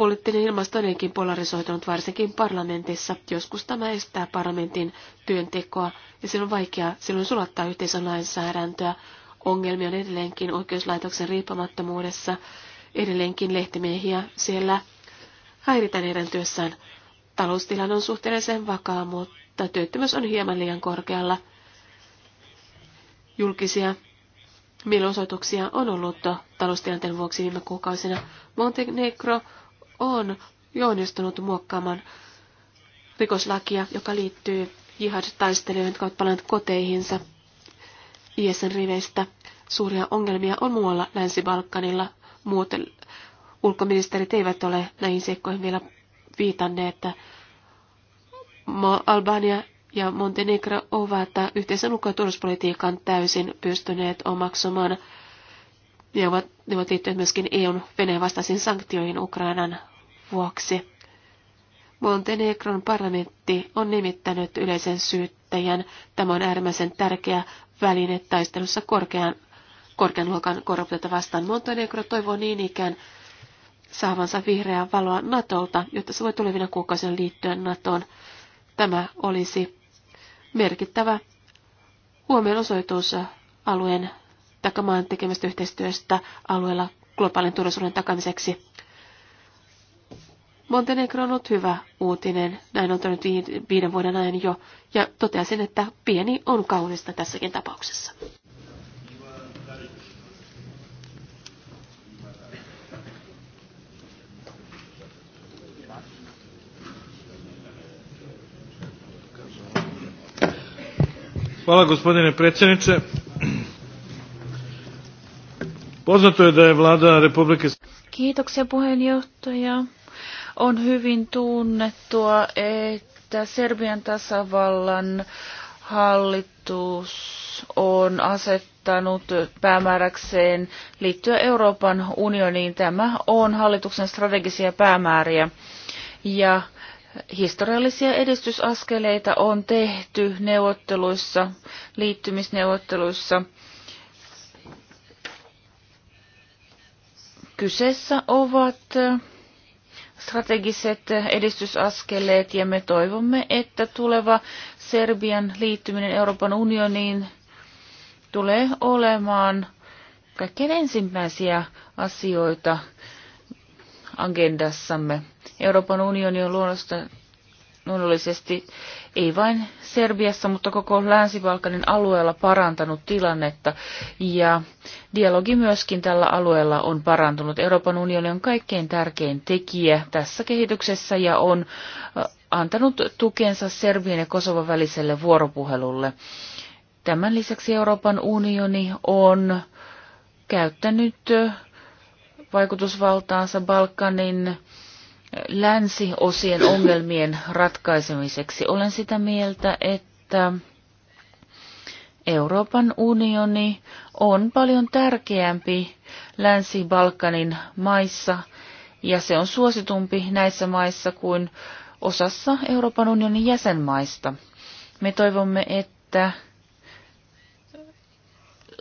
Poliittinen ilmasto on edelleenkin polarisoitunut varsinkin parlamentissa. Joskus tämä estää parlamentin työntekoa ja silloin on vaikea silloin sulattaa yhteisön lainsäädäntöä. Ongelmia on edelleenkin oikeuslaitoksen riippumattomuudessa. Edelleenkin lehtimiehiä siellä häiritään heidän työssään. Taloustilanne on suhteellisen vakaa, mutta työttömyys on hieman liian korkealla. Julkisia mielenosoituksia on ollut taloustilanteen vuoksi viime kuukausina. Montenegro on jo onnistunut muokkaamaan rikoslakia, joka liittyy jihad-taistelijoihin, jotka ovat palanneet koteihinsa ISN riveistä. Suuria ongelmia on muualla Länsi-Balkanilla. Muuten ulkoministerit eivät ole näihin seikkoihin vielä viitanneet, että Albania ja Montenegro ovat yhteisen ulko- ja turvallisuuspolitiikan täysin pystyneet omaksumaan. Ne ovat, ne ovat liittyneet myöskin EUn Venäjän vastaisiin sanktioihin Ukrainan vuoksi. Montenegron parlamentti on nimittänyt yleisen syyttäjän. Tämä on äärimmäisen tärkeä väline taistelussa korkean, korkean luokan korruptiota vastaan. Montenegro toivoo niin ikään saavansa vihreää valoa Natolta, jotta se voi tulevina kuukausina liittyä Natoon. Tämä olisi merkittävä osoitus alueen takamaan tekemästä yhteistyöstä alueella globaalin turvallisuuden takamiseksi. Montenegro on ollut hyvä uutinen, näin on todennut viiden vuoden ajan jo, ja toteasin, että pieni on kaunista tässäkin tapauksessa. Hvala gospodine predsjedniče. Poznato je da je vlada Republike Kiitoksia puheenjohtaja. On hyvin tunnettua, että Serbian tasavallan hallitus on asettanut päämääräkseen liittyä Euroopan unioniin. Tämä on hallituksen strategisia päämääriä ja historiallisia edistysaskeleita on tehty neuvotteluissa, liittymisneuvotteluissa. Kyseessä ovat strategiset edistysaskeleet ja me toivomme, että tuleva Serbian liittyminen Euroopan unioniin tulee olemaan kaikkein ensimmäisiä asioita agendassamme. Euroopan unioni on luonnosta luonnollisesti ei vain Serbiassa, mutta koko Länsi-Balkanin alueella parantanut tilannetta ja dialogi myöskin tällä alueella on parantunut. Euroopan unioni on kaikkein tärkein tekijä tässä kehityksessä ja on äh, antanut tukensa Serbian ja Kosovan väliselle vuoropuhelulle. Tämän lisäksi Euroopan unioni on käyttänyt äh, vaikutusvaltaansa Balkanin länsiosien ongelmien ratkaisemiseksi. Olen sitä mieltä, että Euroopan unioni on paljon tärkeämpi Länsi-Balkanin maissa ja se on suositumpi näissä maissa kuin osassa Euroopan unionin jäsenmaista. Me toivomme, että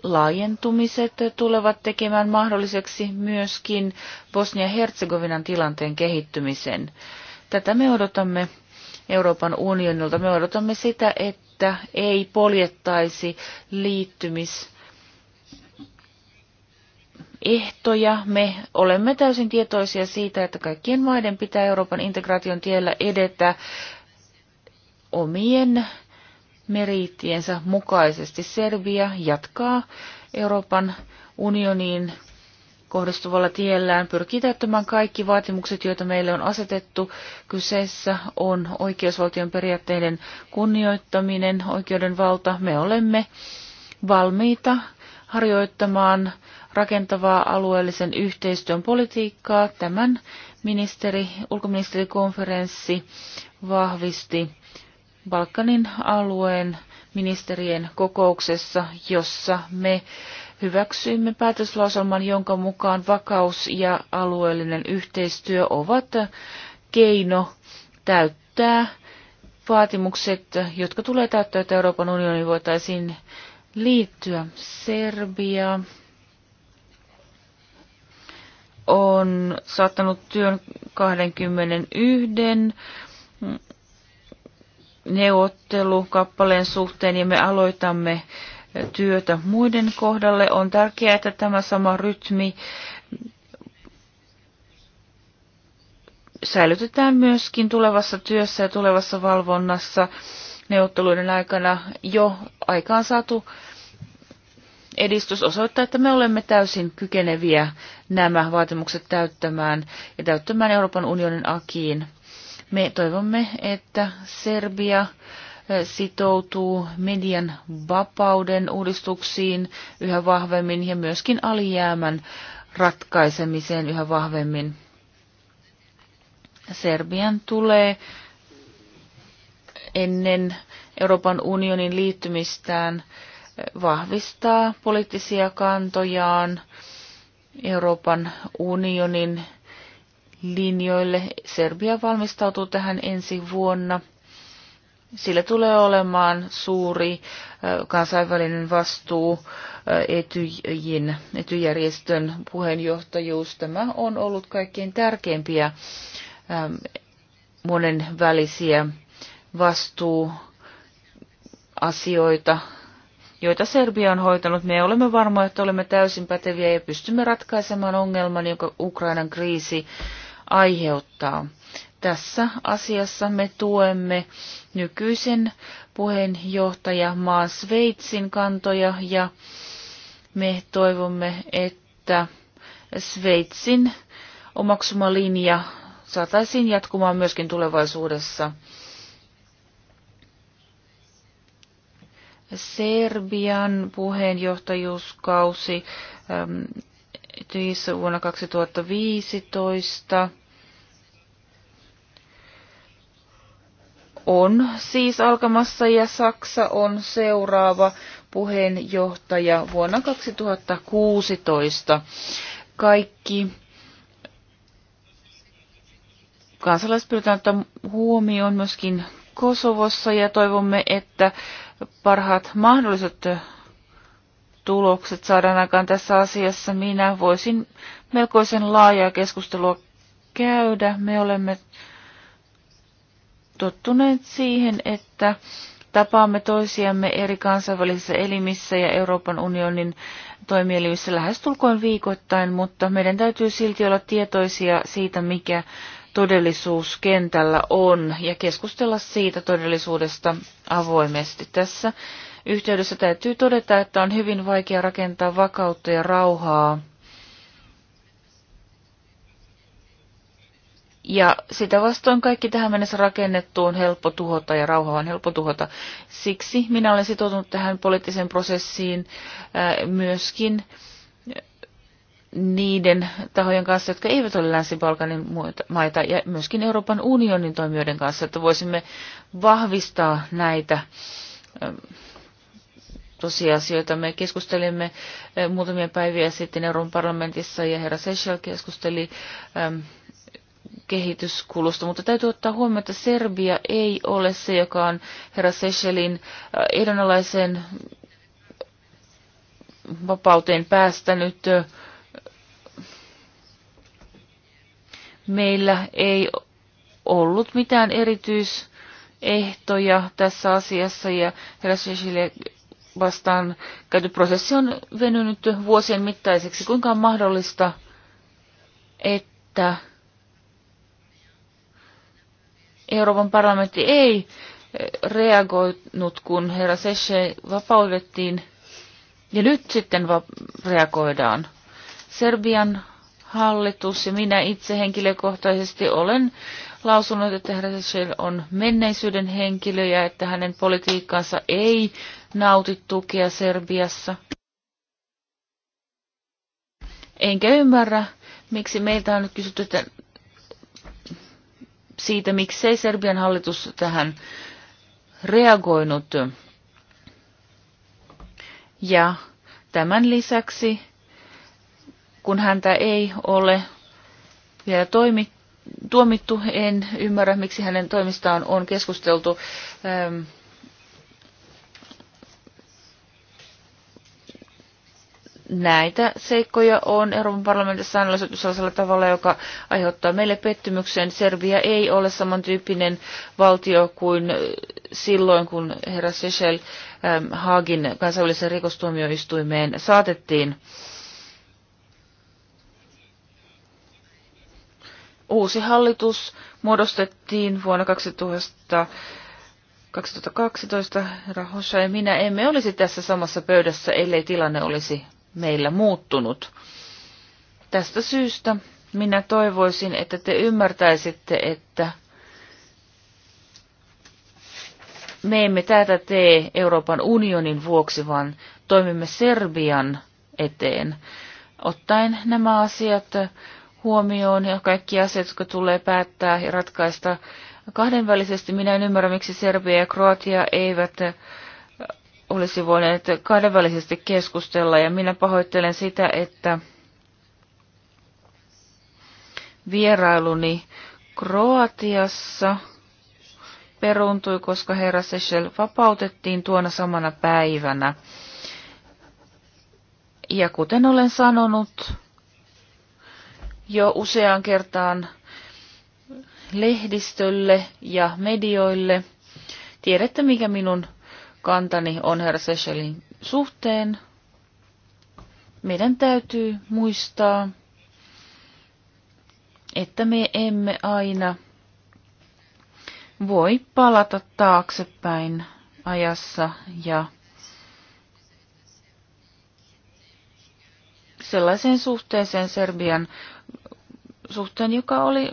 laajentumiset tulevat tekemään mahdolliseksi myöskin Bosnia-Herzegovinan tilanteen kehittymisen. Tätä me odotamme Euroopan unionilta. Me odotamme sitä, että ei poljettaisi liittymis ehtoja. Me olemme täysin tietoisia siitä, että kaikkien maiden pitää Euroopan integraation tiellä edetä omien meriittiensä mukaisesti. Serbia jatkaa Euroopan unioniin kohdistuvalla tiellään, pyrkii täyttämään kaikki vaatimukset, joita meille on asetettu. Kyseessä on oikeusvaltion periaatteiden kunnioittaminen, oikeudenvalta. Me olemme valmiita harjoittamaan rakentavaa alueellisen yhteistyön politiikkaa. Tämän ministeri, ulkoministerikonferenssi vahvisti Balkanin alueen ministerien kokouksessa, jossa me hyväksyimme päätöslauselman, jonka mukaan vakaus ja alueellinen yhteistyö ovat keino täyttää vaatimukset, jotka tulee täyttää, että Euroopan unioni voitaisiin liittyä. Serbia on saattanut työn 21 kappaleen suhteen ja me aloitamme työtä muiden kohdalle. On tärkeää, että tämä sama rytmi säilytetään myöskin tulevassa työssä ja tulevassa valvonnassa neuvotteluiden aikana jo aikaan saatu edistys osoittaa, että me olemme täysin kykeneviä nämä vaatimukset täyttämään ja täyttämään Euroopan unionin akiin me toivomme, että Serbia sitoutuu median vapauden uudistuksiin yhä vahvemmin ja myöskin alijäämän ratkaisemiseen yhä vahvemmin. Serbian tulee ennen Euroopan unionin liittymistään vahvistaa poliittisia kantojaan Euroopan unionin linjoille. Serbia valmistautuu tähän ensi vuonna. Sillä tulee olemaan suuri kansainvälinen vastuu Etyjin, Etyjärjestön puheenjohtajuus. Tämä on ollut kaikkein tärkeimpiä monenvälisiä vastuuasioita, joita Serbia on hoitanut. Me olemme varmoja, että olemme täysin päteviä ja pystymme ratkaisemaan ongelman, jonka Ukrainan kriisi aiheuttaa. Tässä asiassa me tuemme nykyisen maa Sveitsin kantoja ja me toivomme, että Sveitsin omaksuma linja saataisiin jatkumaan myöskin tulevaisuudessa. Serbian puheenjohtajuuskausi ähm, vuonna 2015 on siis alkamassa ja Saksa on seuraava puheenjohtaja vuonna 2016. Kaikki kansalaiset pyritään ottaa huomioon myöskin Kosovossa ja toivomme, että parhaat mahdolliset tulokset saadaan aikaan tässä asiassa. Minä voisin melkoisen laajaa keskustelua käydä. Me olemme tottuneet siihen, että tapaamme toisiamme eri kansainvälisissä elimissä ja Euroopan unionin toimielimissä lähestulkoon viikoittain, mutta meidän täytyy silti olla tietoisia siitä, mikä todellisuus kentällä on ja keskustella siitä todellisuudesta avoimesti. Tässä yhteydessä täytyy todeta, että on hyvin vaikea rakentaa vakautta ja rauhaa Ja sitä vastoin kaikki tähän mennessä rakennettu on helppo tuhota ja rauha on helppo tuhota. Siksi minä olen sitoutunut tähän poliittiseen prosessiin äh, myöskin äh, niiden tahojen kanssa, jotka eivät ole Länsi-Balkanin maita, ja myöskin Euroopan unionin toimijoiden kanssa, että voisimme vahvistaa näitä ähm, tosiasioita. Me keskustelimme äh, muutamia päiviä sitten Euroopan parlamentissa, ja herra Seychelles keskusteli ähm, kehityskulusta, mutta täytyy ottaa huomioon, että Serbia ei ole se, joka on herra Seychellin äh, ehdonalaisen vapauteen päästänyt. Meillä ei ollut mitään erityisehtoja tässä asiassa ja herra Seychelle vastaan käyty prosessi on venynyt vuosien mittaiseksi. Kuinka on mahdollista, että Euroopan parlamentti ei eh, reagoinut, kun herra Sesche vapautettiin, ja nyt sitten reagoidaan. Serbian hallitus ja minä itse henkilökohtaisesti olen lausunut, että herra Sesche on menneisyyden henkilö ja että hänen politiikkansa ei nauti tukea Serbiassa. Enkä ymmärrä, miksi meiltä on nyt kysytty, että siitä, miksei Serbian hallitus tähän reagoinut. Ja tämän lisäksi, kun häntä ei ole vielä toimittu, tuomittu, en ymmärrä, miksi hänen toimistaan on keskusteltu. Ähm, näitä seikkoja on Euroopan parlamentissa analysoitu sellaisella tavalla, joka aiheuttaa meille pettymyksen. Serbia ei ole samantyyppinen valtio kuin silloin, kun herra Sechel ähm, Haagin kansainvälisen rikostuomioistuimeen saatettiin. Uusi hallitus muodostettiin vuonna 2000 2012 Rahosha ja minä emme olisi tässä samassa pöydässä, ellei tilanne olisi meillä muuttunut. Tästä syystä minä toivoisin, että te ymmärtäisitte, että me emme tätä tee Euroopan unionin vuoksi, vaan toimimme Serbian eteen, ottaen nämä asiat huomioon ja kaikki asiat, jotka tulee päättää ja ratkaista kahdenvälisesti. Minä en ymmärrä, miksi Serbia ja Kroatia eivät olisi voineet kahdenvälisesti keskustella ja minä pahoittelen sitä, että vierailuni Kroatiassa peruntui, koska herra Sechel vapautettiin tuona samana päivänä. Ja kuten olen sanonut jo useaan kertaan lehdistölle ja medioille, tiedätte mikä minun kantani on herra Sechelin suhteen. Meidän täytyy muistaa, että me emme aina voi palata taaksepäin ajassa ja sellaiseen suhteeseen Serbian suhteen, joka oli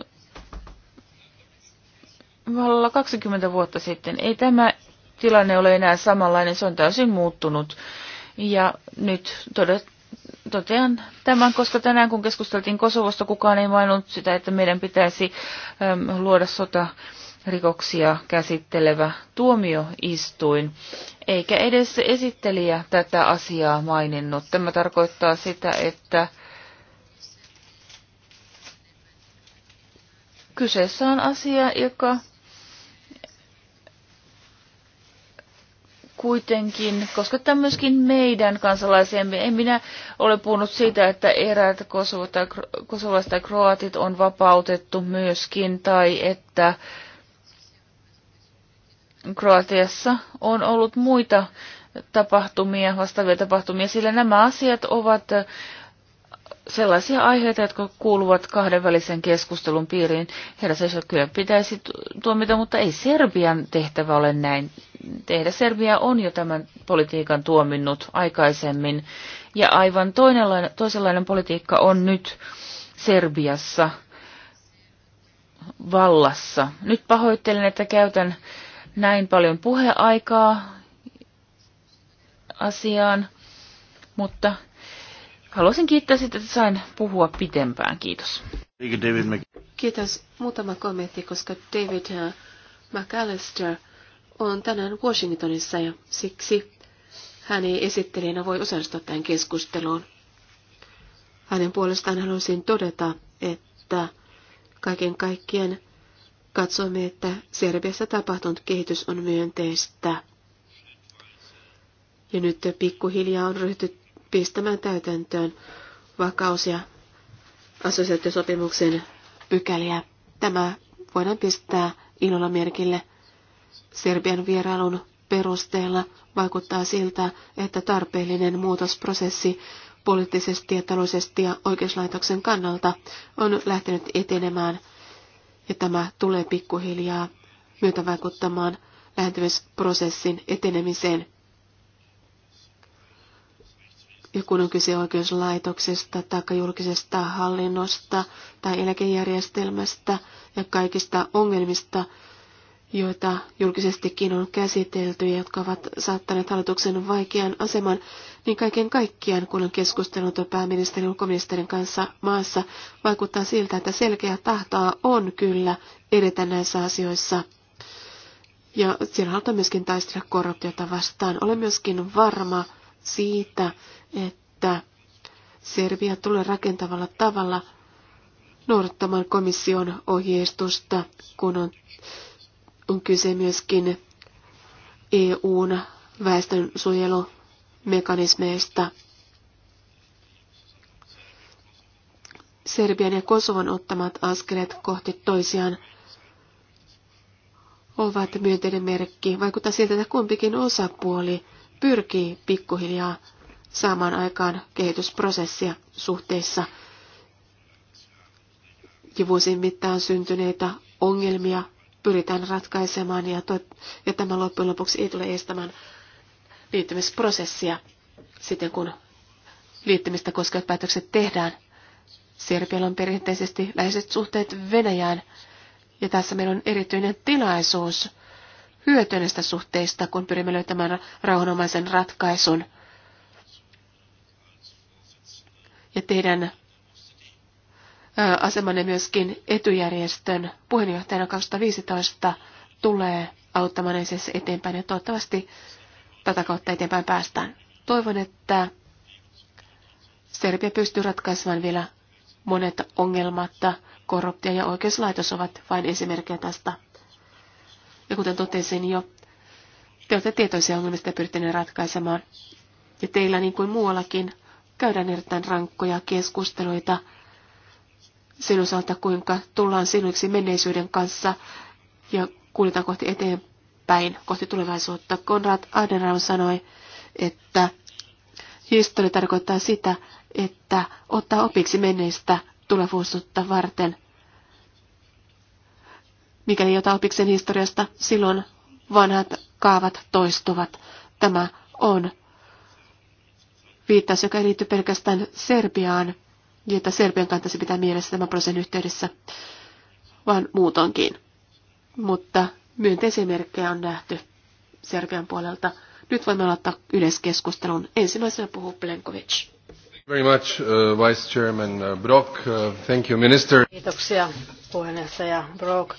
vallalla 20 vuotta sitten. Ei tämä tilanne ole enää samanlainen, se on täysin muuttunut. Ja nyt todet, totean tämän, koska tänään kun keskusteltiin Kosovosta, kukaan ei maininnut sitä, että meidän pitäisi äm, luoda sota rikoksia käsittelevä tuomioistuin, eikä edes esittelijä tätä asiaa maininnut. Tämä tarkoittaa sitä, että kyseessä on asia, joka kuitenkin koskettaa myöskin meidän kansalaisemme, En minä ole puhunut siitä, että eräät kosovalaiset tai kroatit on vapautettu myöskin, tai että Kroatiassa on ollut muita tapahtumia, vastaavia tapahtumia, sillä nämä asiat ovat sellaisia aiheita, jotka kuuluvat kahdenvälisen keskustelun piiriin. Herra Sesot kyllä pitäisi tuomita, mutta ei Serbian tehtävä ole näin tehdä. Serbia on jo tämän politiikan tuominnut aikaisemmin, ja aivan toisenlainen politiikka on nyt Serbiassa vallassa. Nyt pahoittelen, että käytän näin paljon puheaikaa asiaan, mutta Haluaisin kiittää sitä, että sain puhua pitempään. Kiitos. Kiitos. Muutama kommentti, koska David äh, McAllister on tänään Washingtonissa ja siksi hän ei esittelijänä voi osallistua tähän keskusteluun. Hänen puolestaan haluaisin todeta, että kaiken kaikkien katsomme, että Serbiassa tapahtunut kehitys on myönteistä. Ja nyt pikkuhiljaa on ryhtynyt pistämään täytäntöön vakaus- ja assosiaatiosopimuksen pykäliä. Tämä voidaan pistää ilolla merkille. Serbian vierailun perusteella vaikuttaa siltä, että tarpeellinen muutosprosessi poliittisesti ja taloudellisesti ja oikeuslaitoksen kannalta on lähtenyt etenemään ja tämä tulee pikkuhiljaa myötävaikuttamaan lähentymisprosessin etenemiseen ja kun on kyse oikeuslaitoksesta tai julkisesta hallinnosta tai eläkejärjestelmästä ja kaikista ongelmista, joita julkisestikin on käsitelty ja jotka ovat saattaneet hallituksen vaikean aseman, niin kaiken kaikkiaan, kun on keskustellut pääministerin ja ulkoministerin kanssa maassa, vaikuttaa siltä, että selkeä tahtoa on kyllä edetä näissä asioissa. Ja siellä halutaan myöskin taistella korruptiota vastaan. Olen myöskin varma, siitä, että Serbia tulee rakentavalla tavalla noudattamaan komission ohjeistusta, kun on, on kyse myöskin EUn väestönsuojelumekanismeista. Serbian ja Kosovan ottamat askeleet kohti toisiaan ovat myönteinen merkki. Vaikuttaa siltä, että kumpikin osapuoli pyrkii pikkuhiljaa saamaan aikaan kehitysprosessia suhteissa ja vuosien mittaan syntyneitä ongelmia pyritään ratkaisemaan ja, to, ja tämä loppujen lopuksi ei tule estämään liittymisprosessia sitten kun liittymistä koskevat päätökset tehdään. Serbialla on perinteisesti läheiset suhteet Venäjään ja tässä meillä on erityinen tilaisuus – hyötyä näistä suhteista, kun pyrimme löytämään rauhanomaisen ratkaisun. Ja teidän asemanne myöskin etujärjestön puheenjohtajana 2015 tulee auttamaan ensin eteenpäin ja toivottavasti tätä kautta eteenpäin päästään. Toivon, että Serbia pystyy ratkaisemaan vielä monet ongelmat. Korruptio ja oikeuslaitos ovat vain esimerkkejä tästä. Ja kuten totesin jo, te olette tietoisia ongelmista pyrkineet ratkaisemaan. Ja teillä niin kuin muuallakin käydään erittäin rankkoja keskusteluita sen osalta, kuinka tullaan sinuiksi menneisyyden kanssa ja kuljetaan kohti eteenpäin, kohti tulevaisuutta. Konrad Adenauer sanoi, että historia tarkoittaa sitä, että ottaa opiksi menneistä tulevuusutta varten – Mikäli jo talpiksen historiasta, silloin vanhat kaavat toistuvat. Tämä on viittaus, joka ei liitty pelkästään Serbiaan, jota Serbian kantaisi pitää mielessä tämän prosessin yhteydessä, vaan muutoinkin. Mutta myönteisiä merkkejä on nähty Serbian puolelta. Nyt voimme aloittaa yleiskeskustelun. Ensimmäisenä puhuu Plenkovic. Uh, uh, uh, kiitoksia puheenjohtaja Brock.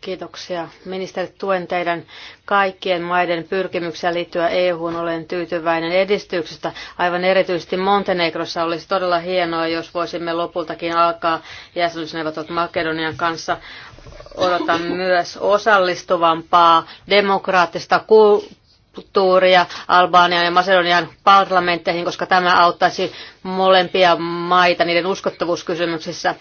kiitoksia ministeri. Tuen teidän kaikkien maiden pyrkimyksiä liittyä EU-hun. Olen tyytyväinen edistyksestä. Aivan erityisesti Montenegrossa olisi todella hienoa, jos voisimme lopultakin alkaa jäsenyysneuvottelut Makedonian kanssa odotan myös osallistuvampaa demokraattista kulttuuria Albanian ja Macedonian parlamentteihin, koska tämä auttaisi molempia maita niiden uskottavuuskysymyksissä.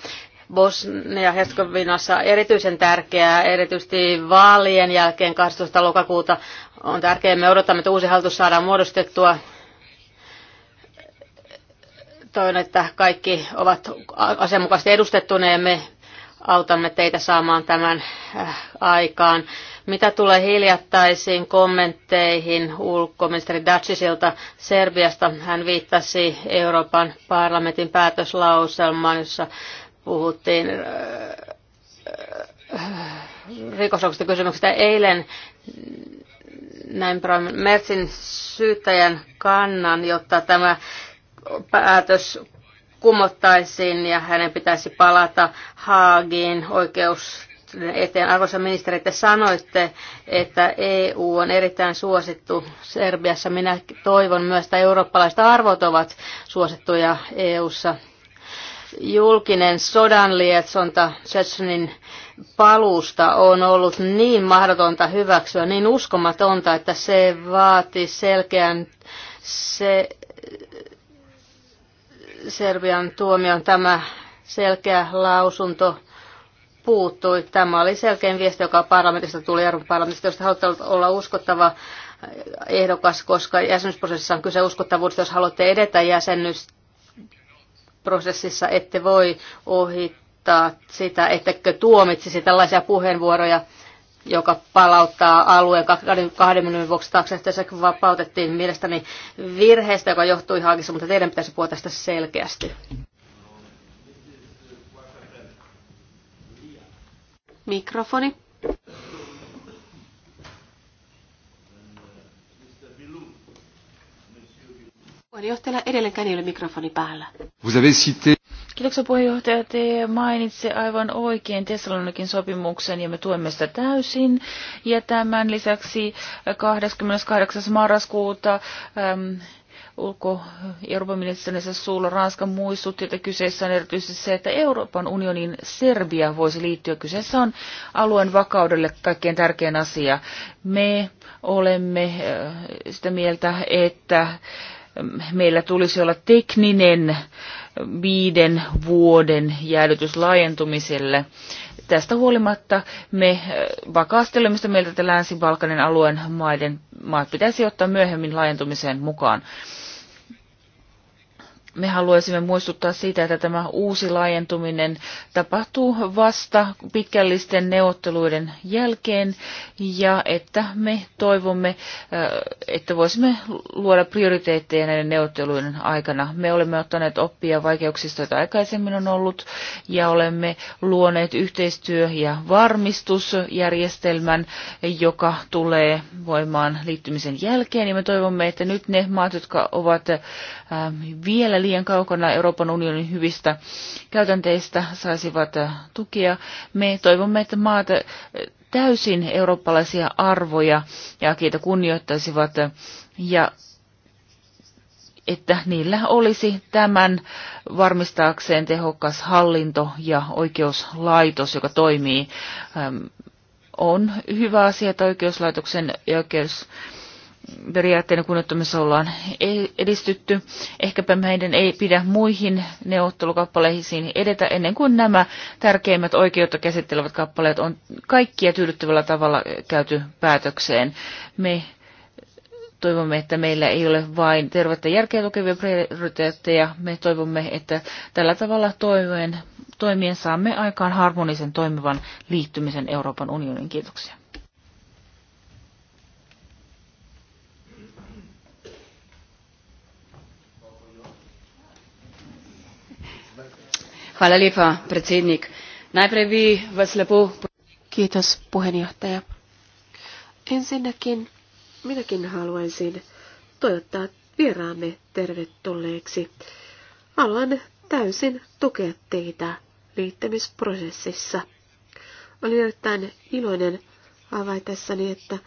Bosnia-Herzegovinassa erityisen tärkeää, erityisesti vaalien jälkeen 12. lokakuuta on tärkeää. Me odotamme, että uusi hallitus saadaan muodostettua. Toivon, että kaikki ovat asianmukaisesti edustettuneet ja me autamme teitä saamaan tämän äh, aikaan. Mitä tulee hiljattaisiin kommentteihin ulkoministeri Dacisilta Serbiasta, hän viittasi Euroopan parlamentin päätöslauselmaan, jossa puhuttiin äh, äh, rikosoikeuksista kysymyksistä. Eilen näin Mertsin syyttäjän kannan, jotta tämä päätös kumottaisiin ja hänen pitäisi palata Haagiin oikeus eteen. Arvoisa ministeri, te sanoitte, että EU on erittäin suosittu Serbiassa. Minä toivon myös, että eurooppalaiset arvot ovat suosittuja EUssa. Julkinen sodan lietsonta Chechenin paluusta on ollut niin mahdotonta hyväksyä, niin uskomatonta, että se vaati selkeän se, Serbian tuomion tämä selkeä lausunto puuttui. Tämä oli selkein viesti, joka parlamentista tuli Euroopan parlamentista, josta haluatte olla uskottava ehdokas, koska jäsenyysprosessissa on kyse uskottavuudesta. Jos haluatte edetä jäsenyysprosessissa, ette voi ohittaa sitä, ettekö tuomitsisi tällaisia puheenvuoroja joka palauttaa alueen minuutin vuoksi taakse, se vapautettiin mielestäni virheestä, joka johtui Haagissa, mutta teidän pitäisi puhua tästä selkeästi. Mikrofoni. Puheenjohtajalla edelleenkään ei ole mikrofoni päällä. Vous avez cité... Kiitoksia puheenjohtaja. Te mainitsi aivan oikein Thessalonikin sopimuksen ja me tuemme sitä täysin. Ja tämän lisäksi 28. marraskuuta ulko- Euroopan ministerinsä suulla Ranska muistutti, että kyseessä on erityisesti se, että Euroopan unionin Serbia voisi liittyä. Kyseessä on alueen vakaudelle kaikkein tärkein asia. Me olemme äh, sitä mieltä, että ähm, meillä tulisi olla tekninen äh, viiden vuoden jäädytys laajentumiselle. Tästä huolimatta me äh, vakaasti olemme sitä mieltä, että Länsi-Balkanin alueen maiden, maat pitäisi ottaa myöhemmin laajentumiseen mukaan me haluaisimme muistuttaa siitä, että tämä uusi laajentuminen tapahtuu vasta pitkällisten neuvotteluiden jälkeen ja että me toivomme, äh, että voisimme luoda prioriteetteja näiden neuvotteluiden aikana. Me olemme ottaneet oppia vaikeuksista, joita aikaisemmin on ollut ja olemme luoneet yhteistyö- ja varmistusjärjestelmän, joka tulee voimaan liittymisen jälkeen. Ja me toivomme, että nyt ne maat, jotka ovat äh, vielä liian kaukana Euroopan unionin hyvistä käytänteistä saisivat äh, tukea. Me toivomme, että maat äh, täysin eurooppalaisia arvoja ja kiitä kunnioittaisivat äh, ja että niillä olisi tämän varmistaakseen tehokas hallinto ja oikeuslaitos, joka toimii. Ähm, on hyvä asia, että oikeuslaitoksen ja oikeus periaatteiden kunnioittamisessa ollaan e- edistytty. Ehkäpä meidän ei pidä muihin neuvottelukappaleisiin edetä ennen kuin nämä tärkeimmät oikeutta käsittelevät kappaleet on kaikkia tyydyttävällä tavalla käyty päätökseen. Me toivomme, että meillä ei ole vain tervettä järkeä tukevia prioriteetteja. Me toivomme, että tällä tavalla toimien saamme aikaan harmonisen toimivan liittymisen Euroopan unionin. Kiitoksia. Najprej vi vas lepo... Kiitos, puheenjohtaja. Ensinnäkin minäkin haluaisin toivottaa vieraamme tervetulleeksi. Haluan täysin tukea teitä liittymisprosessissa. Olin erittäin iloinen havaitessani, että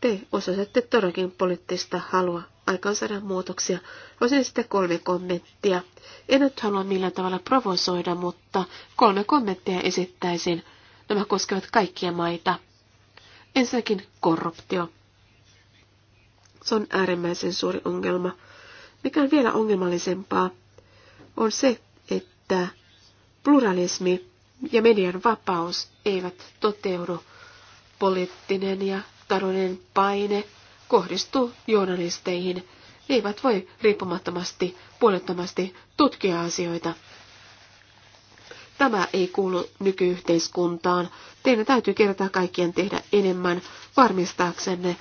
te osasitte todellakin poliittista halua aikaansaada muutoksia. Voisin sitten kolme kommenttia. En nyt halua millään tavalla provosoida, mutta kolme kommenttia esittäisin. Nämä koskevat kaikkia maita. Ensinnäkin korruptio. Se on äärimmäisen suuri ongelma. Mikä on vielä ongelmallisempaa, on se, että pluralismi ja median vapaus eivät toteudu. Poliittinen ja taloudellinen paine – kohdistu journalisteihin. Ne eivät voi riippumattomasti, puolettomasti tutkia asioita. Tämä ei kuulu nykyyhteiskuntaan. Teidän täytyy kertaa kaikkien tehdä enemmän varmistaaksenne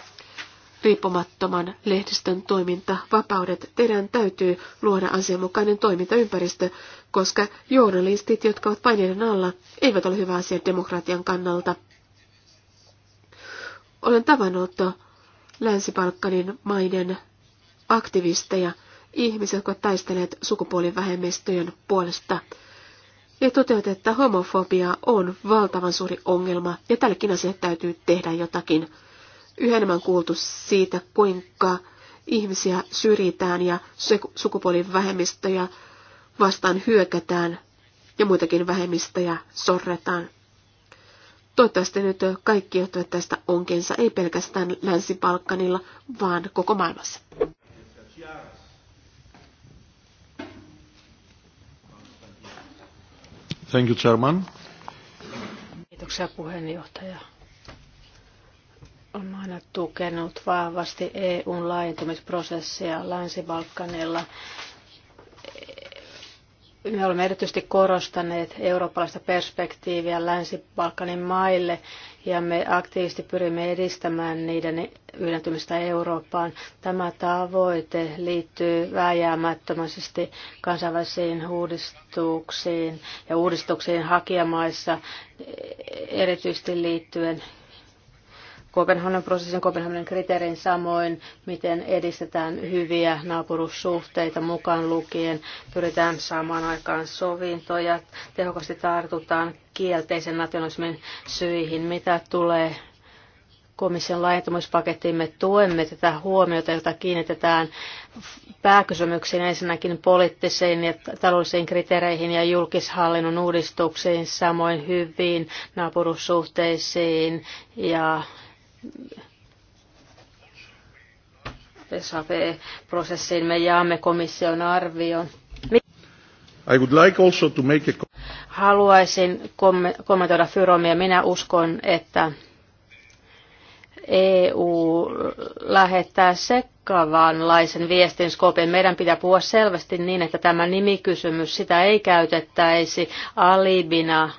riippumattoman lehdistön toiminta, vapaudet. Teidän täytyy luoda asianmukainen toimintaympäristö, koska journalistit, jotka ovat paineiden alla, eivät ole hyvä asia demokratian kannalta. Olen tavannut Länsi-Balkanin maiden aktivisteja, ihmisiä, jotka taistelevat sukupuolivähemmistöjen puolesta. Ja toteat, että homofobia on valtavan suuri ongelma ja tällekin asialle täytyy tehdä jotakin. Yhä enemmän kuultu siitä, kuinka ihmisiä syrjitään ja sukupuolivähemmistöjä vastaan hyökätään ja muitakin vähemmistöjä sorretaan. Toivottavasti nyt kaikki ottavat tästä onkensa, ei pelkästään Länsi-Balkanilla, vaan koko maailmassa. Thank you, Chairman. Kiitoksia puheenjohtaja. On aina tukenut vahvasti EUn laajentumisprosessia Länsi-Balkanilla me olemme erityisesti korostaneet eurooppalaista perspektiiviä Länsi-Balkanin maille ja me aktiivisesti pyrimme edistämään niiden yhdentymistä Eurooppaan. Tämä tavoite liittyy vääjäämättömästi kansainvälisiin uudistuksiin ja uudistuksiin hakijamaissa erityisesti liittyen Kopenhagenin prosessin, kopenhagenin kriteerin samoin, miten edistetään hyviä naapurussuhteita mukaan lukien, pyritään saamaan aikaan sovintoja, tehokkaasti tartutaan kielteisen nationalismin syihin, mitä tulee komission laajentumispakettiin me tuemme tätä huomiota, jota kiinnitetään pääkysymyksiin ensinnäkin poliittisiin ja taloudellisiin kriteereihin ja julkishallinnon uudistuksiin, samoin hyviin naapurussuhteisiin ja SAP-prosessiin me jaamme komission arvion. I would like also to make a... Haluaisin kommentoida Fyromia. Minä uskon, että EU lähettää sekavanlaisen viestin Skopin. Meidän pitää puhua selvästi niin, että tämä nimikysymys, sitä ei käytettäisi alibina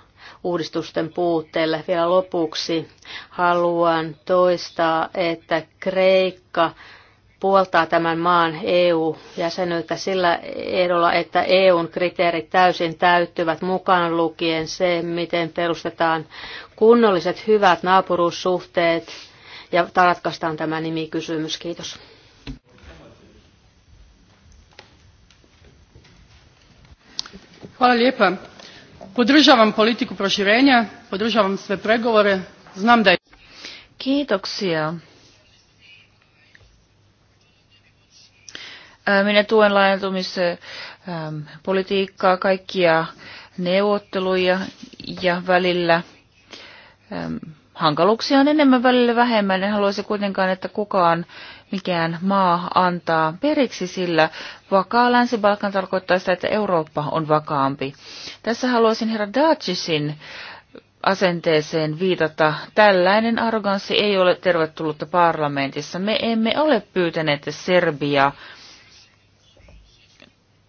uudistusten puutteelle. Vielä lopuksi haluan toistaa, että Kreikka puoltaa tämän maan EU-jäsenyyttä sillä ehdolla, että EUn kriteerit täysin täyttyvät mukaan lukien se, miten perustetaan kunnolliset hyvät naapuruussuhteet ja ratkaistaan tämä nimikysymys. Kiitos. Hvala lijepa. Podržavam politiku proširenja, podržavam sve pregovore, znam da je... Kiitoksia. Minä tuen laajentumisen politiikkaa, kaikkia neuvotteluja ja välillä Hankaluuksia on enemmän välillä vähemmän. En haluaisi kuitenkaan, että kukaan mikään maa antaa periksi, sillä vakaa Länsi-Balkan tarkoittaa sitä, että Eurooppa on vakaampi. Tässä haluaisin herra Dacisin asenteeseen viitata. Tällainen arroganssi ei ole tervetullutta parlamentissa. Me emme ole pyytäneet Serbia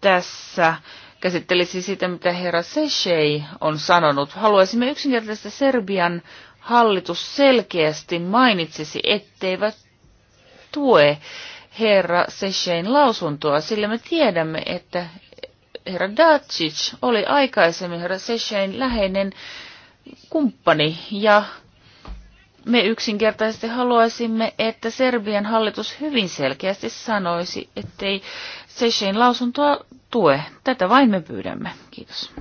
tässä käsittelisi sitä, mitä herra Sechei on sanonut. Haluaisimme yksinkertaisesti Serbian hallitus selkeästi mainitsisi, etteivät tue herra Sechein lausuntoa, sillä me tiedämme, että herra Dacic oli aikaisemmin herra Sechein läheinen kumppani ja me yksinkertaisesti haluaisimme, että Serbian hallitus hyvin selkeästi sanoisi, ettei Sechein lausuntoa tue. Tätä vain me pyydämme. Kiitos.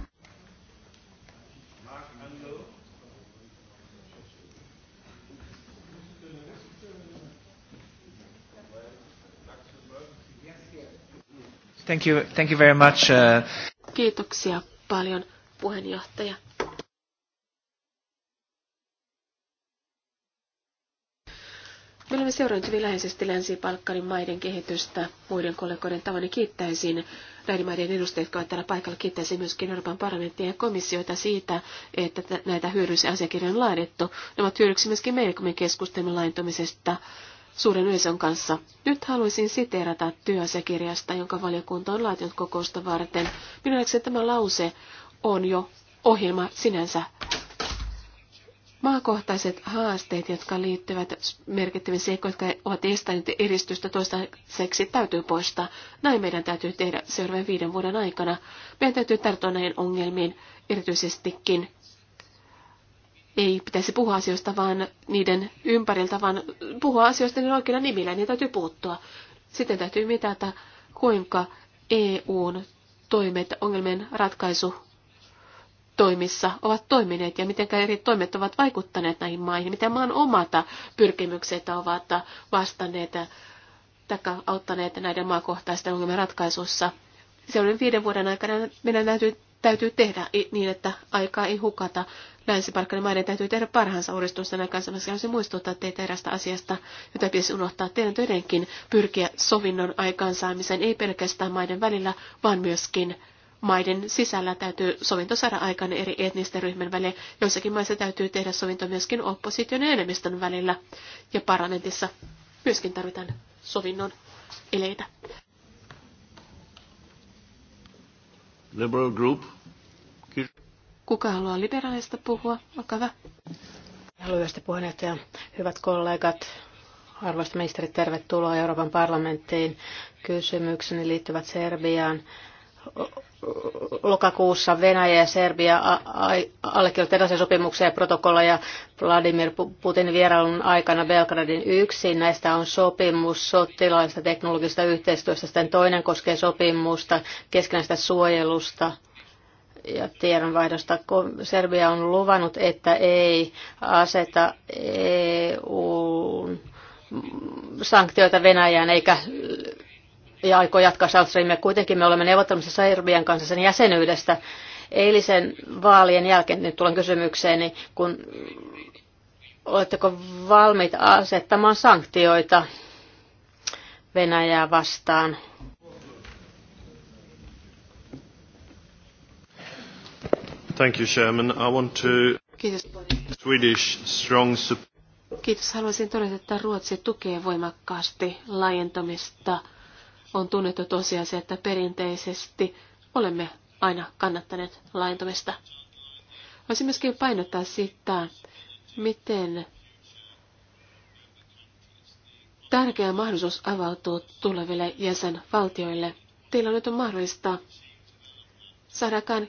Thank you, thank you very much. Uh... Kiitoksia paljon puheenjohtaja. Me olemme seuranneet hyvin läheisesti Länsi-Balkanin maiden kehitystä muiden kollegoiden tavoin kiittäisin näiden maiden edustajia, jotka ovat täällä paikalla. Kiittäisin myöskin Euroopan parlamenttia ja komissioita siitä, että näitä hyödyllisiä asiakirjoja on laadittu. Ne ovat hyödyksi myöskin meille, kun me keskustelemme laajentumisesta suuren yleisön kanssa. Nyt haluaisin siteerata työasiakirjasta, jonka valiokunta on laatinut kokousta varten. Minun tämä lause on jo ohjelma sinänsä. Maakohtaiset haasteet, jotka liittyvät merkittäviin seikkoihin, jotka ovat estäneet eristystä toistaiseksi, täytyy poistaa. Näin meidän täytyy tehdä seuraavan viiden vuoden aikana. Meidän täytyy tarttua näihin ongelmiin erityisestikin ei pitäisi puhua asioista vaan niiden ympäriltä, vaan puhua asioista niin oikeilla nimillä, niitä täytyy puuttua. Sitten täytyy mitata, kuinka EUn toimet ongelmien ratkaisu toimissa ovat toimineet ja miten eri toimet ovat vaikuttaneet näihin maihin, miten maan omata pyrkimykset ovat vastanneet tai auttaneet näiden maakohtaisten ongelmien ratkaisussa. Seuraavien viiden vuoden aikana meidän täytyy, täytyy tehdä niin, että aikaa ei hukata länsi maiden täytyy tehdä parhaansa uudistusten aikansa. Mä haluaisin muistuttaa teitä erästä asiasta, jota pitäisi unohtaa. Teidän todenkin pyrkiä sovinnon aikaansaamiseen ei pelkästään maiden välillä, vaan myöskin maiden sisällä täytyy sovinto saada aikaan eri etnisten ryhmän välillä. Joissakin maissa täytyy tehdä sovinto myöskin opposition ja enemmistön välillä. Ja parlamentissa myöskin tarvitaan sovinnon eleitä. Liberal Group. Kuka haluaa liberaalista puhua? Olkaa hyvä. Lyhyesti puheenjohtaja, hyvät kollegat, arvoisat ministerit, tervetuloa Euroopan parlamenttiin. Kysymykseni liittyvät Serbiaan lokakuussa Venäjä ja Serbia allekirjoittivat erilaisia sopimuksia ja protokolleja Vladimir Putinin vierailun aikana Belgradin yksi. Näistä on sopimus sotilaallisesta teknologisesta yhteistyöstä, sitten toinen koskee sopimusta keskinäistä suojelusta ja tiedonvaihdosta. Serbia on luvannut, että ei aseta EUn sanktioita Venäjään eikä ja aikoo jatkaa South Streamia. Kuitenkin me olemme neuvottelemassa Serbian kanssa sen jäsenyydestä. Eilisen vaalien jälkeen nyt tulen kysymykseen, niin kun oletteko valmiit asettamaan sanktioita Venäjää vastaan? Kiitos. Kiitos. Haluaisin todeta, että Ruotsi tukee voimakkaasti laajentamista. On tunnettu tosiasia, että perinteisesti olemme aina kannattaneet laajentamista. Voisin myöskin painottaa sitä, miten tärkeä mahdollisuus avautuu tuleville jäsenvaltioille. Teillä on nyt on mahdollista saadakaan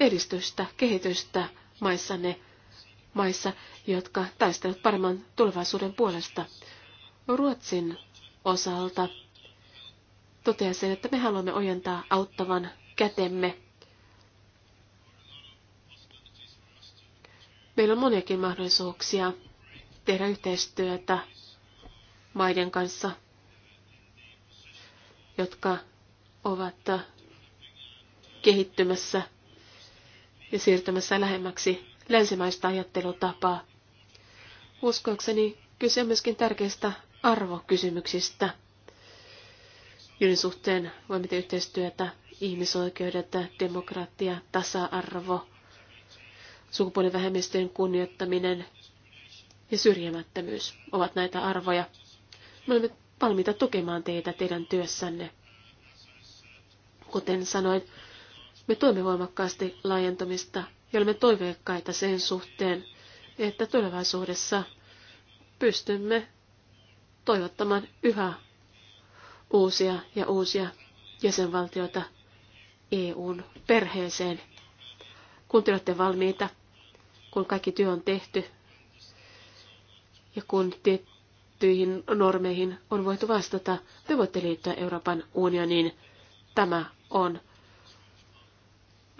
edistystä, kehitystä maissanne, maissa, jotka taistelevat paremman tulevaisuuden puolesta. Ruotsin osalta toteaisin, että me haluamme ojentaa auttavan kätemme. Meillä on moniakin mahdollisuuksia tehdä yhteistyötä maiden kanssa, jotka ovat kehittymässä ja siirtymässä lähemmäksi länsimaista ajattelutapaa. Uskoakseni kyse on myöskin tärkeistä arvokysymyksistä, joiden suhteen voimme tehdä yhteistyötä, ihmisoikeudet, demokratia, tasa-arvo, sukupuolivähemmistöjen kunnioittaminen ja syrjimättömyys ovat näitä arvoja. Me olemme valmiita tukemaan teitä teidän työssänne. Kuten sanoin, me tuemme voimakkaasti laajentamista ja olemme toiveikkaita sen suhteen, että tulevaisuudessa pystymme toivottamaan yhä uusia ja uusia jäsenvaltioita EUn perheeseen. Kun te olette valmiita, kun kaikki työ on tehty ja kun tiettyihin normeihin on voitu vastata, te voitte liittyä Euroopan unioniin. Tämä on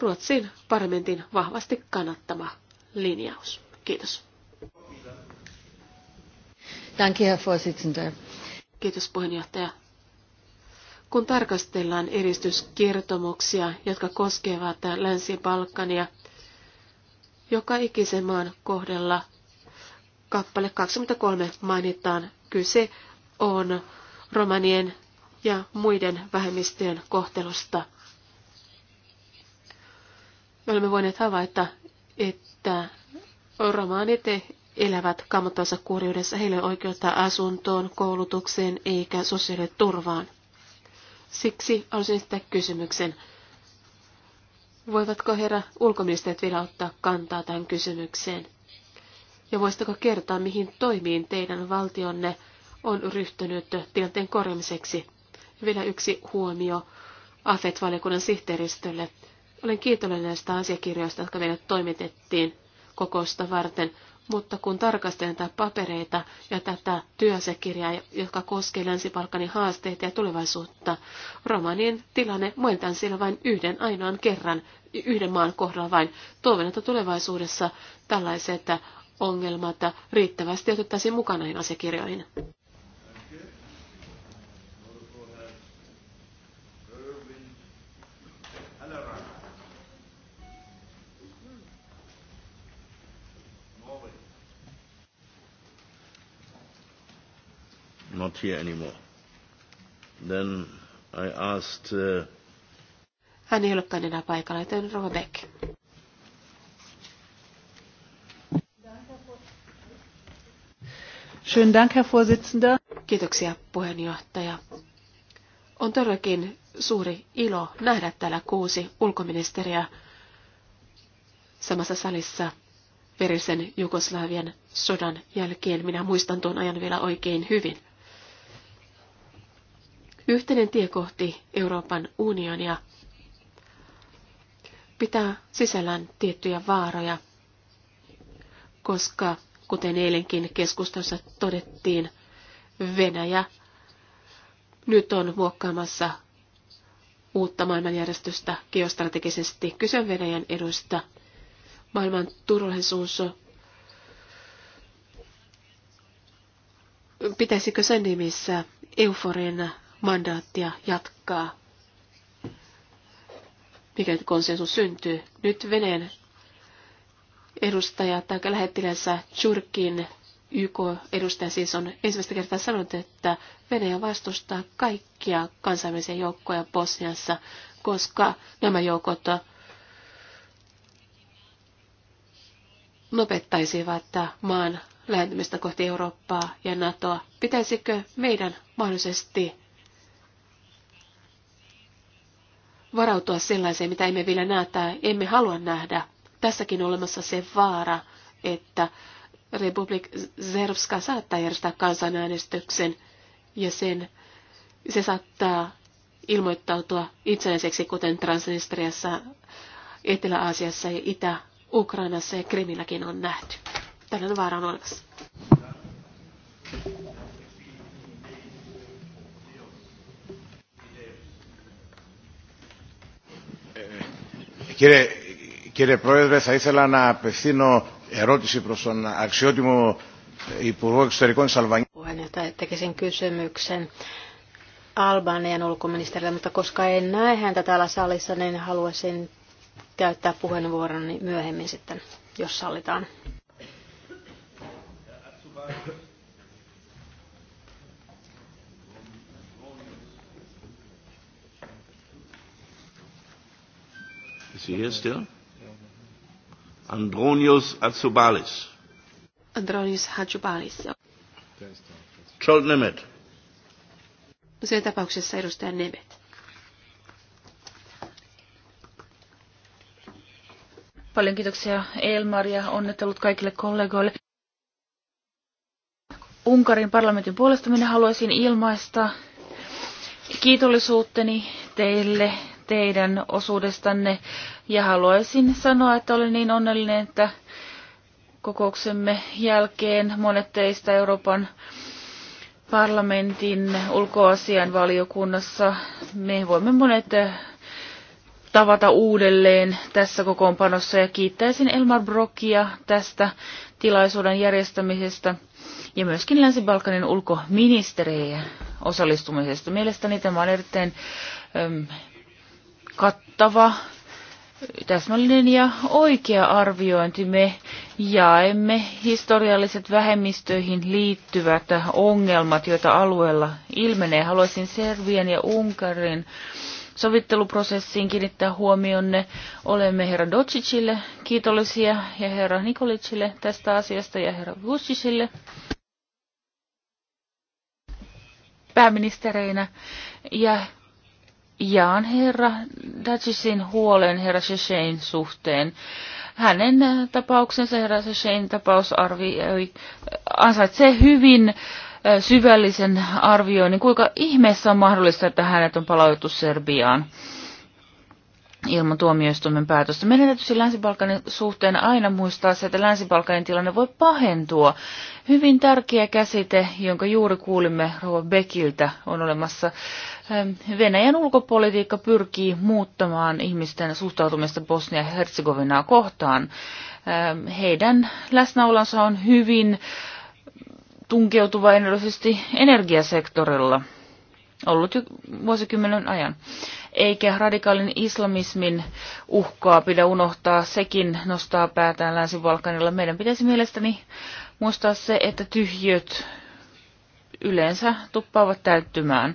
Ruotsin parlamentin vahvasti kannattama linjaus. Kiitos. Kiitos puheenjohtaja. Kun tarkastellaan eristyskertomuksia, jotka koskevat Länsi-Balkania, joka ikisen maan kohdalla kappale 23 mainitaan kyse on romanien ja muiden vähemmistöjen kohtelusta. Me olemme voineet havaita, että romaanit elävät kamottansa kurjuudessa. Heillä on oikeutta asuntoon, koulutukseen eikä sosiaaliturvaan. Siksi haluaisin esittää kysymyksen. Voivatko herra ulkoministeriöt vielä ottaa kantaa tähän kysymykseen? Ja voisitteko kertoa, mihin toimiin teidän valtionne on ryhtynyt tilanteen korjaamiseksi? Vielä yksi huomio AFET-valiokunnan sihteeristölle. Olen kiitollinen näistä asiakirjoista, jotka meille toimitettiin kokousta varten, mutta kun tarkastelen tätä papereita ja tätä työasiakirjaa, joka koskee länsi haasteita ja tulevaisuutta, romanin tilanne muiltaan siellä vain yhden ainoan kerran, yhden maan kohdalla vain. Toivon, että tulevaisuudessa tällaiset ongelmat riittävästi otettaisiin mukana näihin asiakirjoihin. not here anymore. Then I asked... Uh, Hän ei ollutkaan enää paikalla, joten Robeck. Schönen Dank, Herr Vorsitzender. Kiitoksia, puheenjohtaja. On todellakin suuri ilo nähdä täällä kuusi ulkoministeriä samassa salissa verisen Jugoslavian sodan jälkeen. Minä muistan tuon ajan vielä oikein hyvin. Yhteinen tie kohti Euroopan unionia pitää sisällään tiettyjä vaaroja, koska kuten eilenkin keskustelussa todettiin, Venäjä nyt on muokkaamassa uutta maailmanjärjestystä geostrategisesti. Kyse on Venäjän eduista. Maailman turvallisuus pitäisikö sen nimissä euforin mandaattia jatkaa, mikä konsensus syntyy. Nyt Venäjän edustaja tai lähettilänsä Churkin YK-edustaja siis on ensimmäistä kertaa sanonut, että Venäjä vastustaa kaikkia kansainvälisiä joukkoja Bosniassa, koska nämä joukot lopettaisivat maan lähentymistä kohti Eurooppaa ja NATOa. Pitäisikö meidän mahdollisesti varautua sellaiseen, mitä emme vielä näe tai emme halua nähdä. Tässäkin on olemassa se vaara, että Republik Zervska saattaa järjestää kansanäänestyksen ja sen, se saattaa ilmoittautua itsenäiseksi, kuten Transnistriassa, Etelä-Aasiassa ja Itä-Ukrainassa ja Krimilläkin on nähty. Tällainen vaara on olemassa. Κύριε, κύριε Πρόεδρε, θα ήθελα να απευθύνω ερώτηση προς τον αξιότιμο Υπουργό Εξωτερικών της Αλβανίας. Puheenjohtaja, tekisin kysymyksen Albanian ulkoministerille, mutta koska en näe häntä täällä salissa, niin haluaisin käyttää puheenvuoroni myöhemmin sitten, jos sallitaan. Is he here still? Andronius Azubalis. Andronius Hatsubalis. Charles Nemeth. Usein tapauksessa edustaja Nemet. Paljon kiitoksia Elmar ja onnittelut kaikille kollegoille. Unkarin parlamentin puolesta minä haluaisin ilmaista kiitollisuutteni teille teidän osuudestanne ja haluaisin sanoa, että olen niin onnellinen, että kokouksemme jälkeen monet teistä Euroopan parlamentin ulkoasian valiokunnassa me voimme monet tavata uudelleen tässä kokoonpanossa ja kiittäisin Elmar Brokia tästä tilaisuuden järjestämisestä ja myöskin Länsi-Balkanin ulkoministeriä osallistumisesta. Mielestäni tämä on erittäin kattava, täsmällinen ja oikea arviointi. Me jaemme historialliset vähemmistöihin liittyvät ongelmat, joita alueella ilmenee. Haluaisin Servien ja Unkarin sovitteluprosessiin kiinnittää huomionne. Olemme herra Docicille kiitollisia ja herra Nikolicille tästä asiasta ja herra Vucicille pääministereinä. Ja jaan herra Dajisin huolen herra Sheshain suhteen. Hänen äh, tapauksensa, herra Sheshain tapaus arvioi, äh, ansaitsee hyvin äh, syvällisen arvioinnin, kuinka ihmeessä on mahdollista, että hänet on palautettu Serbiaan ilman tuomioistuimen päätöstä. Meidän Länsi-Balkanin suhteen aina muistaa se, että Länsi-Balkanin tilanne voi pahentua. Hyvin tärkeä käsite, jonka juuri kuulimme Rova Bekiltä, on olemassa. Ähm, Venäjän ulkopolitiikka pyrkii muuttamaan ihmisten suhtautumista Bosnia-Herzegovinaa kohtaan. Ähm, heidän läsnäolansa on hyvin tunkeutuva erityisesti energiasektorilla ollut jo vuosikymmenen ajan eikä radikaalin islamismin uhkaa pidä unohtaa. Sekin nostaa päätään Länsi-Balkanilla. Meidän pitäisi mielestäni muistaa se, että tyhjöt yleensä tuppaavat täyttymään.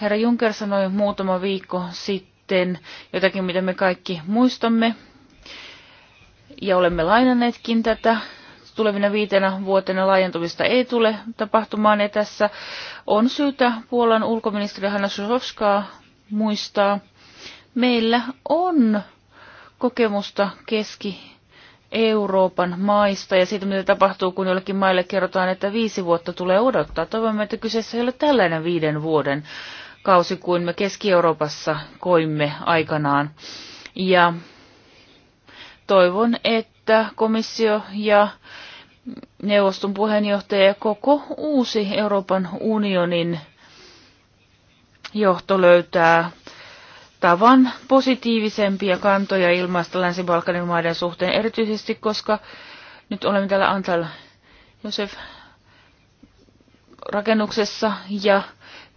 Herra Juncker sanoi muutama viikko sitten jotakin, mitä me kaikki muistamme, ja olemme lainanneetkin tätä. Tulevina viitenä vuotena laajentumista ei tule tapahtumaan ja tässä on syytä Puolan ulkoministeri Hanna Susovskaa muistaa. Meillä on kokemusta keski Euroopan maista ja siitä, mitä tapahtuu, kun jollekin maille kerrotaan, että viisi vuotta tulee odottaa. Toivomme, että kyseessä ei ole tällainen viiden vuoden kausi kuin me Keski-Euroopassa koimme aikanaan. Ja toivon, että komissio ja neuvoston puheenjohtaja ja koko uusi Euroopan unionin johto löytää tavan positiivisempia kantoja ilmaista Länsi-Balkanin maiden suhteen, erityisesti koska nyt olemme täällä Antal Josef rakennuksessa ja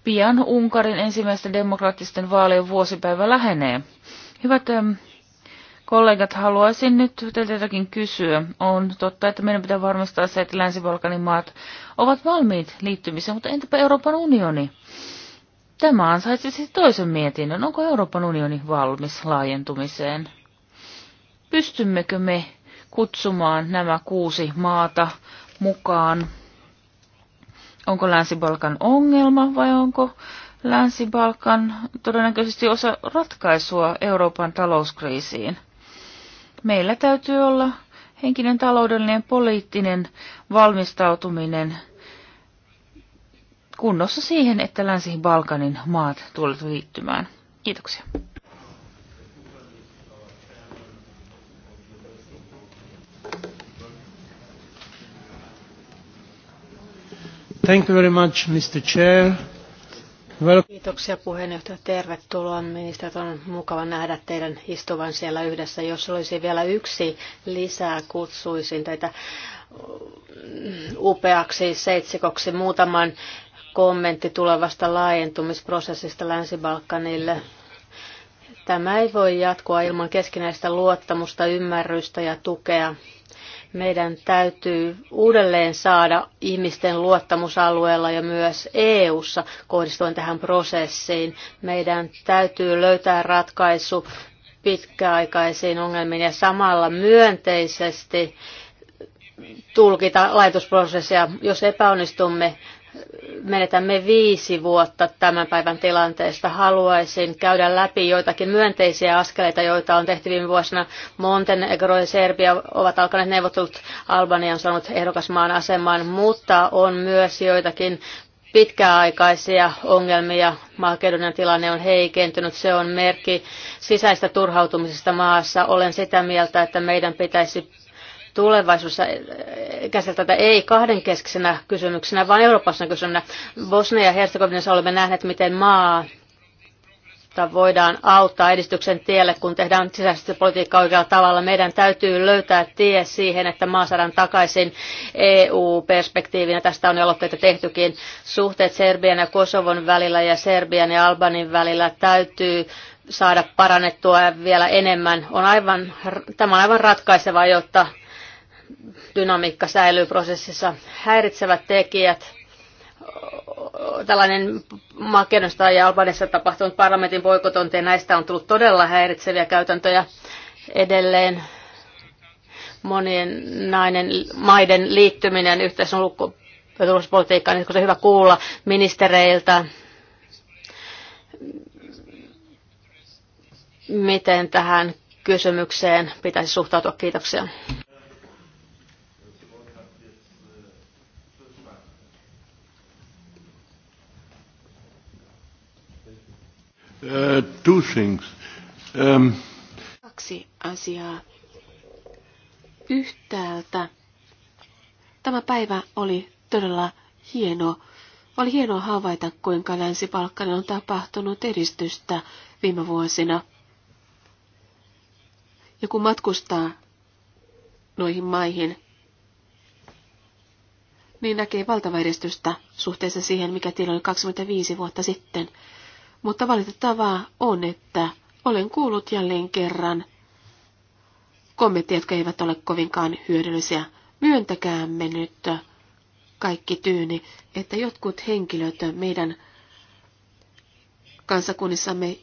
pian Unkarin ensimmäisten demokraattisten vaalien vuosipäivä lähenee. Hyvät ähm, kollegat, haluaisin nyt teiltä jotakin kysyä. On totta, että meidän pitää varmistaa se, että Länsi-Balkanin maat ovat valmiit liittymiseen, mutta entäpä Euroopan unioni? Tämä ansaitsisi toisen mietinnön. Onko Euroopan unioni valmis laajentumiseen? Pystymmekö me kutsumaan nämä kuusi maata mukaan? Onko Länsi-Balkan ongelma vai onko Länsi-Balkan todennäköisesti osa ratkaisua Euroopan talouskriisiin? Meillä täytyy olla henkinen, taloudellinen ja poliittinen valmistautuminen kunnossa siihen, että Länsi-Balkanin maat tulevat liittymään. Kiitoksia. Thank you very much, Mr. Chair. Well... Kiitoksia puheenjohtaja. Tervetuloa ministerit. On mukava nähdä teidän istuvan siellä yhdessä. Jos olisi vielä yksi lisää, kutsuisin teitä upeaksi seitsikoksi muutaman kommentti tulevasta laajentumisprosessista Länsi-Balkanille. Tämä ei voi jatkua ilman keskinäistä luottamusta, ymmärrystä ja tukea. Meidän täytyy uudelleen saada ihmisten luottamusalueella ja myös EU-ssa kohdistuen tähän prosessiin. Meidän täytyy löytää ratkaisu pitkäaikaisiin ongelmiin ja samalla myönteisesti tulkita laitosprosessia. Jos epäonnistumme, menetämme viisi vuotta tämän päivän tilanteesta. Haluaisin käydä läpi joitakin myönteisiä askeleita, joita on tehty viime vuosina. Montenegro ja Serbia ovat alkaneet neuvottelut Albanian sanonut ehdokasmaan asemaan, mutta on myös joitakin pitkäaikaisia ongelmia. Makedonian tilanne on heikentynyt. Se on merkki sisäistä turhautumisesta maassa. Olen sitä mieltä, että meidän pitäisi tulevaisuudessa käsitellä tätä ei kahdenkeskisenä kysymyksenä, vaan Euroopassa kysymyksenä. Bosnia ja Herzegovina olemme nähneet, miten maa voidaan auttaa edistyksen tielle, kun tehdään sisäistä politiikkaa oikealla tavalla. Meidän täytyy löytää tie siihen, että maa saadaan takaisin EU-perspektiivinä. Tästä on jo aloitteita tehtykin. Suhteet Serbian ja Kosovon välillä ja Serbian ja Albanin välillä täytyy saada parannettua vielä enemmän. On aivan, tämä on aivan ratkaiseva, jotta dynamiikka säilyy prosessissa. Häiritsevät tekijät, tällainen Makedonista ja Albanissa tapahtunut parlamentin boikotonti, näistä on tullut todella häiritseviä käytäntöjä edelleen. Monien nainen, maiden liittyminen yhteisön ulko- niin se hyvä kuulla ministereiltä, miten tähän kysymykseen pitäisi suhtautua. Kiitoksia. Uh, um, Kaksi asiaa. Yhtäältä. Tämä päivä oli todella hieno. Oli hienoa havaita, kuinka länsi on tapahtunut edistystä viime vuosina. Ja kun matkustaa noihin maihin, niin näkee valtavaa edistystä suhteessa siihen, mikä tilanne oli 25 vuotta sitten – mutta valitettavaa on, että olen kuullut jälleen kerran kommentteja, jotka eivät ole kovinkaan hyödyllisiä. Myöntäkäämme nyt kaikki tyyni, että jotkut henkilöt meidän kansakunnissamme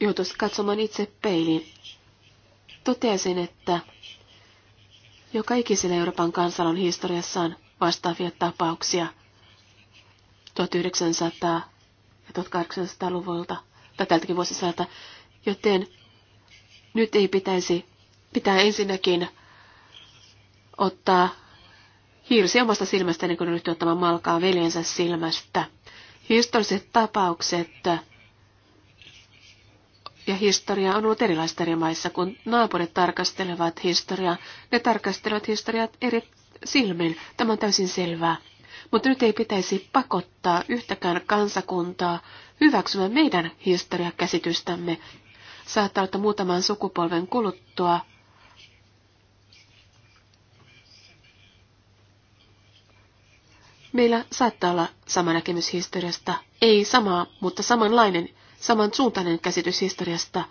joutuisi katsomaan itse peiliin. Toteaisin, että joka ikisellä Euroopan kansalla on historiassaan vastaavia tapauksia. 1900 ja 1800-luvulta tai tältäkin vuosisadalta, joten nyt ei pitäisi pitää ensinnäkin ottaa hirsi omasta silmästä, niin kuin ryhtyy ottamaan malkaa veljensä silmästä. Historiset tapaukset ja historia on ollut erilaista eri maissa, kun naapurit tarkastelevat historiaa. Ne tarkastelevat historiat eri silmin. Tämä on täysin selvää. Mutta nyt ei pitäisi pakottaa yhtäkään kansakuntaa hyväksymään meidän historiakäsitystämme. Saattaa olla muutaman sukupolven kuluttua Meillä saattaa olla sama näkemys historiasta. Ei samaa, mutta samanlainen, samansuuntainen käsitys historiasta.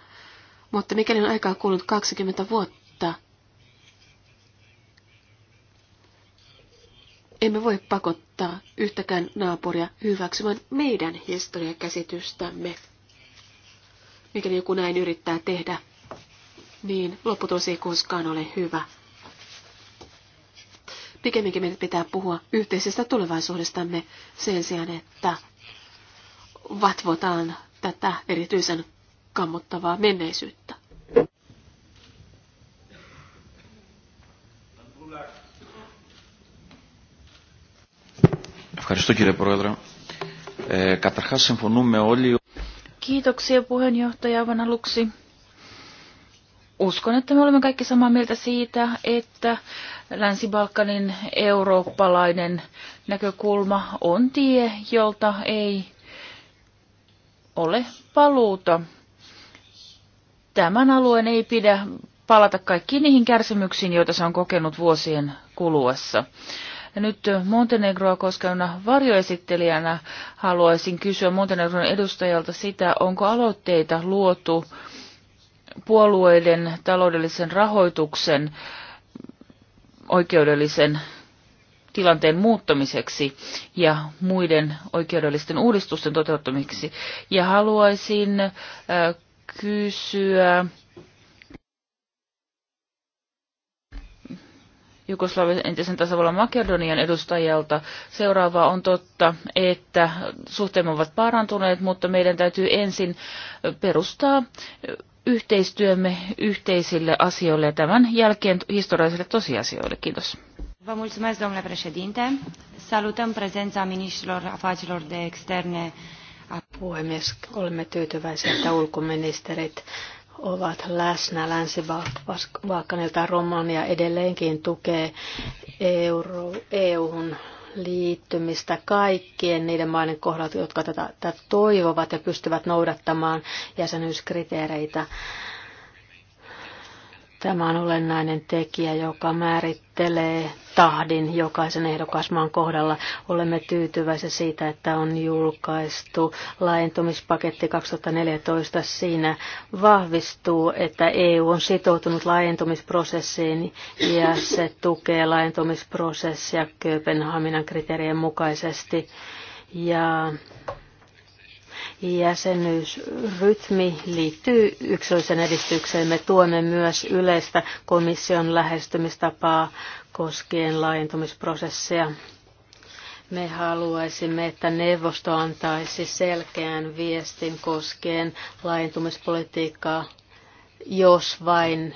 Mutta mikäli on aikaa kulunut 20 vuotta, Emme voi pakottaa yhtäkään naapuria hyväksymään meidän historiakäsitystämme. Mikäli joku näin yrittää tehdä, niin lopputulos ei koskaan ole hyvä. Pikemminkin meidän pitää puhua yhteisestä tulevaisuudestamme sen sijaan, että vatvotaan tätä erityisen kammottavaa menneisyyttä. Ευχαριστώ κύριε Πρόεδρε. Ε, καταρχάς συμφωνούμε όλοι... Kiitoksia puheenjohtaja aivan aluksi. Uskon, että me olemme kaikki samaa mieltä siitä, että Länsi-Balkanin eurooppalainen näkökulma on tie, jolta ei ole paluuta. Tämän alueen ei pidä palata kaikkiin niihin kärsimyksiin, joita se on kokenut vuosien kuluessa. Ja nyt Montenegroa koskevana varjoesittelijänä haluaisin kysyä Montenegron edustajalta sitä, onko aloitteita luotu puolueiden taloudellisen rahoituksen oikeudellisen tilanteen muuttamiseksi ja muiden oikeudellisten uudistusten toteuttamiseksi. Ja haluaisin äh, kysyä Jugoslavian entisen tasavallan Makedonian edustajalta. Seuraava on totta, että suhteemme ovat parantuneet, mutta meidän täytyy ensin perustaa yhteistyömme yhteisille asioille ja tämän jälkeen historiallisille tosiasioille. Kiitos. Vă mulțumesc, domnule președinte. Salutăm prezența ministrilor afacerilor de externe. Puhemies, olemme tyytyväisiä, että ulkoministerit ovat läsnä Länsi-Balkanilta. Romania edelleenkin tukee euro, EU-hun liittymistä kaikkien niiden maiden kohdalta, jotka tätä, tätä toivovat ja pystyvät noudattamaan jäsenyyskriteereitä. Tämä on olennainen tekijä, joka määrittelee tahdin jokaisen ehdokasmaan kohdalla. Olemme tyytyväisiä siitä, että on julkaistu laajentumispaketti 2014. Siinä vahvistuu, että EU on sitoutunut laajentumisprosessiin ja se tukee laajentumisprosessia Kööpenhaminan kriteerien mukaisesti. Ja jäsenyysrytmi liittyy yksilöisen edistykseen. Me tuemme myös yleistä komission lähestymistapaa koskien laajentumisprosesseja. Me haluaisimme, että neuvosto antaisi selkeän viestin koskien laajentumispolitiikkaa, jos vain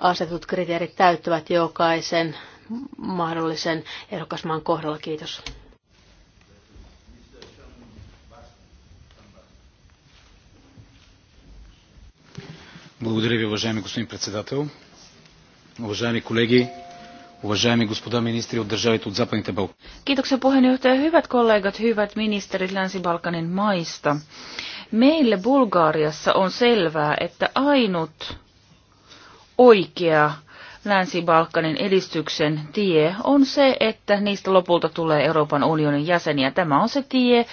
asetut kriteerit täyttävät jokaisen mahdollisen ehdokasmaan kohdalla. Kiitos. Благодаря ви, уважаеми господин председател. Уважаеми колеги, уважаеми господа министри от държавите от Западните Балкани. Kiitoksia puheenjohtaja. Hyvät kollegat, hyvät ministerit Länsi-Balkanin maista. Meille Bulgaariassa on selvää, että ainut oikea Länsi-Balkanin edistyksen tie on se, että niistä lopulta tulee Euroopan unionin jäseniä. Tämä on se tie,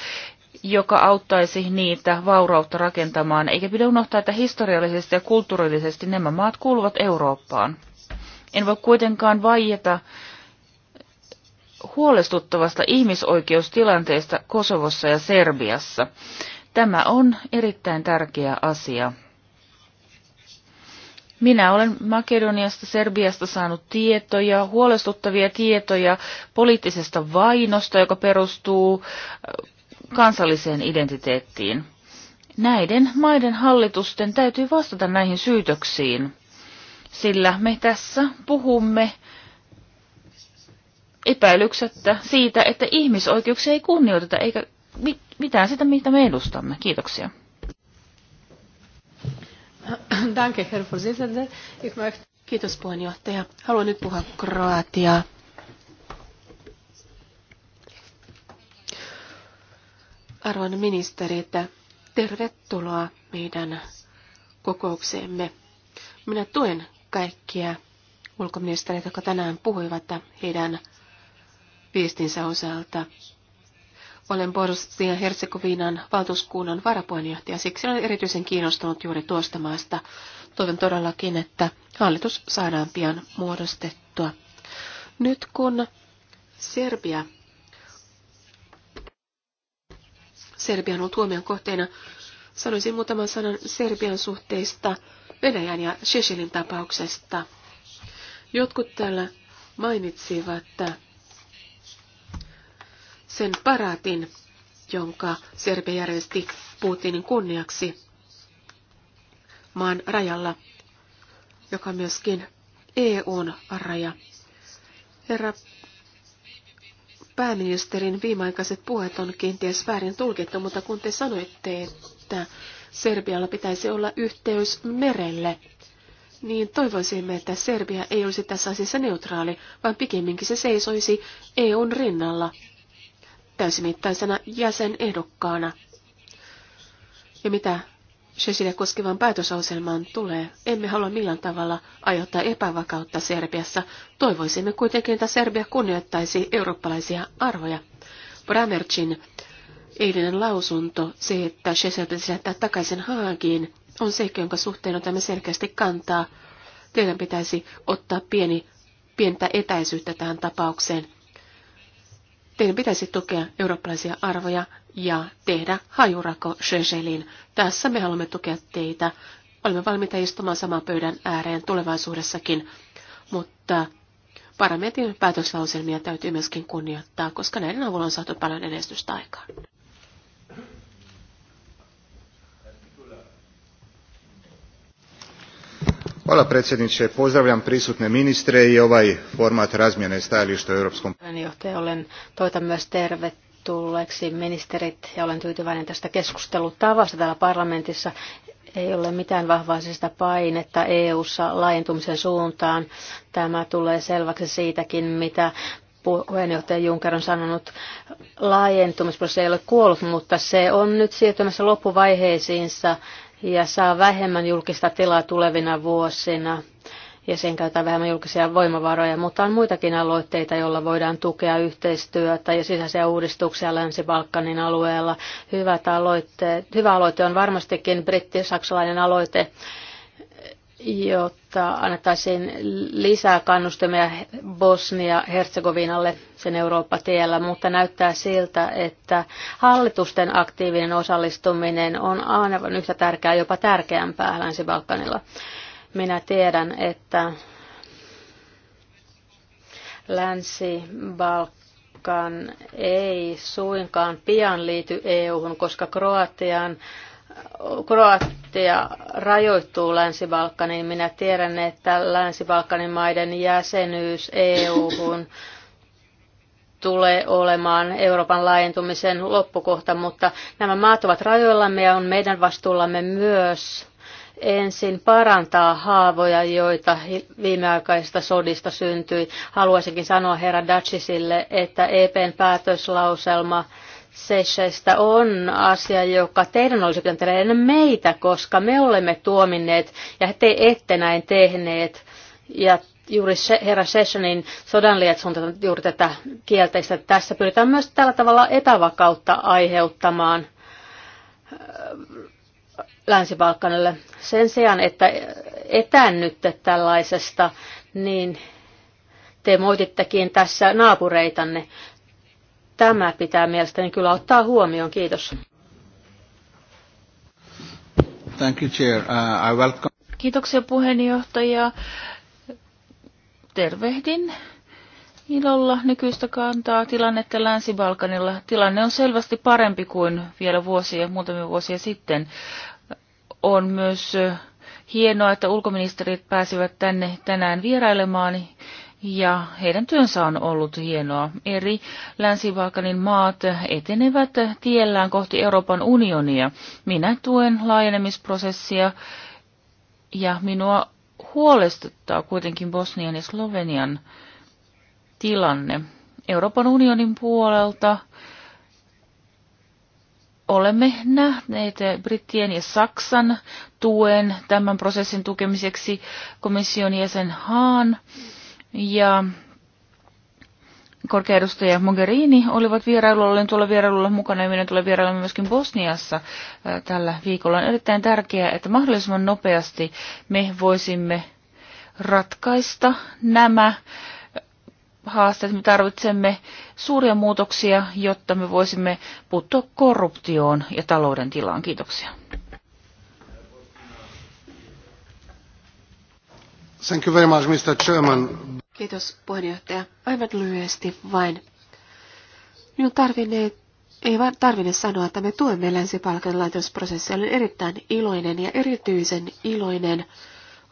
joka auttaisi niitä vaurautta rakentamaan, eikä pidä unohtaa, että historiallisesti ja kulttuurillisesti nämä maat kuuluvat Eurooppaan. En voi kuitenkaan vaieta huolestuttavasta ihmisoikeustilanteesta Kosovossa ja Serbiassa. Tämä on erittäin tärkeä asia. Minä olen Makedoniasta, Serbiasta saanut tietoja, huolestuttavia tietoja poliittisesta vainosta, joka perustuu kansalliseen identiteettiin. Näiden maiden hallitusten täytyy vastata näihin syytöksiin, sillä me tässä puhumme epäilyksettä siitä, että ihmisoikeuksia ei kunnioiteta eikä mitään sitä, mitä me edustamme. Kiitoksia. Danke, Herr Kiitos puheenjohtaja. Haluan nyt puhua Kroatiaa. arvon ministerit, tervetuloa meidän kokoukseemme. Minä tuen kaikkia ulkoministeriä, jotka tänään puhuivat heidän viestinsä osalta. Olen Bosnia Herzegovinan valtuuskunnan varapuheenjohtaja, siksi olen erityisen kiinnostunut juuri tuosta maasta. Toivon todellakin, että hallitus saadaan pian muodostettua. Nyt kun Serbia Serbia on ollut huomion kohteena. Sanoisin muutaman sanan Serbian suhteista Venäjän ja Shechelin tapauksesta. Jotkut täällä mainitsivat sen paraatin, jonka Serbia järjesti Putinin kunniaksi maan rajalla, joka myöskin EUn raja. Herra pääministerin viimeaikaiset puheet on kenties väärin tulkittu, mutta kun te sanoitte, että Serbialla pitäisi olla yhteys merelle, niin toivoisimme, että Serbia ei olisi tässä asiassa neutraali, vaan pikemminkin se seisoisi EUn rinnalla täysimittaisena jäsenehdokkaana. Ja mitä Cecilia koskevan päätösauselmaan tulee, emme halua millään tavalla aiheuttaa epävakautta Serbiassa. Toivoisimme kuitenkin, että Serbia kunnioittaisi eurooppalaisia arvoja. Bramercin eilinen lausunto, se, että Cecilia pitäisi lähteä takaisin Haagiin, on se, jonka suhteen otamme selkeästi kantaa. Teidän pitäisi ottaa pieni, pientä etäisyyttä tähän tapaukseen. Teidän pitäisi tukea eurooppalaisia arvoja ja tehdä hajurako Shechelin. Tässä me haluamme tukea teitä. Olemme valmiita istumaan saman pöydän ääreen tulevaisuudessakin, mutta parlamentin päätöslauselmia täytyy myöskin kunnioittaa, koska näiden avulla on saatu paljon enestystä aikaa. Hvala predsjedniče, pozdravljam prisutne ministre i ovaj format razmjene stajališta u Europskom olen toivotan myös tervet tervetulleeksi ministerit ja olen tyytyväinen tästä keskustelutavasta täällä parlamentissa. Ei ole mitään vahvaa sitä painetta EU-ssa laajentumisen suuntaan. Tämä tulee selväksi siitäkin, mitä puheenjohtaja Juncker on sanonut, laajentumisprosessi ei ole kuollut, mutta se on nyt siirtymässä loppuvaiheisiinsa ja saa vähemmän julkista tilaa tulevina vuosina ja sen käytetään vähemmän julkisia voimavaroja, mutta on muitakin aloitteita, joilla voidaan tukea yhteistyötä ja sisäisiä uudistuksia Länsi-Balkanin alueella. Hyvät aloitteet. Hyvä aloite on varmastikin britti-saksalainen aloite, jotta annettaisiin lisää kannustimia Bosnia-Herzegovinalle sen Eurooppa-tiellä, mutta näyttää siltä, että hallitusten aktiivinen osallistuminen on aivan yhtä tärkeää, jopa tärkeämpää Länsi-Balkanilla. Minä tiedän, että Länsi-Balkan ei suinkaan pian liity EU-hun, koska Kroatian Kroatia rajoittuu Länsi-Balkaniin. Minä tiedän, että Länsi-Balkanin maiden jäsenyys EU-hun tulee olemaan Euroopan laajentumisen loppukohta, mutta nämä maat ovat rajoillamme ja on meidän vastuullamme myös ensin parantaa haavoja, joita viimeaikaisista sodista syntyi. Haluaisinkin sanoa herra Dachisille, että EPn päätöslauselma Seychellistä on asia, joka teidän olisi pitänyt tehdä ennen meitä, koska me olemme tuominneet ja te ette näin tehneet. Ja juuri se, herra Sessionin sodan lietsunta juuri tätä kielteistä. Tässä pyritään myös tällä tavalla epävakautta aiheuttamaan länsi -Balkanille. Sen sijaan, että etännytte tällaisesta, niin te moitittekin tässä naapureitanne. Tämä pitää mielestäni kyllä ottaa huomioon. Kiitos. Thank you, Chair. Uh, I welcome... Kiitoksia puheenjohtaja. Tervehdin ilolla nykyistä kantaa tilannetta Länsi-Balkanilla. Tilanne on selvästi parempi kuin vielä vuosia, muutamia vuosia sitten on myös hienoa, että ulkoministerit pääsivät tänne tänään vierailemaan ja heidän työnsä on ollut hienoa. Eri länsi maat etenevät tiellään kohti Euroopan unionia. Minä tuen laajenemisprosessia ja minua huolestuttaa kuitenkin Bosnian ja Slovenian tilanne. Euroopan unionin puolelta olemme nähneet brittien ja Saksan tuen tämän prosessin tukemiseksi komission jäsen Haan ja korkeaedustaja Mogherini olivat vierailulla, olen tuolla vierailulla mukana ja minä tulen vierailulla myöskin Bosniassa äh, tällä viikolla. On erittäin tärkeää, että mahdollisimman nopeasti me voisimme ratkaista nämä äh, haasteet. Me tarvitsemme suuria muutoksia, jotta me voisimme puuttua korruptioon ja talouden tilaan. Kiitoksia. Thank you very much, Mr. Chairman. Kiitos puheenjohtaja. Aivan lyhyesti vain. Minun tarvinne, ei vain tarvinne sanoa, että me tuemme länsi Olen erittäin iloinen ja erityisen iloinen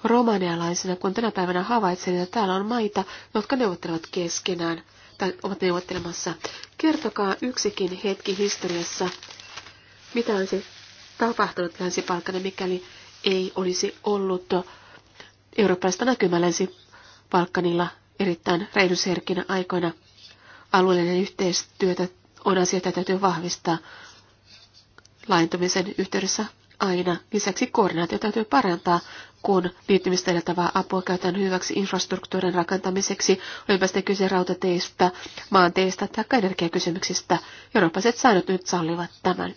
romanialaisena, kun tänä päivänä havaitsen, että täällä on maita, jotka neuvottelevat keskenään tai ovat neuvottelemassa. Kertokaa yksikin hetki historiassa, mitä olisi tapahtunut länsi mikäli ei olisi ollut eurooppalaista näkymää länsi erittäin reiluserkinä aikoina. Alueellinen yhteistyötä on asia, jota täytyy vahvistaa laajentumisen yhteydessä aina. Lisäksi koordinaatio täytyy parantaa, kun liittymistä edeltävää apua käytetään hyväksi infrastruktuurin rakentamiseksi, olipa sitten kyse rautateistä, maanteista tai energiakysymyksistä. Eurooppaiset säännöt nyt sallivat tämän.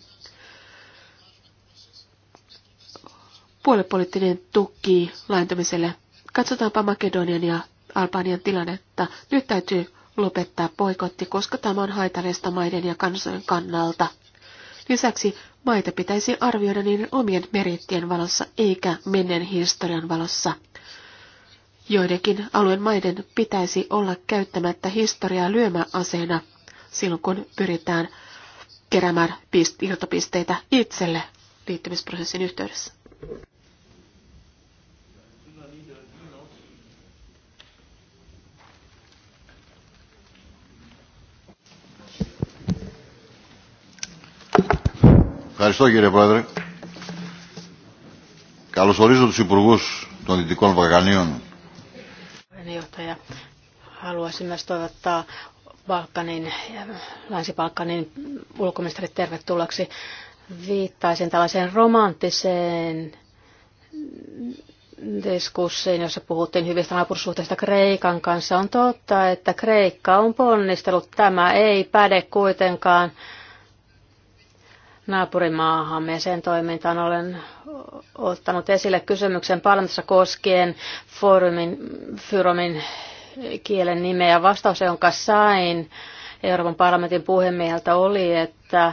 Puolipoliittinen tuki laajentumiselle. Katsotaanpa Makedonian ja Albanian tilannetta. Nyt täytyy lopettaa poikotti, koska tämä on haitallista maiden ja kansojen kannalta. Lisäksi Maita pitäisi arvioida niiden omien merittien valossa eikä menneen historian valossa. Joidenkin alueen maiden pitäisi olla käyttämättä historiaa lyömäaseena silloin, kun pyritään keräämään irtopisteitä itselle liittymisprosessin yhteydessä. Ευχαριστώ κύριε Πρόεδρε. Καλωσορίζω τους Υπουργούς των Δυτικών Βαγανίων. Puheenjohtaja, haluaisin myös toivottaa Balkanin, Länsi-Balkanin ulkoministerit tervetulleeksi. Viittaisin tällaiseen romanttiseen diskussiin, jossa puhuttiin hyvistä naapurussuhteista Kreikan kanssa. On totta, että Kreikka on ponnistellut. Tämä ei päde kuitenkaan naapurimaahamme ja sen toimintaan. Olen ottanut esille kysymyksen parlamentissa koskien foorumin, fyromin kielen nimeä. vastaus, jonka sain Euroopan parlamentin puhemieheltä, oli, että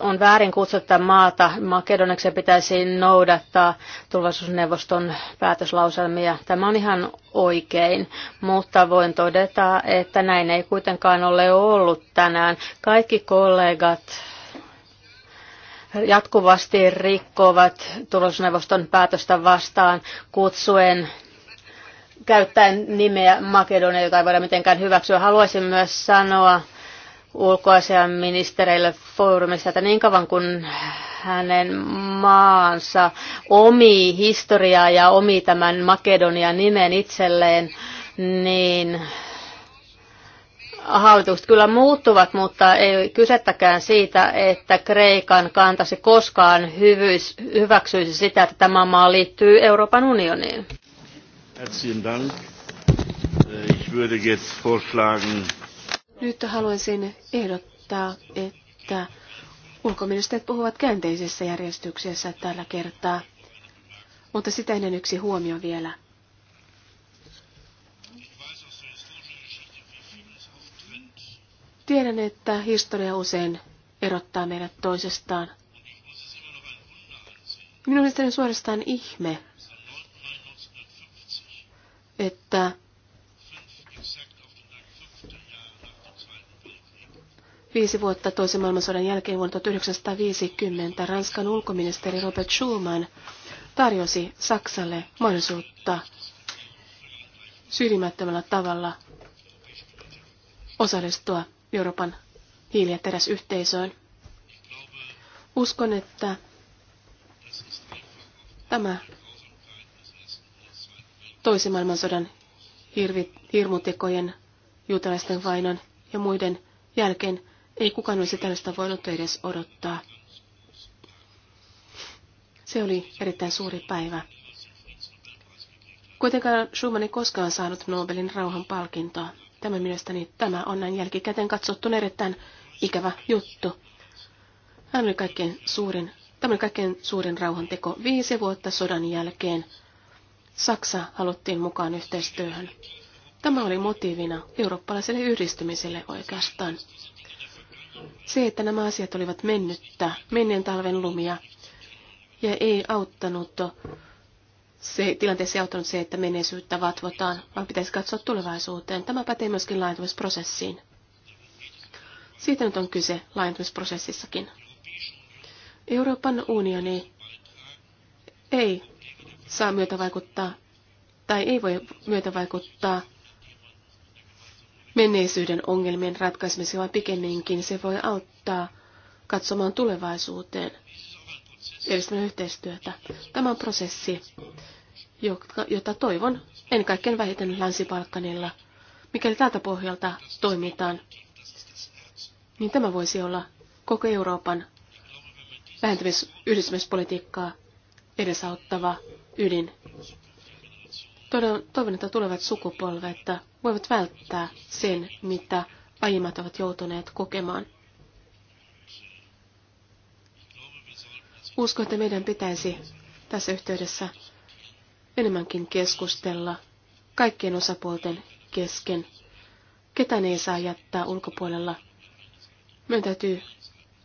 on väärin kutsuttaa maata Makedoniaksi pitäisi noudattaa turvallisuusneuvoston päätöslauselmia. Tämä on ihan oikein, mutta voin todeta, että näin ei kuitenkaan ole ollut tänään. Kaikki kollegat jatkuvasti rikkovat turvallisuusneuvoston päätöstä vastaan kutsuen käyttäen nimeä Makedonia, jota ei voida mitenkään hyväksyä. Haluaisin myös sanoa, ulkoasianministereille foorumissa, että niin kauan kuin hänen maansa omi historiaa ja omi tämän Makedonian nimen itselleen, niin hallitukset kyllä muuttuvat, mutta ei kysettäkään siitä, että Kreikan kantasi koskaan hyvyys, hyväksyisi sitä, että tämä maa liittyy Euroopan unioniin. Herzlichen Dank. Äh, ich würde jetzt vorschlagen, nyt haluaisin ehdottaa, että ulkoministerit puhuvat käänteisessä järjestyksessä tällä kertaa. Mutta sitä ennen yksi huomio vielä. Tiedän, että historia usein erottaa meidät toisestaan. Minun mielestäni suorastaan ihme, että Viisi vuotta toisen maailmansodan jälkeen vuonna 1950 Ranskan ulkoministeri Robert Schuman tarjosi Saksalle mahdollisuutta syrjimättömällä tavalla osallistua Euroopan hiili- ja teräsyhteisöön. Uskon, että tämä toisen maailmansodan hirvi, hirmutekojen, juutalaisten vainon ja muiden jälkeen ei kukaan olisi tällaista voinut edes odottaa. Se oli erittäin suuri päivä. Kuitenkaan Schumann ei koskaan saanut Nobelin rauhan palkintoa. Tämä mielestäni tämä on näin jälkikäteen katsottu erittäin ikävä juttu. Hän oli kaikkein suurin, tämä oli kaikkein suurin rauhanteko viisi vuotta sodan jälkeen. Saksa haluttiin mukaan yhteistyöhön. Tämä oli motiivina eurooppalaiselle yhdistymiselle oikeastaan. Se, että nämä asiat olivat mennyttä, menneen talven lumia, ja ei auttanut, se, tilanteessa ei auttanut se, että menneisyyttä vatvotaan, vaan pitäisi katsoa tulevaisuuteen. Tämä pätee myöskin laajentumisprosessiin. Siitä nyt on kyse laajentumisprosessissakin. Euroopan unioni ei saa myötävaikuttaa tai ei voi myötävaikuttaa menneisyyden ongelmien ratkaisemiseksi, vaan pikemminkin se voi auttaa katsomaan tulevaisuuteen edistämään yhteistyötä. Tämä on prosessi, jota toivon en kaikkein vähiten Länsi-Balkanilla. Mikäli tältä pohjalta toimitaan, niin tämä voisi olla koko Euroopan lähentymis- yhdistymispolitiikkaa edesauttava ydin. Toivon, että tulevat sukupolvet voivat välttää sen, mitä aiemmat ovat joutuneet kokemaan. Uskon, että meidän pitäisi tässä yhteydessä enemmänkin keskustella kaikkien osapuolten kesken. Ketään ei saa jättää ulkopuolella. Meidän täytyy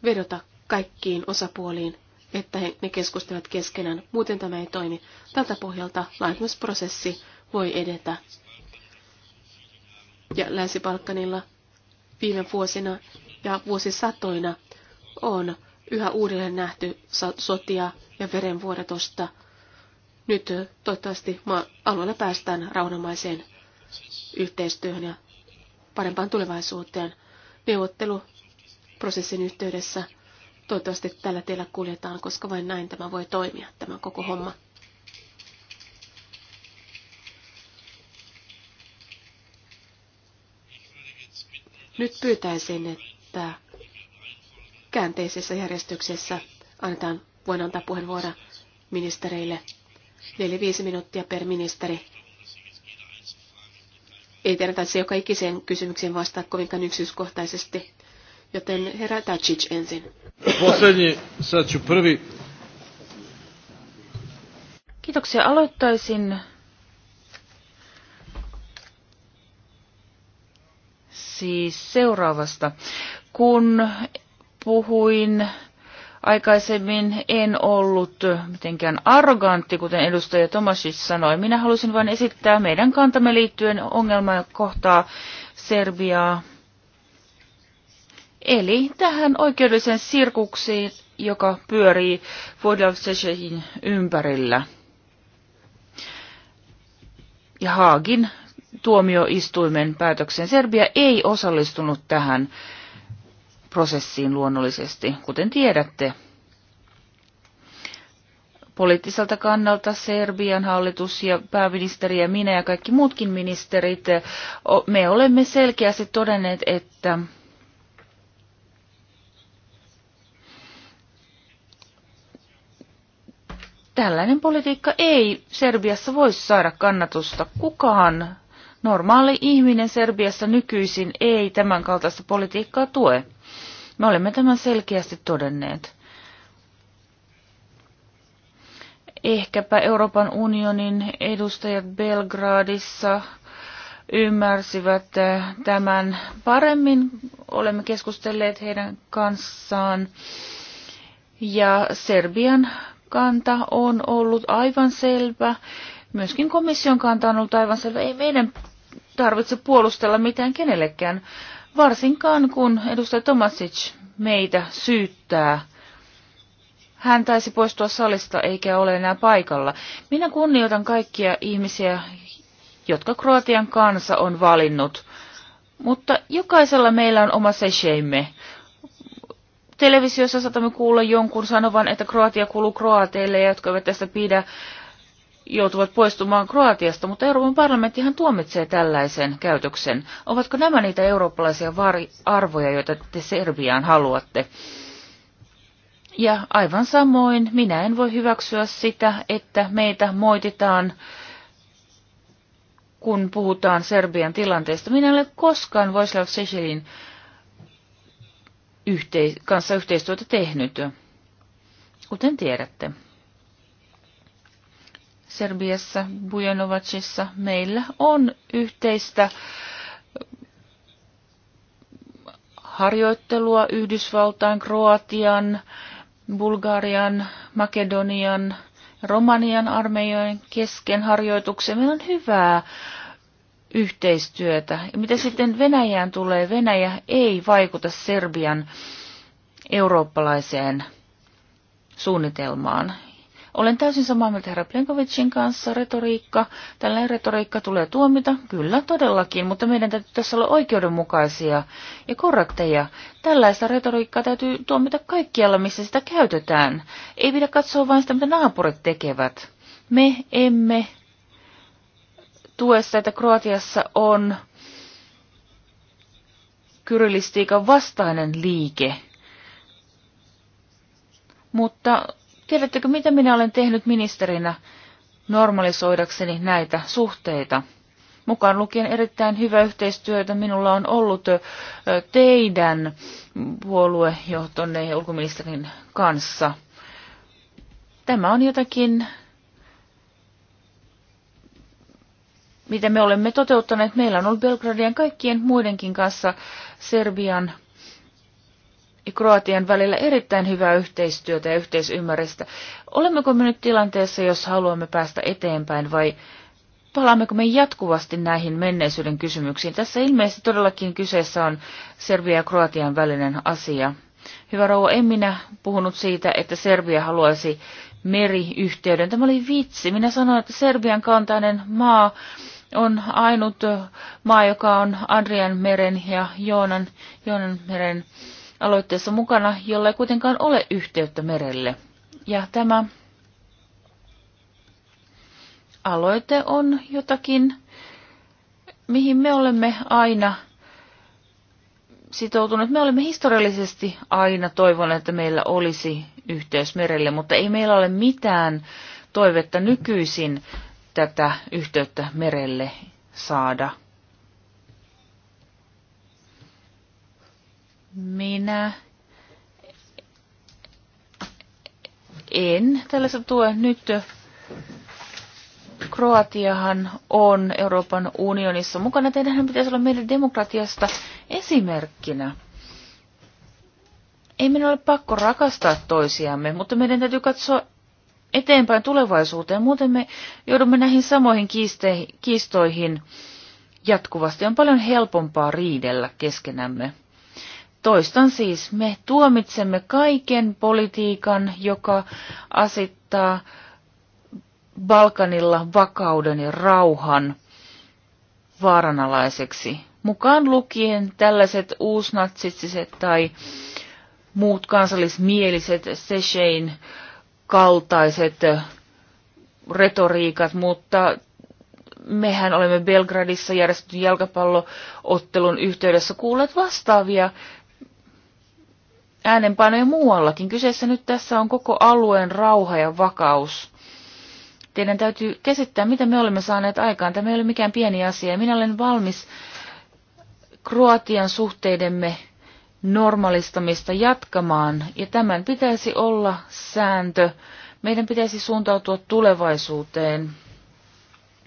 vedota kaikkiin osapuoliin, että he, ne keskustelevat keskenään. Muuten tämä ei toimi. Tältä pohjalta laajennusprosessi voi edetä ja Länsi-Balkanilla viime vuosina ja vuosisatoina on yhä uudelleen nähty sotia ja verenvuodatosta. Nyt toivottavasti alueella päästään rauhanomaiseen yhteistyöhön ja parempaan tulevaisuuteen. Neuvotteluprosessin yhteydessä toivottavasti tällä tiellä kuljetaan, koska vain näin tämä voi toimia, tämä koko homma. Nyt pyytäisin, että käänteisessä järjestyksessä annetaan, voin antaa puheenvuoro ministereille. 4-5 minuuttia per ministeri. Ei että se joka ikiseen kysymykseen vastaa kovinkaan yksityiskohtaisesti, joten herra Tacic ensin. Kiitoksia. Aloittaisin siis seuraavasta. Kun puhuin aikaisemmin en ollut mitenkään arrogantti, kuten edustaja Tomasic sanoi. Minä halusin vain esittää meidän kantamme liittyen ongelmaan kohtaa Serbiaa. Eli tähän oikeudelliseen sirkuksiin, joka pyörii Vodavseshein ympärillä ja Haagin tuomioistuimen päätökseen. Serbia ei osallistunut tähän prosessiin luonnollisesti, kuten tiedätte. Poliittiselta kannalta Serbian hallitus ja pääministeri ja minä ja kaikki muutkin ministerit, me olemme selkeästi todenneet, että tällainen politiikka ei Serbiassa voi saada kannatusta. Kukaan normaali ihminen Serbiassa nykyisin ei tämän kaltaista politiikkaa tue. Me olemme tämän selkeästi todenneet. Ehkäpä Euroopan unionin edustajat Belgradissa ymmärsivät tämän paremmin. Olemme keskustelleet heidän kanssaan. Ja Serbian kanta on ollut aivan selvä Myöskin komission kanta on ollut aivan selvä. Ei meidän tarvitse puolustella mitään kenellekään, varsinkaan kun edustaja Tomasic meitä syyttää. Hän taisi poistua salista eikä ole enää paikalla. Minä kunnioitan kaikkia ihmisiä, jotka Kroatian kansa on valinnut. Mutta jokaisella meillä on oma sesheimme. Televisiossa saatamme kuulla jonkun sanovan, että Kroatia kuuluu kroateille, jotka eivät tästä pidä joutuvat poistumaan Kroatiasta, mutta Euroopan parlamenttihan tuomitsee tällaisen käytöksen. Ovatko nämä niitä eurooppalaisia arvoja, joita te Serbiaan haluatte? Ja aivan samoin minä en voi hyväksyä sitä, että meitä moititaan, kun puhutaan Serbian tilanteesta. Minä en ole koskaan Voislav yhte- kanssa yhteistyötä tehnyt, kuten tiedätte. Serbiassa, Bujanovacissa meillä on yhteistä harjoittelua Yhdysvaltain, Kroatian, Bulgarian, Makedonian, Romanian armeijojen kesken harjoituksia. Meillä on hyvää yhteistyötä. Ja mitä sitten Venäjään tulee, Venäjä ei vaikuta Serbian eurooppalaiseen suunnitelmaan. Olen täysin samaa mieltä herra Plenkovicin kanssa. Retoriikka, tällainen retoriikka tulee tuomita, kyllä todellakin, mutta meidän täytyy tässä olla oikeudenmukaisia ja korrekteja. Tällaista retoriikkaa täytyy tuomita kaikkialla, missä sitä käytetään. Ei pidä katsoa vain sitä, mitä naapurit tekevät. Me emme tue sitä, että Kroatiassa on kyrillistiikan vastainen liike. Mutta Tiedättekö, mitä minä olen tehnyt ministerinä normalisoidakseni näitä suhteita? Mukaan lukien erittäin hyvä yhteistyötä minulla on ollut teidän puoluejohtonne ja ulkoministerin kanssa. Tämä on jotakin, mitä me olemme toteuttaneet. Meillä on ollut Belgradian kaikkien muidenkin kanssa Serbian ja Kroatian välillä erittäin hyvää yhteistyötä ja yhteisymmärrystä. Olemmeko me nyt tilanteessa, jos haluamme päästä eteenpäin vai palaammeko me jatkuvasti näihin menneisyyden kysymyksiin? Tässä ilmeisesti todellakin kyseessä on Serbia ja Kroatian välinen asia. Hyvä rouva, en minä puhunut siitä, että Serbia haluaisi meriyhteyden. Tämä oli vitsi. Minä sanoin, että Serbian kantainen maa on ainut maa, joka on Adrian meren ja Joonan, Joonan meren aloitteessa mukana, jolla ei kuitenkaan ole yhteyttä merelle. Ja tämä aloite on jotakin, mihin me olemme aina sitoutuneet. Me olemme historiallisesti aina toivoneet, että meillä olisi yhteys merelle, mutta ei meillä ole mitään toivetta nykyisin tätä yhteyttä merelle saada Minä en tällaista tue nyt. Kroatiahan on Euroopan unionissa mukana. Teidän pitäisi olla meidän demokratiasta esimerkkinä. Ei meidän ole pakko rakastaa toisiamme, mutta meidän täytyy katsoa eteenpäin tulevaisuuteen. Muuten me joudumme näihin samoihin kiistoihin jatkuvasti. On paljon helpompaa riidellä keskenämme. Toistan siis, me tuomitsemme kaiken politiikan, joka asittaa Balkanilla vakauden ja rauhan vaaranalaiseksi, mukaan lukien tällaiset uusnatsitsiset tai muut kansallismieliset Sechein kaltaiset retoriikat, mutta mehän olemme Belgradissa järjestetyn jalkapalloottelun yhteydessä kuulleet vastaavia äänenpainoja muuallakin. Kyseessä nyt tässä on koko alueen rauha ja vakaus. Teidän täytyy käsittää, mitä me olemme saaneet aikaan. Tämä ei ole mikään pieni asia. Minä olen valmis Kroatian suhteidemme normalistamista jatkamaan, ja tämän pitäisi olla sääntö. Meidän pitäisi suuntautua tulevaisuuteen.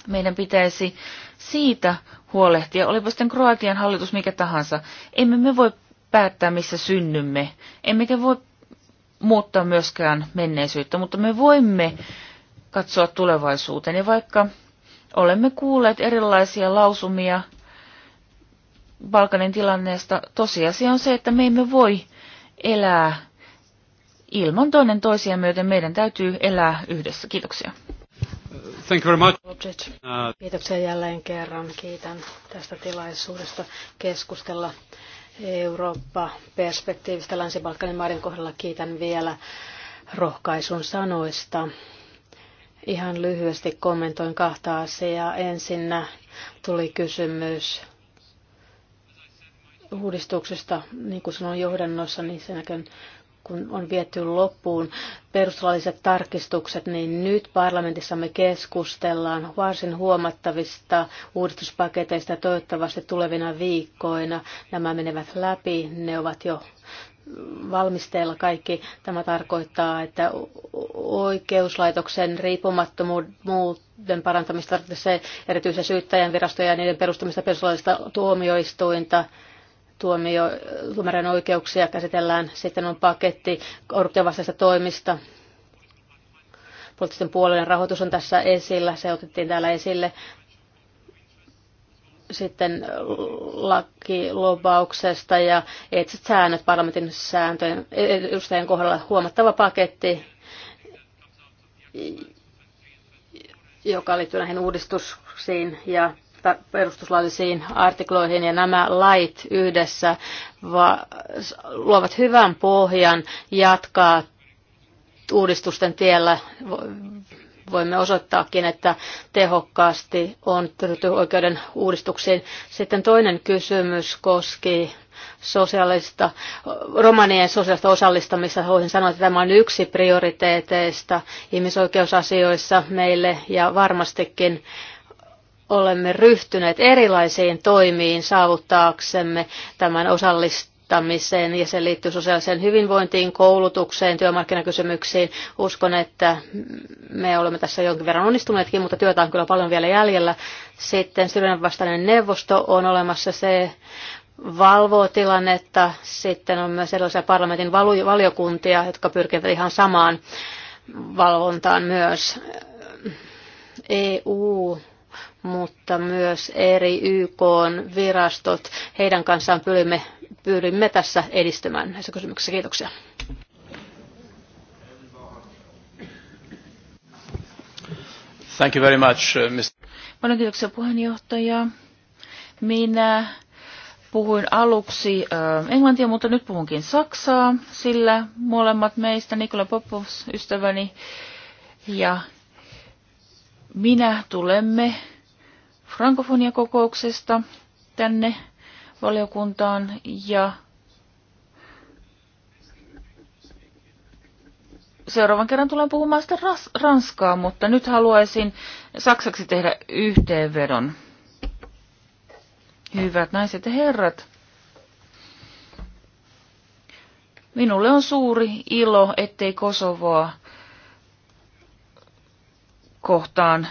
Meidän pitäisi siitä huolehtia, olipa sitten Kroatian hallitus mikä tahansa. Emme me voi päättää, missä synnymme. Emmekä voi muuttaa myöskään menneisyyttä, mutta me voimme katsoa tulevaisuuteen. Ja vaikka olemme kuulleet erilaisia lausumia Balkanin tilanneesta, tosiasia on se, että me emme voi elää ilman toinen toisia myöten. Meidän täytyy elää yhdessä. Kiitoksia. Thank you very much. Uh, Kiitoksia jälleen kerran. Kiitän tästä tilaisuudesta keskustella Eurooppa-perspektiivistä Länsi-Balkanin maiden kohdalla kiitän vielä rohkaisun sanoista. Ihan lyhyesti kommentoin kahta asiaa. Ensinnä tuli kysymys uudistuksesta, niin kuin sanoin johdannossa, niin sen näkön kun on viety loppuun perustuslailliset tarkistukset, niin nyt parlamentissa me keskustellaan varsin huomattavista uudistuspaketeista. Toivottavasti tulevina viikkoina nämä menevät läpi. Ne ovat jo valmisteilla kaikki. Tämä tarkoittaa, että oikeuslaitoksen riippumattomuuden parantamista tarvitsee erityisen syyttäjän virastoja ja niiden perustamista perustuslaillista tuomioistuinta tuomio, oikeuksia käsitellään. Sitten on paketti korruptiovastaisista toimista. Poliittisten puolueiden rahoitus on tässä esillä, se otettiin täällä esille. Sitten lakilobauksesta ja etsit säännöt parlamentin sääntöjen edustajien kohdalla huomattava paketti, joka liittyy näihin uudistuksiin ja perustuslaillisiin artikloihin ja nämä lait yhdessä luovat hyvän pohjan jatkaa uudistusten tiellä. Voimme osoittaakin, että tehokkaasti on tehty oikeuden uudistuksiin. Sitten toinen kysymys koski sosiaalista, romanien sosiaalista osallistamista. Voisin sanoa, että tämä on yksi prioriteeteista ihmisoikeusasioissa meille ja varmastikin olemme ryhtyneet erilaisiin toimiin saavuttaaksemme tämän osallistamisen ja se liittyy sosiaaliseen hyvinvointiin, koulutukseen, työmarkkinakysymyksiin. Uskon, että me olemme tässä jonkin verran onnistuneetkin, mutta työtä on kyllä paljon vielä jäljellä. Sitten syrjinnänvastainen vastainen neuvosto on olemassa se valvoo tilannetta. Sitten on myös erilaisia parlamentin valiokuntia, jotka pyrkivät ihan samaan valvontaan myös. EU mutta myös eri YK-virastot. Heidän kanssaan pyrimme, pyrimme tässä edistymään näissä kysymyksissä. Kiitoksia. Thank you very much, uh, Mr. Paljon kiitoksia puheenjohtaja. Minä puhuin aluksi englantia, mutta nyt puhunkin saksaa, sillä molemmat meistä, Nikola Popovs, ystäväni ja minä tulemme frankofoniakokouksesta tänne valiokuntaan ja seuraavan kerran tulen puhumaan sitä ras- ranskaa, mutta nyt haluaisin saksaksi tehdä yhteenvedon. Hyvät naiset ja herrat, minulle on suuri ilo, ettei Kosovoa kohtaan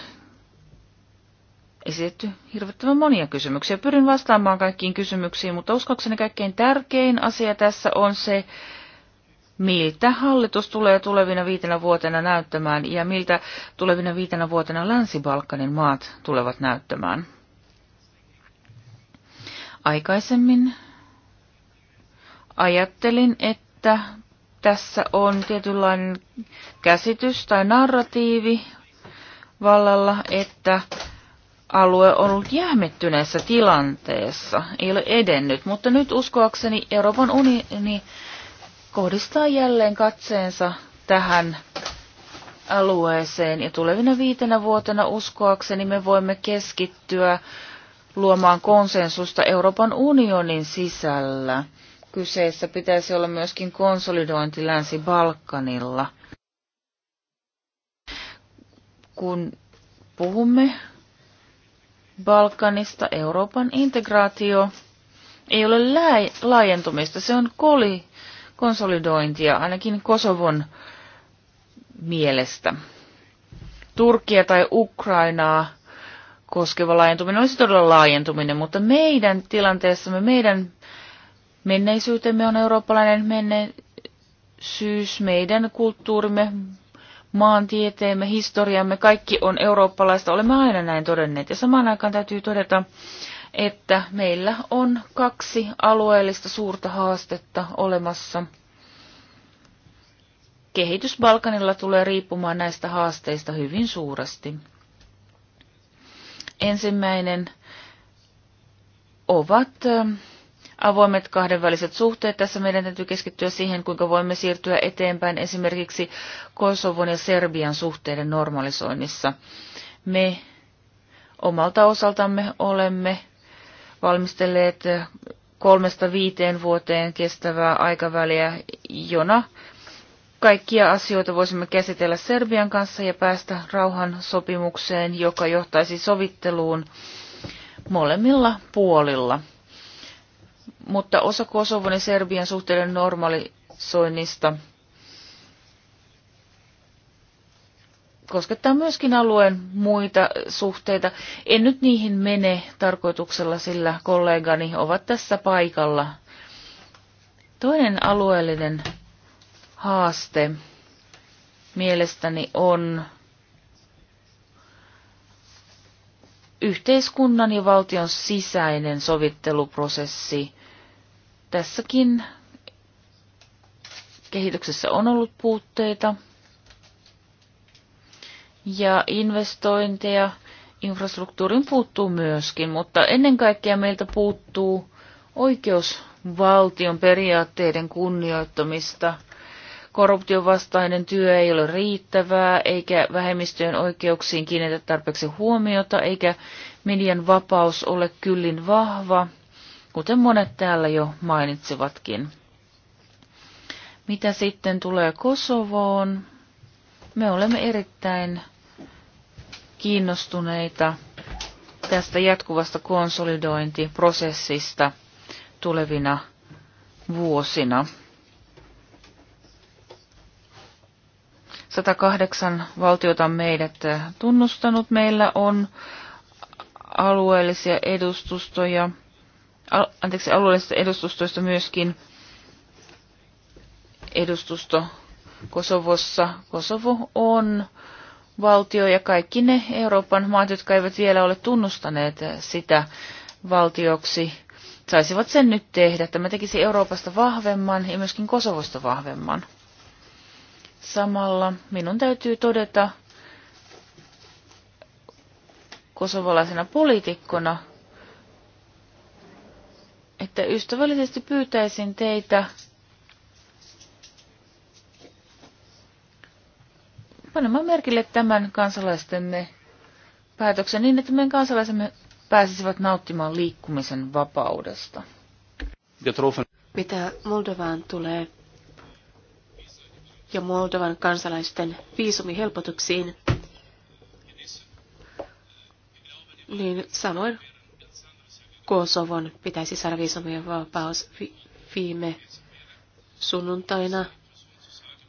esitetty hirvittävän monia kysymyksiä. Pyrin vastaamaan kaikkiin kysymyksiin, mutta uskokseni kaikkein tärkein asia tässä on se, miltä hallitus tulee tulevina viitenä vuotena näyttämään ja miltä tulevina viitenä vuotena Länsi-Balkanin maat tulevat näyttämään. Aikaisemmin ajattelin, että tässä on tietynlainen käsitys tai narratiivi vallalla, että alue on ollut jähmettyneessä tilanteessa, ei ole edennyt, mutta nyt uskoakseni Euroopan unioni kohdistaa jälleen katseensa tähän alueeseen ja tulevina viitenä vuotena uskoakseni me voimme keskittyä luomaan konsensusta Euroopan unionin sisällä. Kyseessä pitäisi olla myöskin konsolidointi Länsi-Balkanilla. Kun puhumme Balkanista Euroopan integraatio ei ole laajentumista, se on koli konsolidointia, ainakin Kosovon mielestä. Turkia tai Ukrainaa koskeva laajentuminen olisi todella laajentuminen, mutta meidän tilanteessamme, meidän menneisyytemme on eurooppalainen menneisyys, meidän kulttuurimme, maantieteemme, historiamme, kaikki on eurooppalaista. Olemme aina näin todenneet. Ja samaan aikaan täytyy todeta, että meillä on kaksi alueellista suurta haastetta olemassa. Kehitys Balkanilla tulee riippumaan näistä haasteista hyvin suuresti. Ensimmäinen ovat avoimet kahdenväliset suhteet. Tässä meidän täytyy keskittyä siihen, kuinka voimme siirtyä eteenpäin esimerkiksi Kosovon ja Serbian suhteiden normalisoinnissa. Me omalta osaltamme olemme valmistelleet kolmesta viiteen vuoteen kestävää aikaväliä, jona kaikkia asioita voisimme käsitellä Serbian kanssa ja päästä rauhan sopimukseen, joka johtaisi sovitteluun molemmilla puolilla mutta osa Kosovon ja Serbian suhteiden normalisoinnista koskettaa myöskin alueen muita suhteita. En nyt niihin mene tarkoituksella, sillä kollegani ovat tässä paikalla. Toinen alueellinen haaste mielestäni on yhteiskunnan ja valtion sisäinen sovitteluprosessi Tässäkin kehityksessä on ollut puutteita ja investointeja infrastruktuurin puuttuu myöskin, mutta ennen kaikkea meiltä puuttuu oikeusvaltion periaatteiden kunnioittamista. Korruption vastainen työ ei ole riittävää, eikä vähemmistöjen oikeuksiin kiinnitä tarpeeksi huomiota, eikä median vapaus ole kyllin vahva kuten monet täällä jo mainitsivatkin. Mitä sitten tulee Kosovoon? Me olemme erittäin kiinnostuneita tästä jatkuvasta konsolidointiprosessista tulevina vuosina. 108 valtiota meidät tunnustanut. Meillä on alueellisia edustustoja anteeksi, alueellisista edustustoista myöskin edustusto Kosovossa. Kosovo on valtio ja kaikki ne Euroopan maat, jotka eivät vielä ole tunnustaneet sitä valtioksi, saisivat sen nyt tehdä. Tämä tekisi Euroopasta vahvemman ja myöskin Kosovosta vahvemman. Samalla minun täytyy todeta kosovalaisena poliitikkona, että ystävällisesti pyytäisin teitä panemaan merkille tämän kansalaistenne päätöksen niin, että meidän kansalaisemme pääsisivät nauttimaan liikkumisen vapaudesta. Mitä Moldovaan tulee ja Moldovan kansalaisten viisumihelpotuksiin, niin samoin. Kosovon pitäisi saada viisumien vapaus vi- viime sunnuntaina.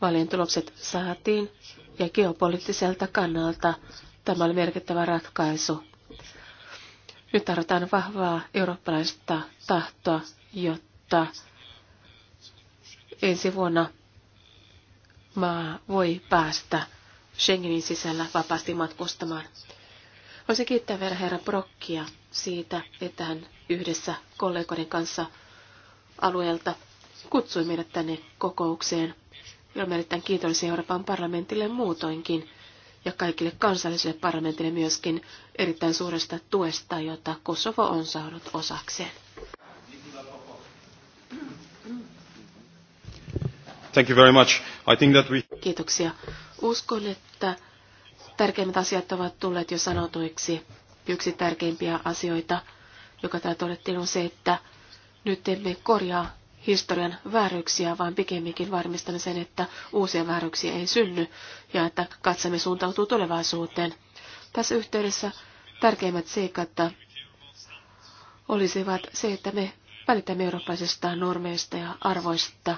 Vaalien tulokset saatiin ja geopoliittiselta kannalta tämä oli merkittävä ratkaisu. Nyt tarvitaan vahvaa eurooppalaista tahtoa, jotta ensi vuonna maa voi päästä Schengenin sisällä vapaasti matkustamaan. Voisin kiittää vielä herra Brokkia siitä, että hän yhdessä kollegoiden kanssa alueelta kutsui meidät tänne kokoukseen. Olemme erittäin kiitollisia Euroopan parlamentille muutoinkin ja kaikille kansallisille parlamentille myöskin erittäin suuresta tuesta, jota Kosovo on saanut osakseen. Thank you very much. I think that we... Kiitoksia. Uskon, että tärkeimmät asiat ovat tulleet jo sanotuiksi. Yksi tärkeimpiä asioita, joka täällä todettiin, on se, että nyt emme korjaa historian vääryksiä, vaan pikemminkin varmistamme sen, että uusia vääryksiä ei synny ja että katsamme suuntautuu tulevaisuuteen. Tässä yhteydessä tärkeimmät seikat olisivat se, että me välitämme eurooppalaisista normeista ja arvoista.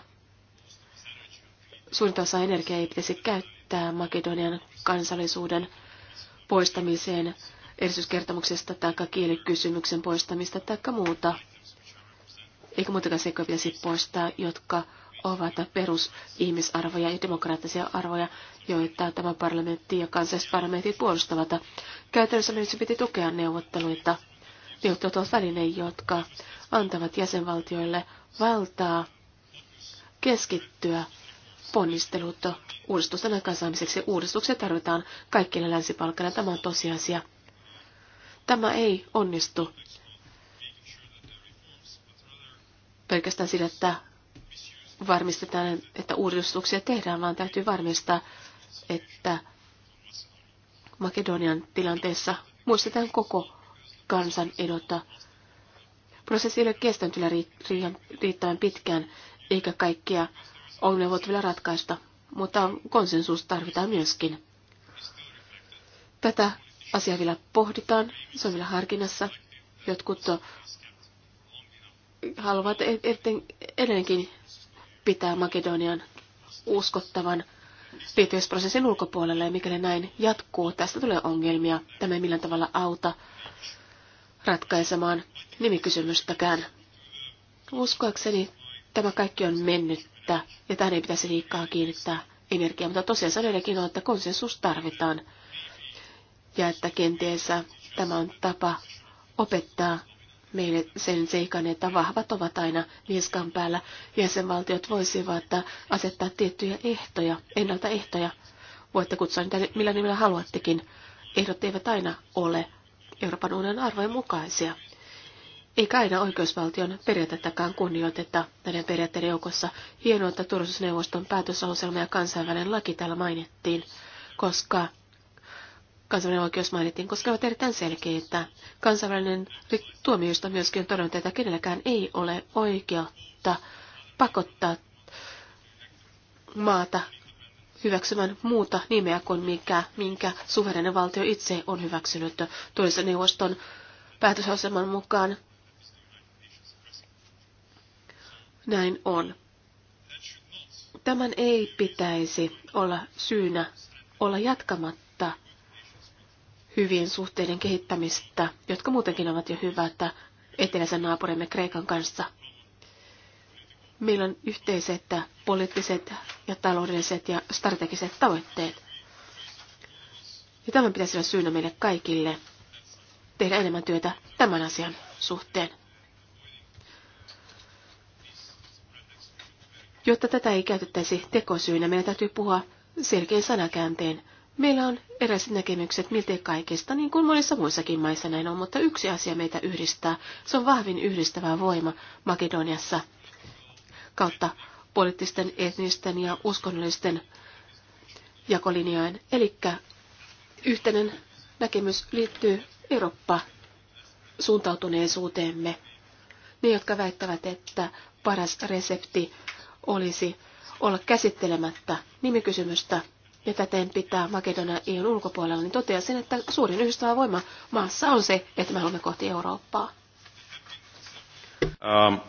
Suurinta osaa energiaa ei pitäisi käyttää esittää Makedonian kansallisuuden poistamiseen erityiskertomuksesta tai kielikysymyksen poistamista tai muuta. Eikä muutakaan seikkoja pitäisi poistaa, jotka ovat perusihmisarvoja ja demokraattisia arvoja, joita tämä parlamentti ja parlamentit puolustavat. Käytännössä myös piti tukea neuvotteluita. Neuvottelut ovat väline, jotka antavat jäsenvaltioille valtaa keskittyä ponnistelut uudistusten aikaansaamiseksi. Uudistuksia tarvitaan kaikille länsi Tämä on tosiasia. Tämä ei onnistu pelkästään sillä, että varmistetaan, että uudistuksia tehdään, vaan täytyy varmistaa, että Makedonian tilanteessa muistetaan koko kansan edota. Prosessi ei ole kestänyt vielä riittävän pitkään, eikä kaikkia ongelmia voitu vielä ratkaista mutta konsensus tarvitaan myöskin. Tätä asiaa vielä pohditaan, se on vielä harkinnassa. Jotkut haluavat e- e- edelleenkin pitää Makedonian uskottavan liittymisprosessin ulkopuolelle, ja mikäli näin jatkuu, tästä tulee ongelmia. Tämä ei millään tavalla auta ratkaisemaan nimikysymystäkään. Uskoakseni tämä kaikki on mennyt että, ja tähän ei pitäisi liikaa kiinnittää energiaa, mutta tosiaan edelleenkin on, että konsensus tarvitaan ja että kenties tämä on tapa opettaa meille sen seikan, että vahvat ovat aina niskan päällä. Jäsenvaltiot voisivat asettaa tiettyjä ehtoja, ennaltaehtoja. Voitte kutsua niitä millä nimellä haluattekin. Ehdot eivät aina ole Euroopan unionin arvojen mukaisia eikä aina oikeusvaltion periaatettakaan kunnioiteta näiden periaatteiden joukossa. Hienoa, että turvallisuusneuvoston päätösohjelma ja kansainvälinen laki täällä mainittiin, koska kansainvälinen oikeus mainittiin, koska ovat erittäin selkeitä. Kansainvälinen tuomioista myöskin on todennut, että kenelläkään ei ole oikeutta pakottaa maata hyväksymään muuta nimeä kuin mikä, minkä suverinen valtio itse on hyväksynyt. Toisen neuvoston päätösaseman mukaan näin on. Tämän ei pitäisi olla syynä olla jatkamatta hyvien suhteiden kehittämistä, jotka muutenkin ovat jo hyvät eteläisen naapurimme Kreikan kanssa. Meillä on yhteiset poliittiset ja taloudelliset ja strategiset tavoitteet. Ja tämän pitäisi olla syynä meille kaikille tehdä enemmän työtä tämän asian suhteen. Jotta tätä ei käytettäisi tekosyynä, meidän täytyy puhua selkeän sanakäänteen. Meillä on eräiset näkemykset miltei kaikesta, niin kuin monissa muissakin maissa näin on, mutta yksi asia meitä yhdistää. Se on vahvin yhdistävä voima Makedoniassa kautta poliittisten, etnisten ja uskonnollisten jakolinjojen. Eli yhtenen näkemys liittyy Eurooppa suuntautuneisuuteemme. Ne, jotka väittävät, että paras resepti olisi olla käsittelemättä nimikysymystä ja täten pitää Makedonia EUn ulkopuolella, niin toteaa sen, että suurin yhdistävä voima maassa on se, että me haluamme kohti Eurooppaa. Um,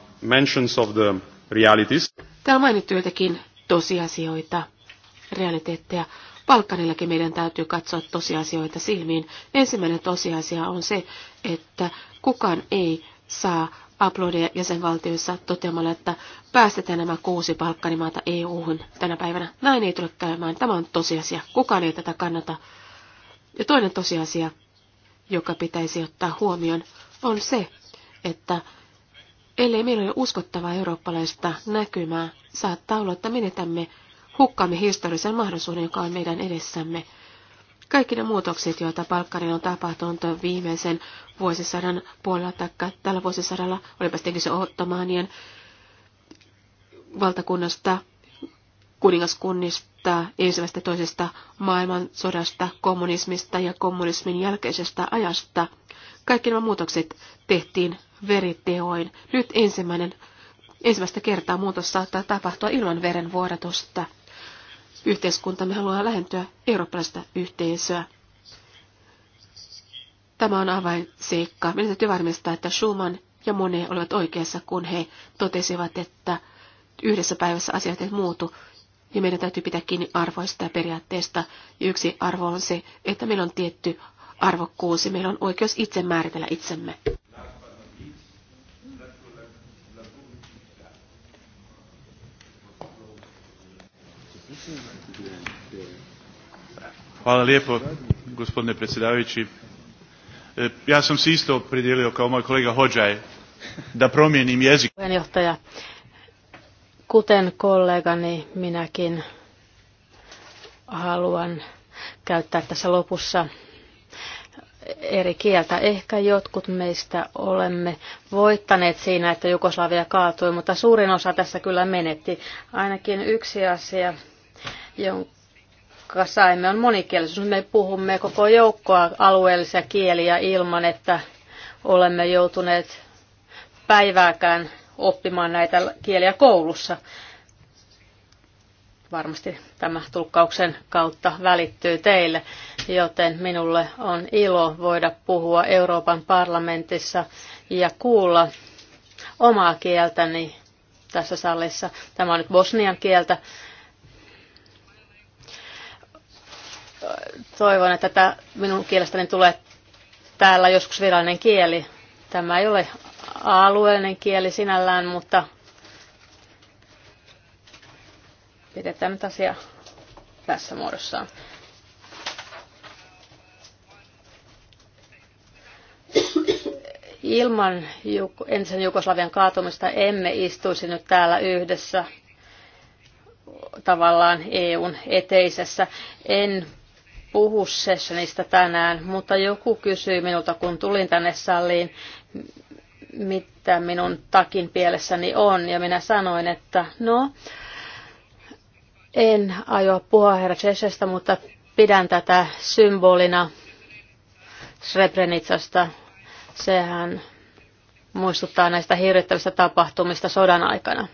of the realities. Täällä mainittu joitakin tosiasioita, realiteetteja. Balkanillakin meidän täytyy katsoa tosiasioita silmiin. Ensimmäinen tosiasia on se, että kukaan ei saa aplodeja jäsenvaltioissa toteamalla, että päästetään nämä kuusi palkkanimaata EU-hun tänä päivänä. Näin ei tule käymään. Tämä on tosiasia. Kukaan ei tätä kannata. Ja toinen tosiasia, joka pitäisi ottaa huomioon, on se, että ellei meillä ole uskottavaa eurooppalaista näkymää, saattaa olla, että menetämme hukkaamme historiallisen mahdollisuuden, joka on meidän edessämme. Kaikki ne muutokset, joita palkkarin on tapahtunut viimeisen vuosisadan puolella tai tällä vuosisadalla, olipa sitten se Ottomaanien valtakunnasta, kuningaskunnista, ensimmäisestä toisesta maailmansodasta, kommunismista ja kommunismin jälkeisestä ajasta. Kaikki nämä muutokset tehtiin veriteoin. Nyt ensimmäinen, ensimmäistä kertaa muutos saattaa tapahtua ilman verenvuodatusta. Yhteiskuntamme haluaa lähentyä eurooppalaista yhteisöä. Tämä on avainseikka. Meidän täytyy varmistaa, että Schumann ja Monet olivat oikeassa, kun he totesivat, että yhdessä päivässä asiat eivät muutu, ja meidän täytyy pitää kiinni arvoista ja periaatteista. Ja yksi arvo on se, että meillä on tietty arvokkuus ja meillä on oikeus itse määritellä itsemme. Hvala lijepo, gospodine predsjedavajući. E, ja sam se isto opredijelio kao moj kolega Hođaj da promijenim jezik. Puheenjohtaja, kuten kollegani minäkin haluan käyttää tässä lopussa eri kieltä. Ehkä jotkut meistä olemme voittaneet siinä, että Jugoslavia kaatui, mutta suurin osa tässä kyllä menetti. Ainakin yksi asia jonka saimme, on monikielisyys. Me puhumme koko joukkoa alueellisia kieliä ilman, että olemme joutuneet päivääkään oppimaan näitä kieliä koulussa. Varmasti tämä tulkkauksen kautta välittyy teille, joten minulle on ilo voida puhua Euroopan parlamentissa ja kuulla omaa kieltäni tässä salissa. Tämä on nyt bosnian kieltä toivon, että tätä minun kielestäni tulee täällä joskus virallinen kieli. Tämä ei ole alueellinen kieli sinällään, mutta pidetään nyt asia tässä muodossaan. Ilman entisen Jugoslavian kaatumista emme istuisi nyt täällä yhdessä tavallaan EUn eteisessä. En puhu sessionista tänään, mutta joku kysyi minulta, kun tulin tänne saliin, mitä minun takin pielessäni on, ja minä sanoin, että no, en aio puhua herra Cheshestä, mutta pidän tätä symbolina Srebrenicasta. Sehän muistuttaa näistä hirvittävistä tapahtumista sodan aikana.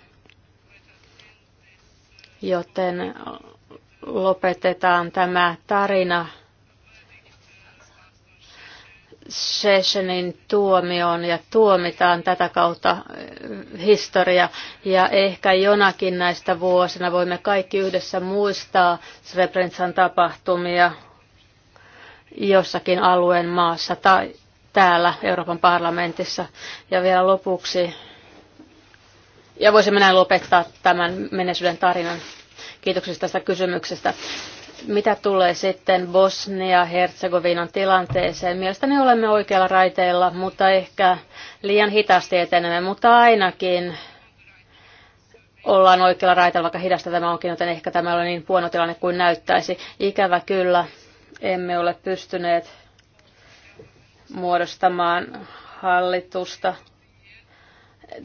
Joten lopetetaan tämä tarina Sessionin tuomioon ja tuomitaan tätä kautta äh, historia. Ja ehkä jonakin näistä vuosina voimme kaikki yhdessä muistaa Srebrenican tapahtumia jossakin alueen maassa tai täällä Euroopan parlamentissa. Ja vielä lopuksi, ja voisimme näin lopettaa tämän menneisyyden tarinan. Kiitoksia tästä kysymyksestä. Mitä tulee sitten Bosnia-Herzegovinan tilanteeseen? Mielestäni olemme oikealla raiteilla, mutta ehkä liian hitaasti etenemme, mutta ainakin ollaan oikealla raiteilla, vaikka hidasta tämä onkin, joten ehkä tämä on niin huono tilanne kuin näyttäisi. Ikävä kyllä, emme ole pystyneet muodostamaan hallitusta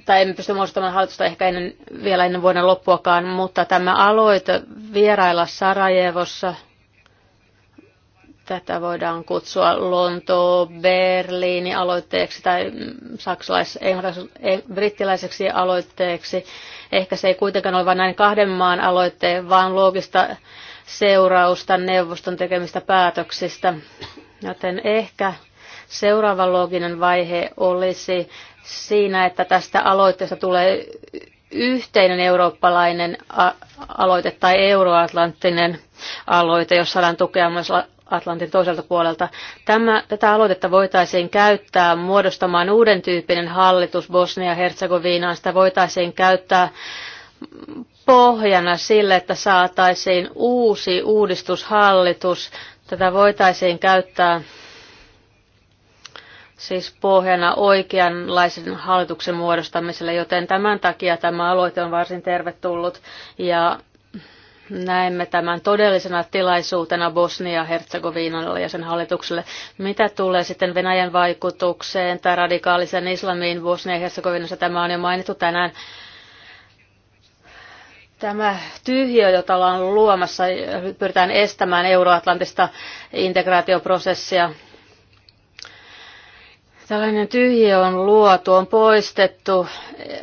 tai emme pysty muodostamaan hallitusta ehkä ennen, vielä ennen vuoden loppuakaan, mutta tämä aloite vierailla Sarajevossa, tätä voidaan kutsua Lonto, Berliini aloitteeksi tai saksalais, e, brittiläiseksi aloitteeksi. Ehkä se ei kuitenkaan ole vain näin kahden maan aloitteen, vaan loogista seurausta neuvoston tekemistä päätöksistä. Joten ehkä Seuraava looginen vaihe olisi siinä, että tästä aloitteesta tulee yhteinen eurooppalainen aloite tai euroatlanttinen aloite, jossa saadaan tukea myös Atlantin toiselta puolelta. Tämä, tätä aloitetta voitaisiin käyttää muodostamaan uuden tyyppinen hallitus Bosnia-Herzegovinaan. Sitä voitaisiin käyttää pohjana sille, että saataisiin uusi uudistushallitus. Tätä voitaisiin käyttää siis pohjana oikeanlaisen hallituksen muodostamiselle, joten tämän takia tämä aloite on varsin tervetullut ja näemme tämän todellisena tilaisuutena Bosnia-Herzegovinalle ja sen hallitukselle. Mitä tulee sitten Venäjän vaikutukseen tai radikaaliseen islamiin Bosnia-Herzegovinassa, tämä on jo mainittu tänään. Tämä tyhjö, jota ollaan luomassa, pyritään estämään euroatlantista integraatioprosessia Tällainen tyhjiö on luotu, on poistettu eh,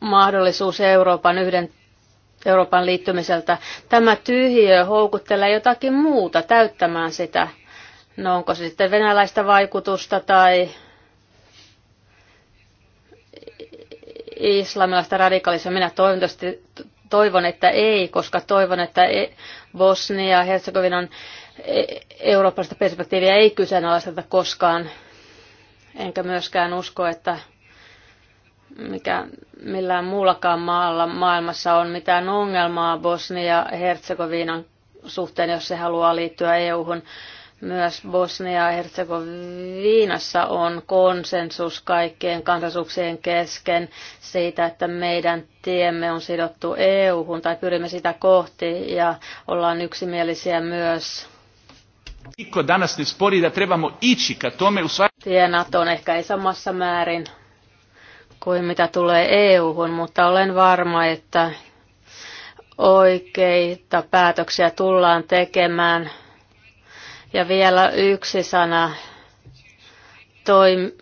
mahdollisuus Euroopan yhden Euroopan liittymiseltä. Tämä tyhjiö houkuttelee jotakin muuta täyttämään sitä. No onko se sitten venäläistä vaikutusta tai islamilaista radikalismia? Minä toivon, että ei, koska toivon, että e-, Bosnia ja Herzegovinan e-, eurooppalaista perspektiiviä ei kyseenalaisteta koskaan enkä myöskään usko, että mikä millään muullakaan maalla maailmassa on mitään ongelmaa Bosnia-Herzegovinan suhteen, jos se haluaa liittyä EU-hun. Myös Bosnia-Herzegovinassa on konsensus kaikkien kansallisuuksien kesken siitä, että meidän tiemme on sidottu EU-hun tai pyrimme sitä kohti ja ollaan yksimielisiä myös Niko danas ne spori da trebamo ići ka tome u sva... Tie on ehkä ei samassa määrin kuin mitä tulee EU-hun, mutta olen varma, että oikeita päätöksiä tullaan tekemään. Ja vielä yksi sana toi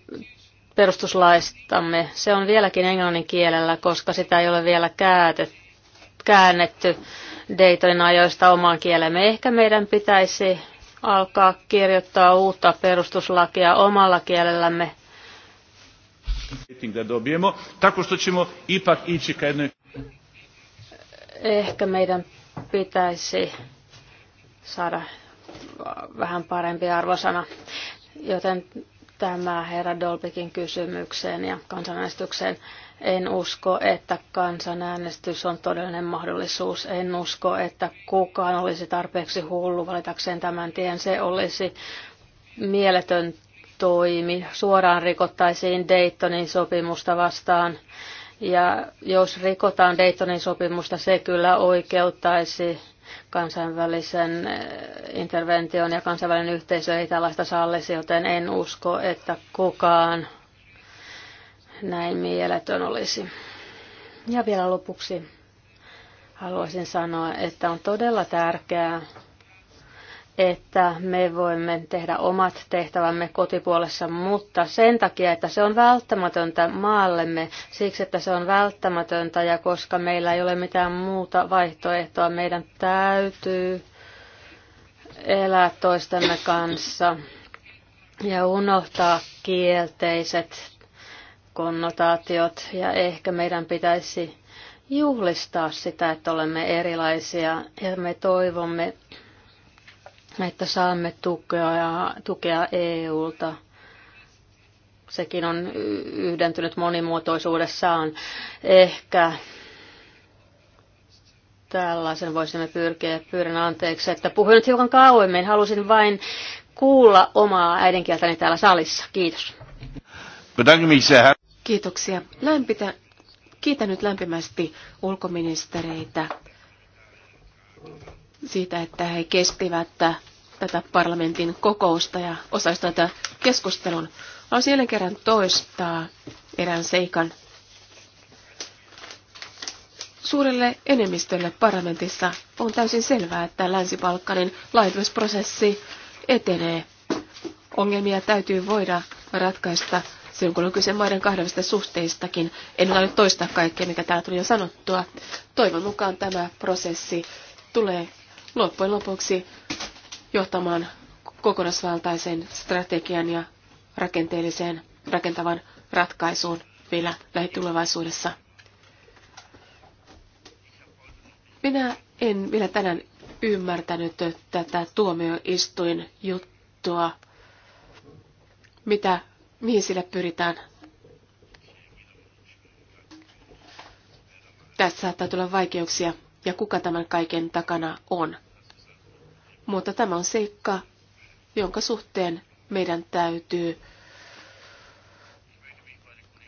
perustuslaistamme. Se on vieläkin englannin kielellä, koska sitä ei ole vielä käätet- käännetty Daytonin ajoista omaan kielemme. Ehkä meidän pitäisi alkaa kirjoittaa uutta perustuslakia omalla kielellämme. Ehkä meidän pitäisi saada vähän parempi arvosana, joten tämä herra Dolbikin kysymykseen ja kansanäänestykseen en usko, että kansanäänestys on todellinen mahdollisuus. En usko, että kukaan olisi tarpeeksi hullu valitakseen tämän tien. Se olisi mieletön toimi. Suoraan rikottaisiin Daytonin sopimusta vastaan. Ja jos rikotaan Daytonin sopimusta, se kyllä oikeuttaisi kansainvälisen eh, intervention ja kansainvälinen yhteisö ei tällaista sallisi, joten en usko, että kukaan näin mieletön olisi. Ja vielä lopuksi haluaisin sanoa, että on todella tärkeää, että me voimme tehdä omat tehtävämme kotipuolessa, mutta sen takia, että se on välttämätöntä maallemme, siksi että se on välttämätöntä ja koska meillä ei ole mitään muuta vaihtoehtoa, meidän täytyy elää toistemme kanssa ja unohtaa kielteiset konnotaatiot ja ehkä meidän pitäisi juhlistaa sitä, että olemme erilaisia ja me toivomme, että saamme tukea, tukea EUlta. Sekin on yhdentynyt monimuotoisuudessaan. Ehkä tällaisen voisimme pyrkiä. Pyydän anteeksi, että puhuin nyt hiukan kauemmin. Halusin vain kuulla omaa äidinkieltäni täällä salissa. Kiitos. Kiitoksia. Lämpitä, kiitän nyt lämpimästi ulkoministereitä siitä, että he kestivät tätä parlamentin kokousta ja tätä keskustelun. Haluaisin jälleen kerran toistaa erään seikan. Suurelle enemmistölle parlamentissa on täysin selvää, että Länsi-Balkanin laitoisprosessi etenee. Ongelmia täytyy voida ratkaista silloin kun on kyse maiden kahdenvälisistä suhteistakin. En ole toista kaikkea, mikä täällä tuli jo sanottua. Toivon mukaan tämä prosessi tulee loppujen lopuksi johtamaan kokonaisvaltaisen strategian ja rakenteelliseen rakentavan ratkaisuun vielä lähitulevaisuudessa. Minä en vielä tänään ymmärtänyt tätä tuomioistuin juttua, mitä mihin sille pyritään. Tässä saattaa tulla vaikeuksia ja kuka tämän kaiken takana on. Mutta tämä on seikka, jonka suhteen meidän täytyy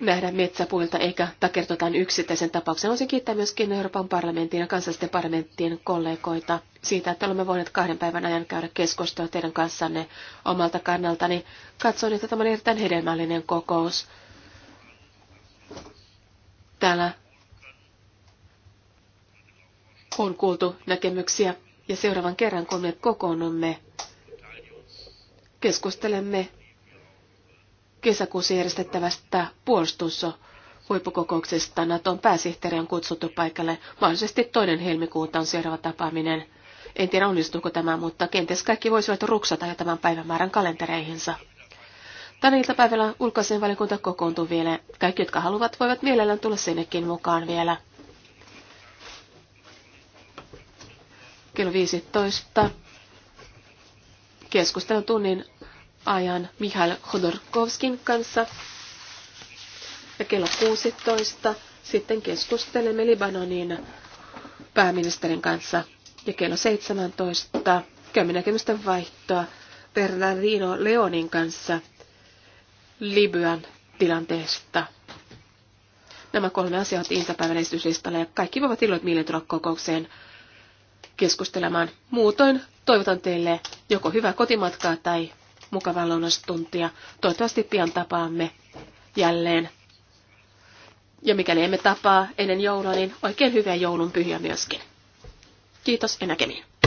nähdä metsäpuilta eikä takertotaan yksittäisen tapauksen. Voisin kiittää myöskin Euroopan parlamentin ja kansallisten parlamenttien kollegoita siitä, että olemme voineet kahden päivän ajan käydä keskustelua teidän kanssanne omalta kannaltani. Katsoin, että tämä on erittäin hedelmällinen kokous. Täällä on kuultu näkemyksiä ja seuraavan kerran, kun me kokoonnumme, keskustelemme kesäkuussa järjestettävästä puolustushuippukokouksesta Naton pääsihteeri on kutsuttu paikalle. Mahdollisesti toinen helmikuuta on seuraava tapaaminen. En tiedä onnistuuko tämä, mutta kenties kaikki voisivat ruksata jo tämän päivämäärän kalentereihinsa. Tänä iltapäivällä ulkoisen valiokunta kokoontuu vielä. Kaikki, jotka haluavat, voivat mielellään tulla sinnekin mukaan vielä. Kello 15 keskustelun tunnin ajan Mihail Khodorkovskin kanssa. Ja kello 16 sitten keskustelemme Libanonin pääministerin kanssa. Ja kello 17 käymme näkemysten vaihtoa Bernardino Leonin kanssa Libyan tilanteesta. Nämä kolme asiaa ovat iltapäivän esityslistalla ja kaikki voivat iloit mieleen tulla kokoukseen keskustelemaan. Muutoin toivotan teille joko hyvää kotimatkaa tai mukavaa lounastuntia. Toivottavasti pian tapaamme jälleen. Ja mikäli emme tapaa ennen joulua, niin oikein hyviä joulunpyhiä myöskin. Kiitos ja näkemiin.